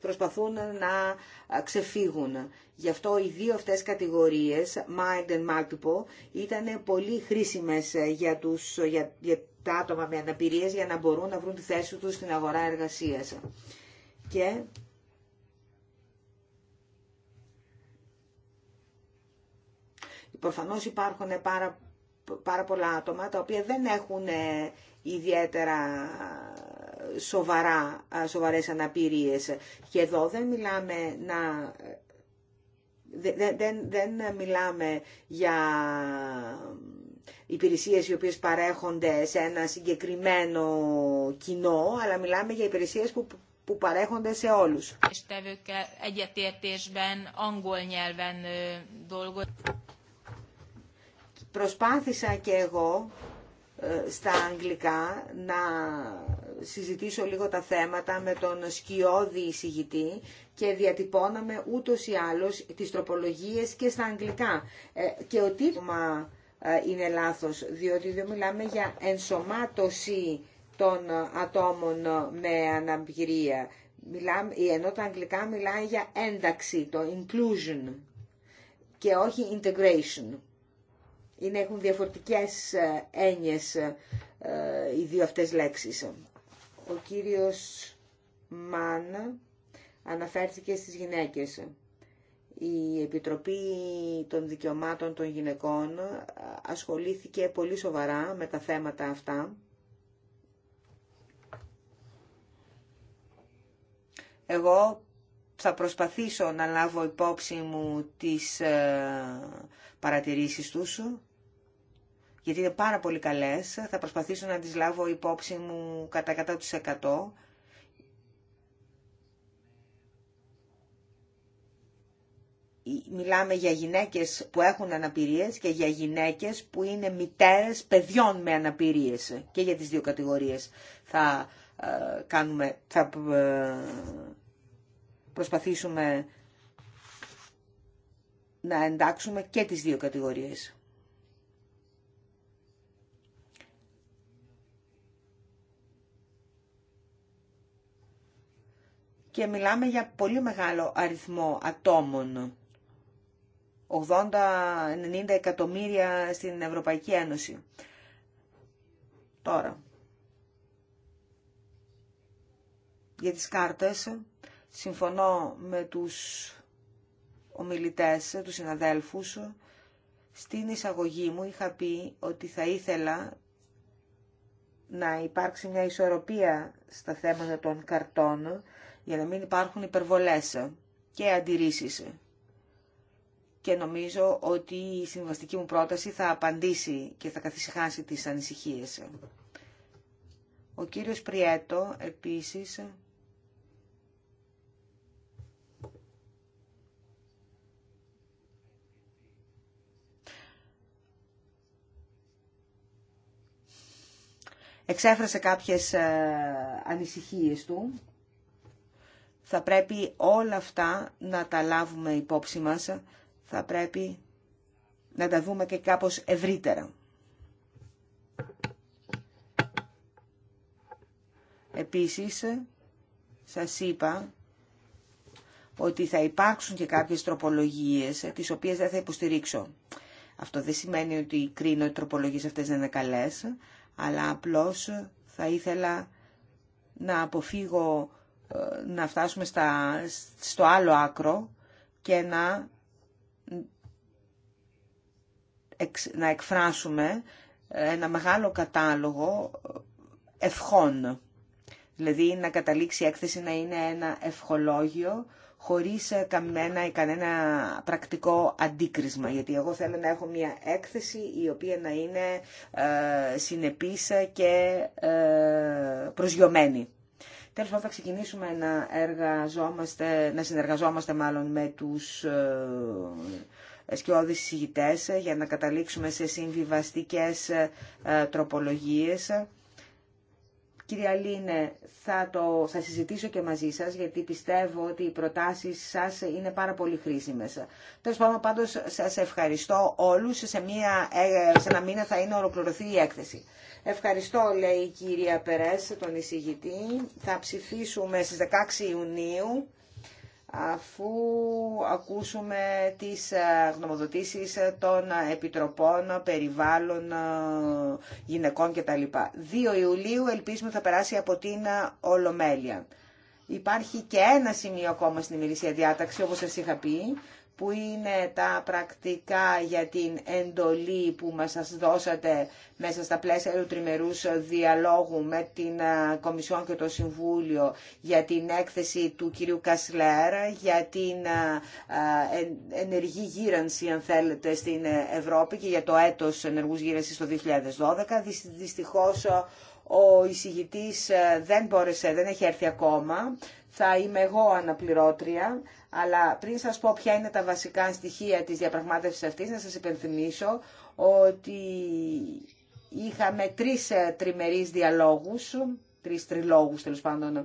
προσπαθούν να ε, ξεφύγουν. Γι' αυτό οι δύο αυτές κατηγορίες, Mind and Multiple, ήταν πολύ χρήσιμες για, τους, για, τα άτομα με αναπηρίες για να μπορούν να βρουν τη θέση τους στην αγορά εργασίας. Και Προφανώς υπάρχουν πάρα πάρα πολλά άτομα τα οποία δεν έχουν ε, ιδιαίτερα σοβαρά, ε, σοβαρές αναπηρίες. Και εδώ δεν μιλάμε να... Δεν, δεν, δεν μιλάμε για υπηρεσίες οι οποίες παρέχονται σε ένα συγκεκριμένο κοινό, αλλά μιλάμε για υπηρεσίες που, που παρέχονται σε όλους. Προσπάθησα και εγώ ε, στα αγγλικά να συζητήσω λίγο τα θέματα με τον σκιώδη εισηγητή και διατυπώναμε ούτως ή άλλως τις τροπολογίες και στα αγγλικά. Ε, και ο τίτλος ε, είναι λάθος, διότι δεν μιλάμε για ενσωμάτωση των ατόμων με αναπηρία. Μιλάμε, ενώ τα αγγλικά μιλάει για ένταξη, το inclusion και όχι integration είναι, έχουν διαφορετικές ε, έννοιες ε, ε, οι δύο αυτές λέξεις. Ο κύριος Μαν αναφέρθηκε στις γυναίκες. Η Επιτροπή των Δικαιωμάτων των Γυναικών ασχολήθηκε πολύ σοβαρά με τα θέματα αυτά. Εγώ θα προσπαθήσω να λάβω υπόψη μου τις παρατηρήσεις τους γιατί είναι πάρα πολύ καλές, θα προσπαθήσω να τις λάβω υπόψη μου κατά 100%. Μιλάμε για γυναίκες που έχουν αναπηρίες και για γυναίκες που είναι μητέρες παιδιών με αναπηρίες και για τις δύο κατηγορίες θα ε, κάνουμε, θα ε, προσπαθήσουμε να εντάξουμε και τις δύο κατηγορίες. και μιλάμε για πολύ μεγάλο αριθμό ατόμων. 80-90 εκατομμύρια στην Ευρωπαϊκή Ένωση. Τώρα, για τις κάρτες, συμφωνώ με τους ομιλητές, τους συναδέλφους. Στην εισαγωγή μου είχα πει ότι θα ήθελα να υπάρξει μια ισορροπία στα θέματα των καρτών για να μην υπάρχουν υπερβολές και αντιρρήσεις. Και νομίζω ότι η συμβαστική μου πρόταση θα απαντήσει και θα καθυσυχάσει τις ανησυχίες. Ο κύριος Πριέτο επίσης εξέφρασε κάποιες ε, ανησυχίες του. Θα πρέπει όλα αυτά να τα λάβουμε υπόψη μας, θα πρέπει να τα δούμε και κάπως ευρύτερα. Επίσης, σας είπα ότι θα υπάρξουν και κάποιες τροπολογίες, τις οποίες δεν θα υποστηρίξω. Αυτό δεν σημαίνει ότι κρίνω οι τροπολογίες αυτές δεν είναι καλές, αλλά απλώς θα ήθελα να αποφύγω να φτάσουμε στο άλλο άκρο και να, να εκφράσουμε ένα μεγάλο κατάλογο ευχών. Δηλαδή να καταλήξει η έκθεση να είναι ένα ευχολόγιο χωρίς καμένα ή κανένα πρακτικό αντίκρισμα. Γιατί εγώ θέλω να έχω μια έκθεση η οποία να είναι ε, συνεπής και ε, προσγειωμένη. Τέλος πάντων θα ξεκινήσουμε να εργαζόμαστε, να συνεργαζόμαστε μάλλον με τους ε, σκιώδεις συγητές ε, για να καταλήξουμε σε συμβιβαστικές ε, τροπολογίες. Κυρία Λίνε, θα, το, θα συζητήσω και μαζί σας, γιατί πιστεύω ότι οι προτάσεις σας είναι πάρα πολύ χρήσιμες. Τέλος πάντων, πάντως, σας ευχαριστώ όλους. Σε, μία, σε ένα μήνα θα είναι ολοκληρωθεί η έκθεση. Ευχαριστώ, λέει η κυρία Περές, τον εισηγητή. Θα ψηφίσουμε στις 16 Ιουνίου αφού ακούσουμε τις ε, γνωμοδοτήσεις των Επιτροπών Περιβάλλων ε, Γυναικών κτλ. 2 Ιουλίου ελπίζουμε θα περάσει από την ε, Ολομέλεια. Υπάρχει και ένα σημείο ακόμα στην ημερήσια διάταξη, όπως σας είχα πει, που είναι τα πρακτικά για την εντολή που μας σας δώσατε μέσα στα πλαίσια του τριμερούς διαλόγου με την Κομισιόν και το Συμβούλιο για την έκθεση του κυρίου Κασλέρα για την ενεργή γύρανση αν θέλετε στην Ευρώπη και για το έτος ενεργούς γύρανσης το 2012. Δυστυχώς ο εισηγητής δεν μπόρεσε, δεν έχει έρθει ακόμα. Θα είμαι εγώ αναπληρώτρια αλλά πριν σας πω ποια είναι τα βασικά στοιχεία της διαπραγμάτευσης αυτής, να σας υπενθυμίσω ότι είχαμε τρεις ε, τριμερείς διαλόγους, τρεις τριλόγους τέλος πάντων,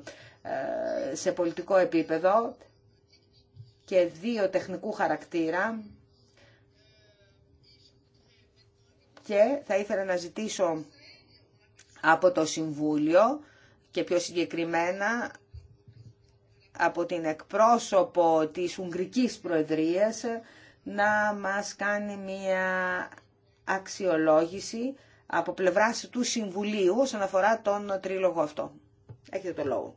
ε, σε πολιτικό επίπεδο και δύο τεχνικού χαρακτήρα και θα ήθελα να ζητήσω από το Συμβούλιο και πιο συγκεκριμένα από την εκπρόσωπο της Ουγγρικής Προεδρίας να μας κάνει μία αξιολόγηση από πλευράς του Συμβουλίου όσον αφορά τον τρίλογο αυτό. Έχετε το λόγο.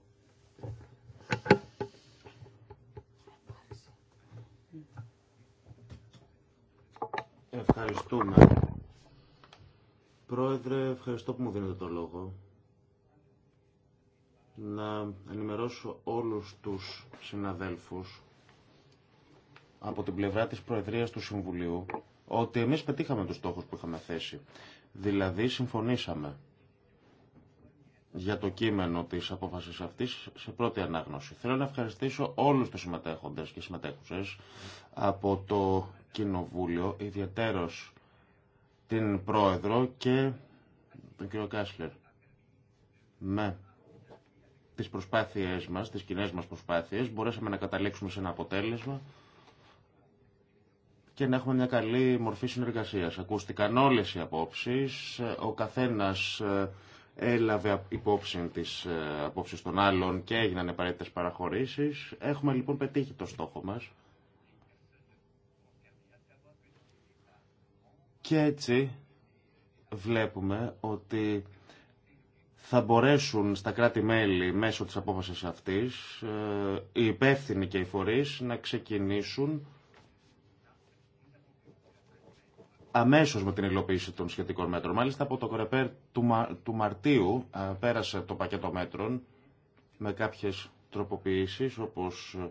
Ευχαριστούμε. Πρόεδρε, ευχαριστώ που μου δίνετε το λόγο να ενημερώσω όλους τους συναδέλφους από την πλευρά της Προεδρίας του Συμβουλίου ότι εμείς πετύχαμε τους στόχους που είχαμε θέσει. Δηλαδή συμφωνήσαμε για το κείμενο της απόφασης αυτής σε πρώτη ανάγνωση. Θέλω να ευχαριστήσω όλους τους συμμετέχοντες και συμμετέχουσες από το Κοινοβούλιο, ιδιαίτερος την Πρόεδρο και τον κύριο Κάσλερ. Με τις προσπάθειές μας, τις κοινέ μας προσπάθειες, μπορέσαμε να καταλήξουμε σε ένα αποτέλεσμα και να έχουμε μια καλή μορφή συνεργασίας. Ακούστηκαν όλες οι απόψεις, ο καθένας ε, έλαβε υπόψη τις ε, απόψεις των άλλων και έγιναν απαραίτητε παραχωρήσεις. Έχουμε λοιπόν πετύχει το στόχο μας. Και έτσι βλέπουμε ότι θα μπορέσουν στα κράτη-μέλη μέσω της απόφασης αυτής ε, οι υπεύθυνοι και οι φορείς να ξεκινήσουν αμέσως με την υλοποίηση των σχετικών μέτρων. Μάλιστα από το κορεπέρ του, του Μαρτίου ε, πέρασε το πακέτο μέτρων με κάποιες τροποποιήσεις όπως ε,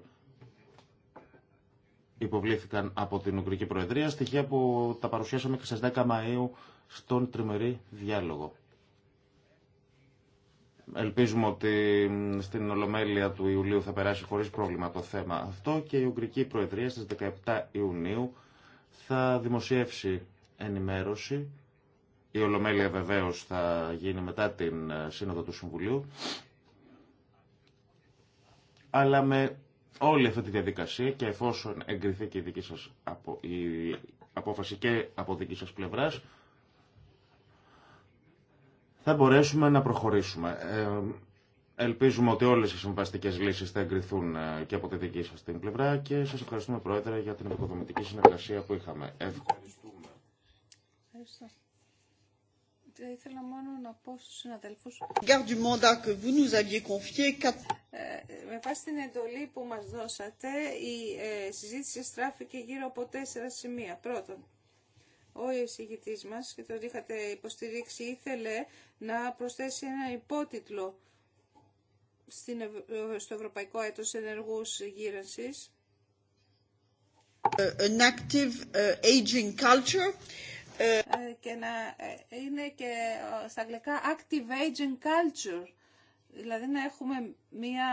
υποβλήθηκαν από την Ουγγρική Προεδρία, στοιχεία που τα παρουσιάσαμε και στις 10 Μαΐου στον τριμερή διάλογο. Ελπίζουμε ότι στην Ολομέλεια του Ιουλίου θα περάσει χωρίς πρόβλημα το θέμα αυτό και η Ουγγρική Προεδρία στις 17 Ιουνίου θα δημοσιεύσει ενημέρωση. Η Ολομέλεια βεβαίως θα γίνει μετά την ε, Σύνοδο του Συμβουλίου. Αλλά με όλη αυτή τη διαδικασία και εφόσον εγκριθεί και η δική σας απο... η απόφαση και από δική σας πλευράς, θα μπορέσουμε να προχωρήσουμε. Ε, ελπίζουμε ότι όλε οι συμβαστικέ λύσει θα εγκριθούν ε, και από τη δική σα την πλευρά και σα ευχαριστούμε, Πρόεδρε, για την επικοδομητική συνεργασία που είχαμε. Ευχαριστούμε. Ευχαριστώ. Ήθελα μόνο να πω στους συναδελφούς ε, με βάση την εντολή που μας δώσατε η συζήτηση στράφηκε γύρω από τέσσερα σημεία. Πρώτον, ο εισηγητής μας και τον είχατε υποστηρίξει ήθελε να προσθέσει ένα υπότιτλο στο Ευρωπαϊκό Έτος Ενεργούς Γύρανσης. Ε, an active ε, aging culture. Ε, και να είναι και στα αγγλικά active aging culture. Δηλαδή να έχουμε μια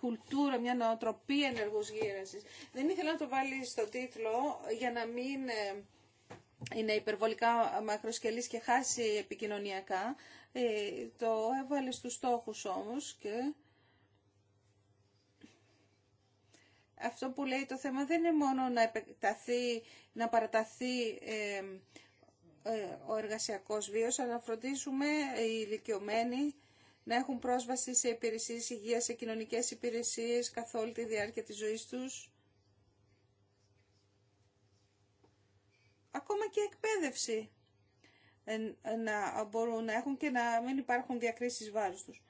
κουλτούρα, μια νοοτροπία ενεργούς γύρανσης. Δεν ήθελα να το βάλει στο τίτλο για να μην είναι υπερβολικά μακροσκελής και χάσει επικοινωνιακά. Ε, το έβαλε στους στόχους όμως και... Αυτό που λέει το θέμα δεν είναι μόνο να επεκταθεί, να παραταθεί ε, ε, ο εργασιακός βίος, αλλά να φροντίσουμε οι ηλικιωμένοι να έχουν πρόσβαση σε υπηρεσίες υγείας, σε κοινωνικές υπηρεσίες καθ' όλη τη διάρκεια της ζωής τους ακόμα και εκπαίδευση ε, να μπορούν να έχουν και να μην υπάρχουν διακρίσεις βάρους τους.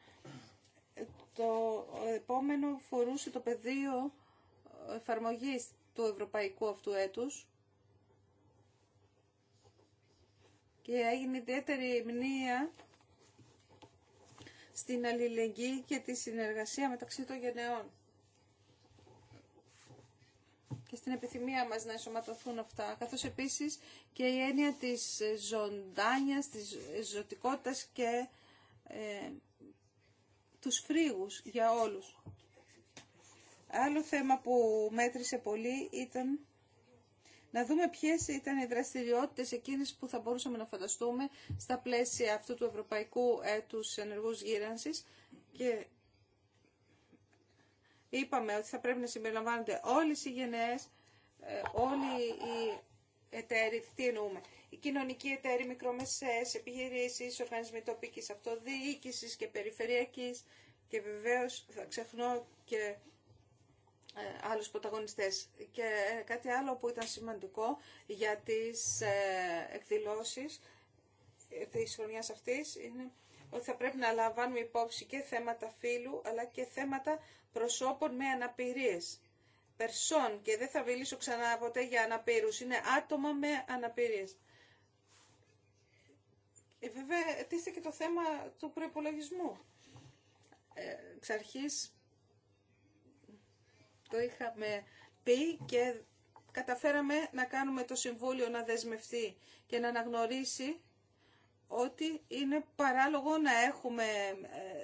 Ε, το επόμενο φορούσε το πεδίο εφαρμογής του ευρωπαϊκού αυτού έτους και έγινε ιδιαίτερη μνήα στην αλληλεγγύη και τη συνεργασία μεταξύ των γενεών και στην επιθυμία μας να ενσωματωθούν αυτά, καθώς επίσης και η έννοια της ζωντάνιας, της ζωτικότητας και ε, τους φρίγους για όλους. Άλλο θέμα που μέτρησε πολύ ήταν να δούμε ποιες ήταν οι δραστηριότητες εκείνες που θα μπορούσαμε να φανταστούμε στα πλαίσια αυτού του Ευρωπαϊκού Έτους Ενεργούς Γύρανσης και είπαμε ότι θα πρέπει να συμπεριλαμβάνονται όλες οι γενναίες, ε, όλοι οι εταίροι, τι εννοούμε, οι κοινωνικοί εταίροι, μικρομεσαίες, επιχειρήσεις, οργανισμοί τοπικής αυτοδιοίκησης και περιφερειακής και βεβαίως θα ξεχνώ και ε, άλλους πρωταγωνιστές. Και ε, κάτι άλλο που ήταν σημαντικό για τις εκδηλώσεις της χρονιάς αυτής είναι ότι θα πρέπει να λαμβάνουμε υπόψη και θέματα φύλου αλλά και θέματα προσώπων με αναπηρίες. Περσών και δεν θα μιλήσω ξανά ποτέ για αναπήρους. Είναι άτομα με αναπηρίες. Ε, βέβαια, τίθεται και το θέμα του προϋπολογισμού. Ε, το είχαμε πει και καταφέραμε να κάνουμε το Συμβούλιο να δεσμευτεί και να αναγνωρίσει ότι είναι παράλογο να έχουμε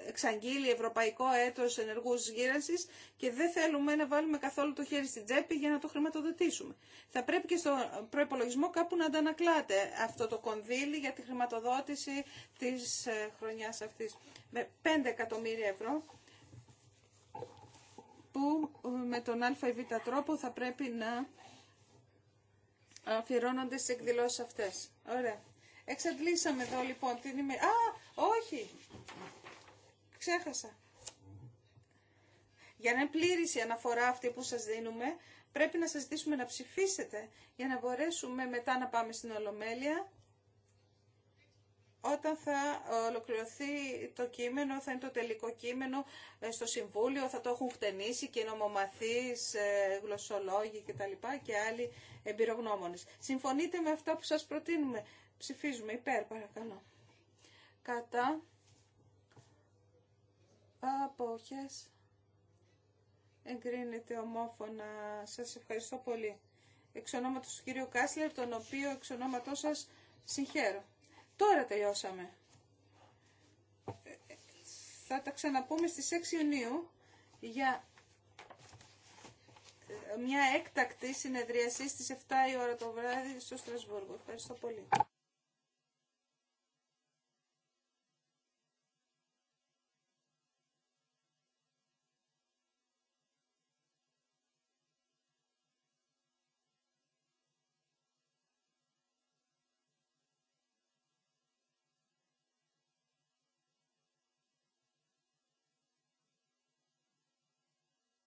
ε, εξαγγείλει ευρωπαϊκό έτος ενεργούς γύρανσης και δεν θέλουμε να βάλουμε καθόλου το χέρι στην τσέπη για να το χρηματοδοτήσουμε. Θα πρέπει και στο προϋπολογισμό κάπου να αντανακλάτε αυτό το κονδύλι για τη χρηματοδότηση της ε, χρονιάς αυτής. Με 5 εκατομμύρια ευρώ που ε, με τον α ή β τρόπο θα πρέπει να αφιερώνονται στις εκδηλώσεις αυτές. Ωραία. Εξαντλήσαμε εδώ λοιπόν την ημέρα. Α, όχι! Ξέχασα. Για να είναι πλήρης η αναφορά αυτή που σας δίνουμε, πρέπει να σας ζητήσουμε να ψηφίσετε για να μπορέσουμε μετά να πάμε στην Ολομέλεια. Όταν θα ολοκληρωθεί το κείμενο, θα είναι το τελικό κείμενο ε, στο Συμβούλιο, θα το έχουν χτενίσει και νομομαθείς, ε, γλωσσολόγοι κτλ. και άλλοι εμπειρογνώμονες. Συμφωνείτε με αυτά που σας προτείνουμε. Ψηφίζουμε υπέρ παρακαλώ. Κατά απόχες εγκρίνεται ομόφωνα. Σας ευχαριστώ πολύ. Εξ ονόματος του κυρίου Κάσλερ, τον οποίο εξ ονόματός σας συγχαίρω. Τώρα τελειώσαμε. Θα τα ξαναπούμε στις 6 Ιουνίου για μια έκτακτη συνεδρίαση στις 7 η ώρα το βράδυ στο Στρασβούργο. Ευχαριστώ πολύ.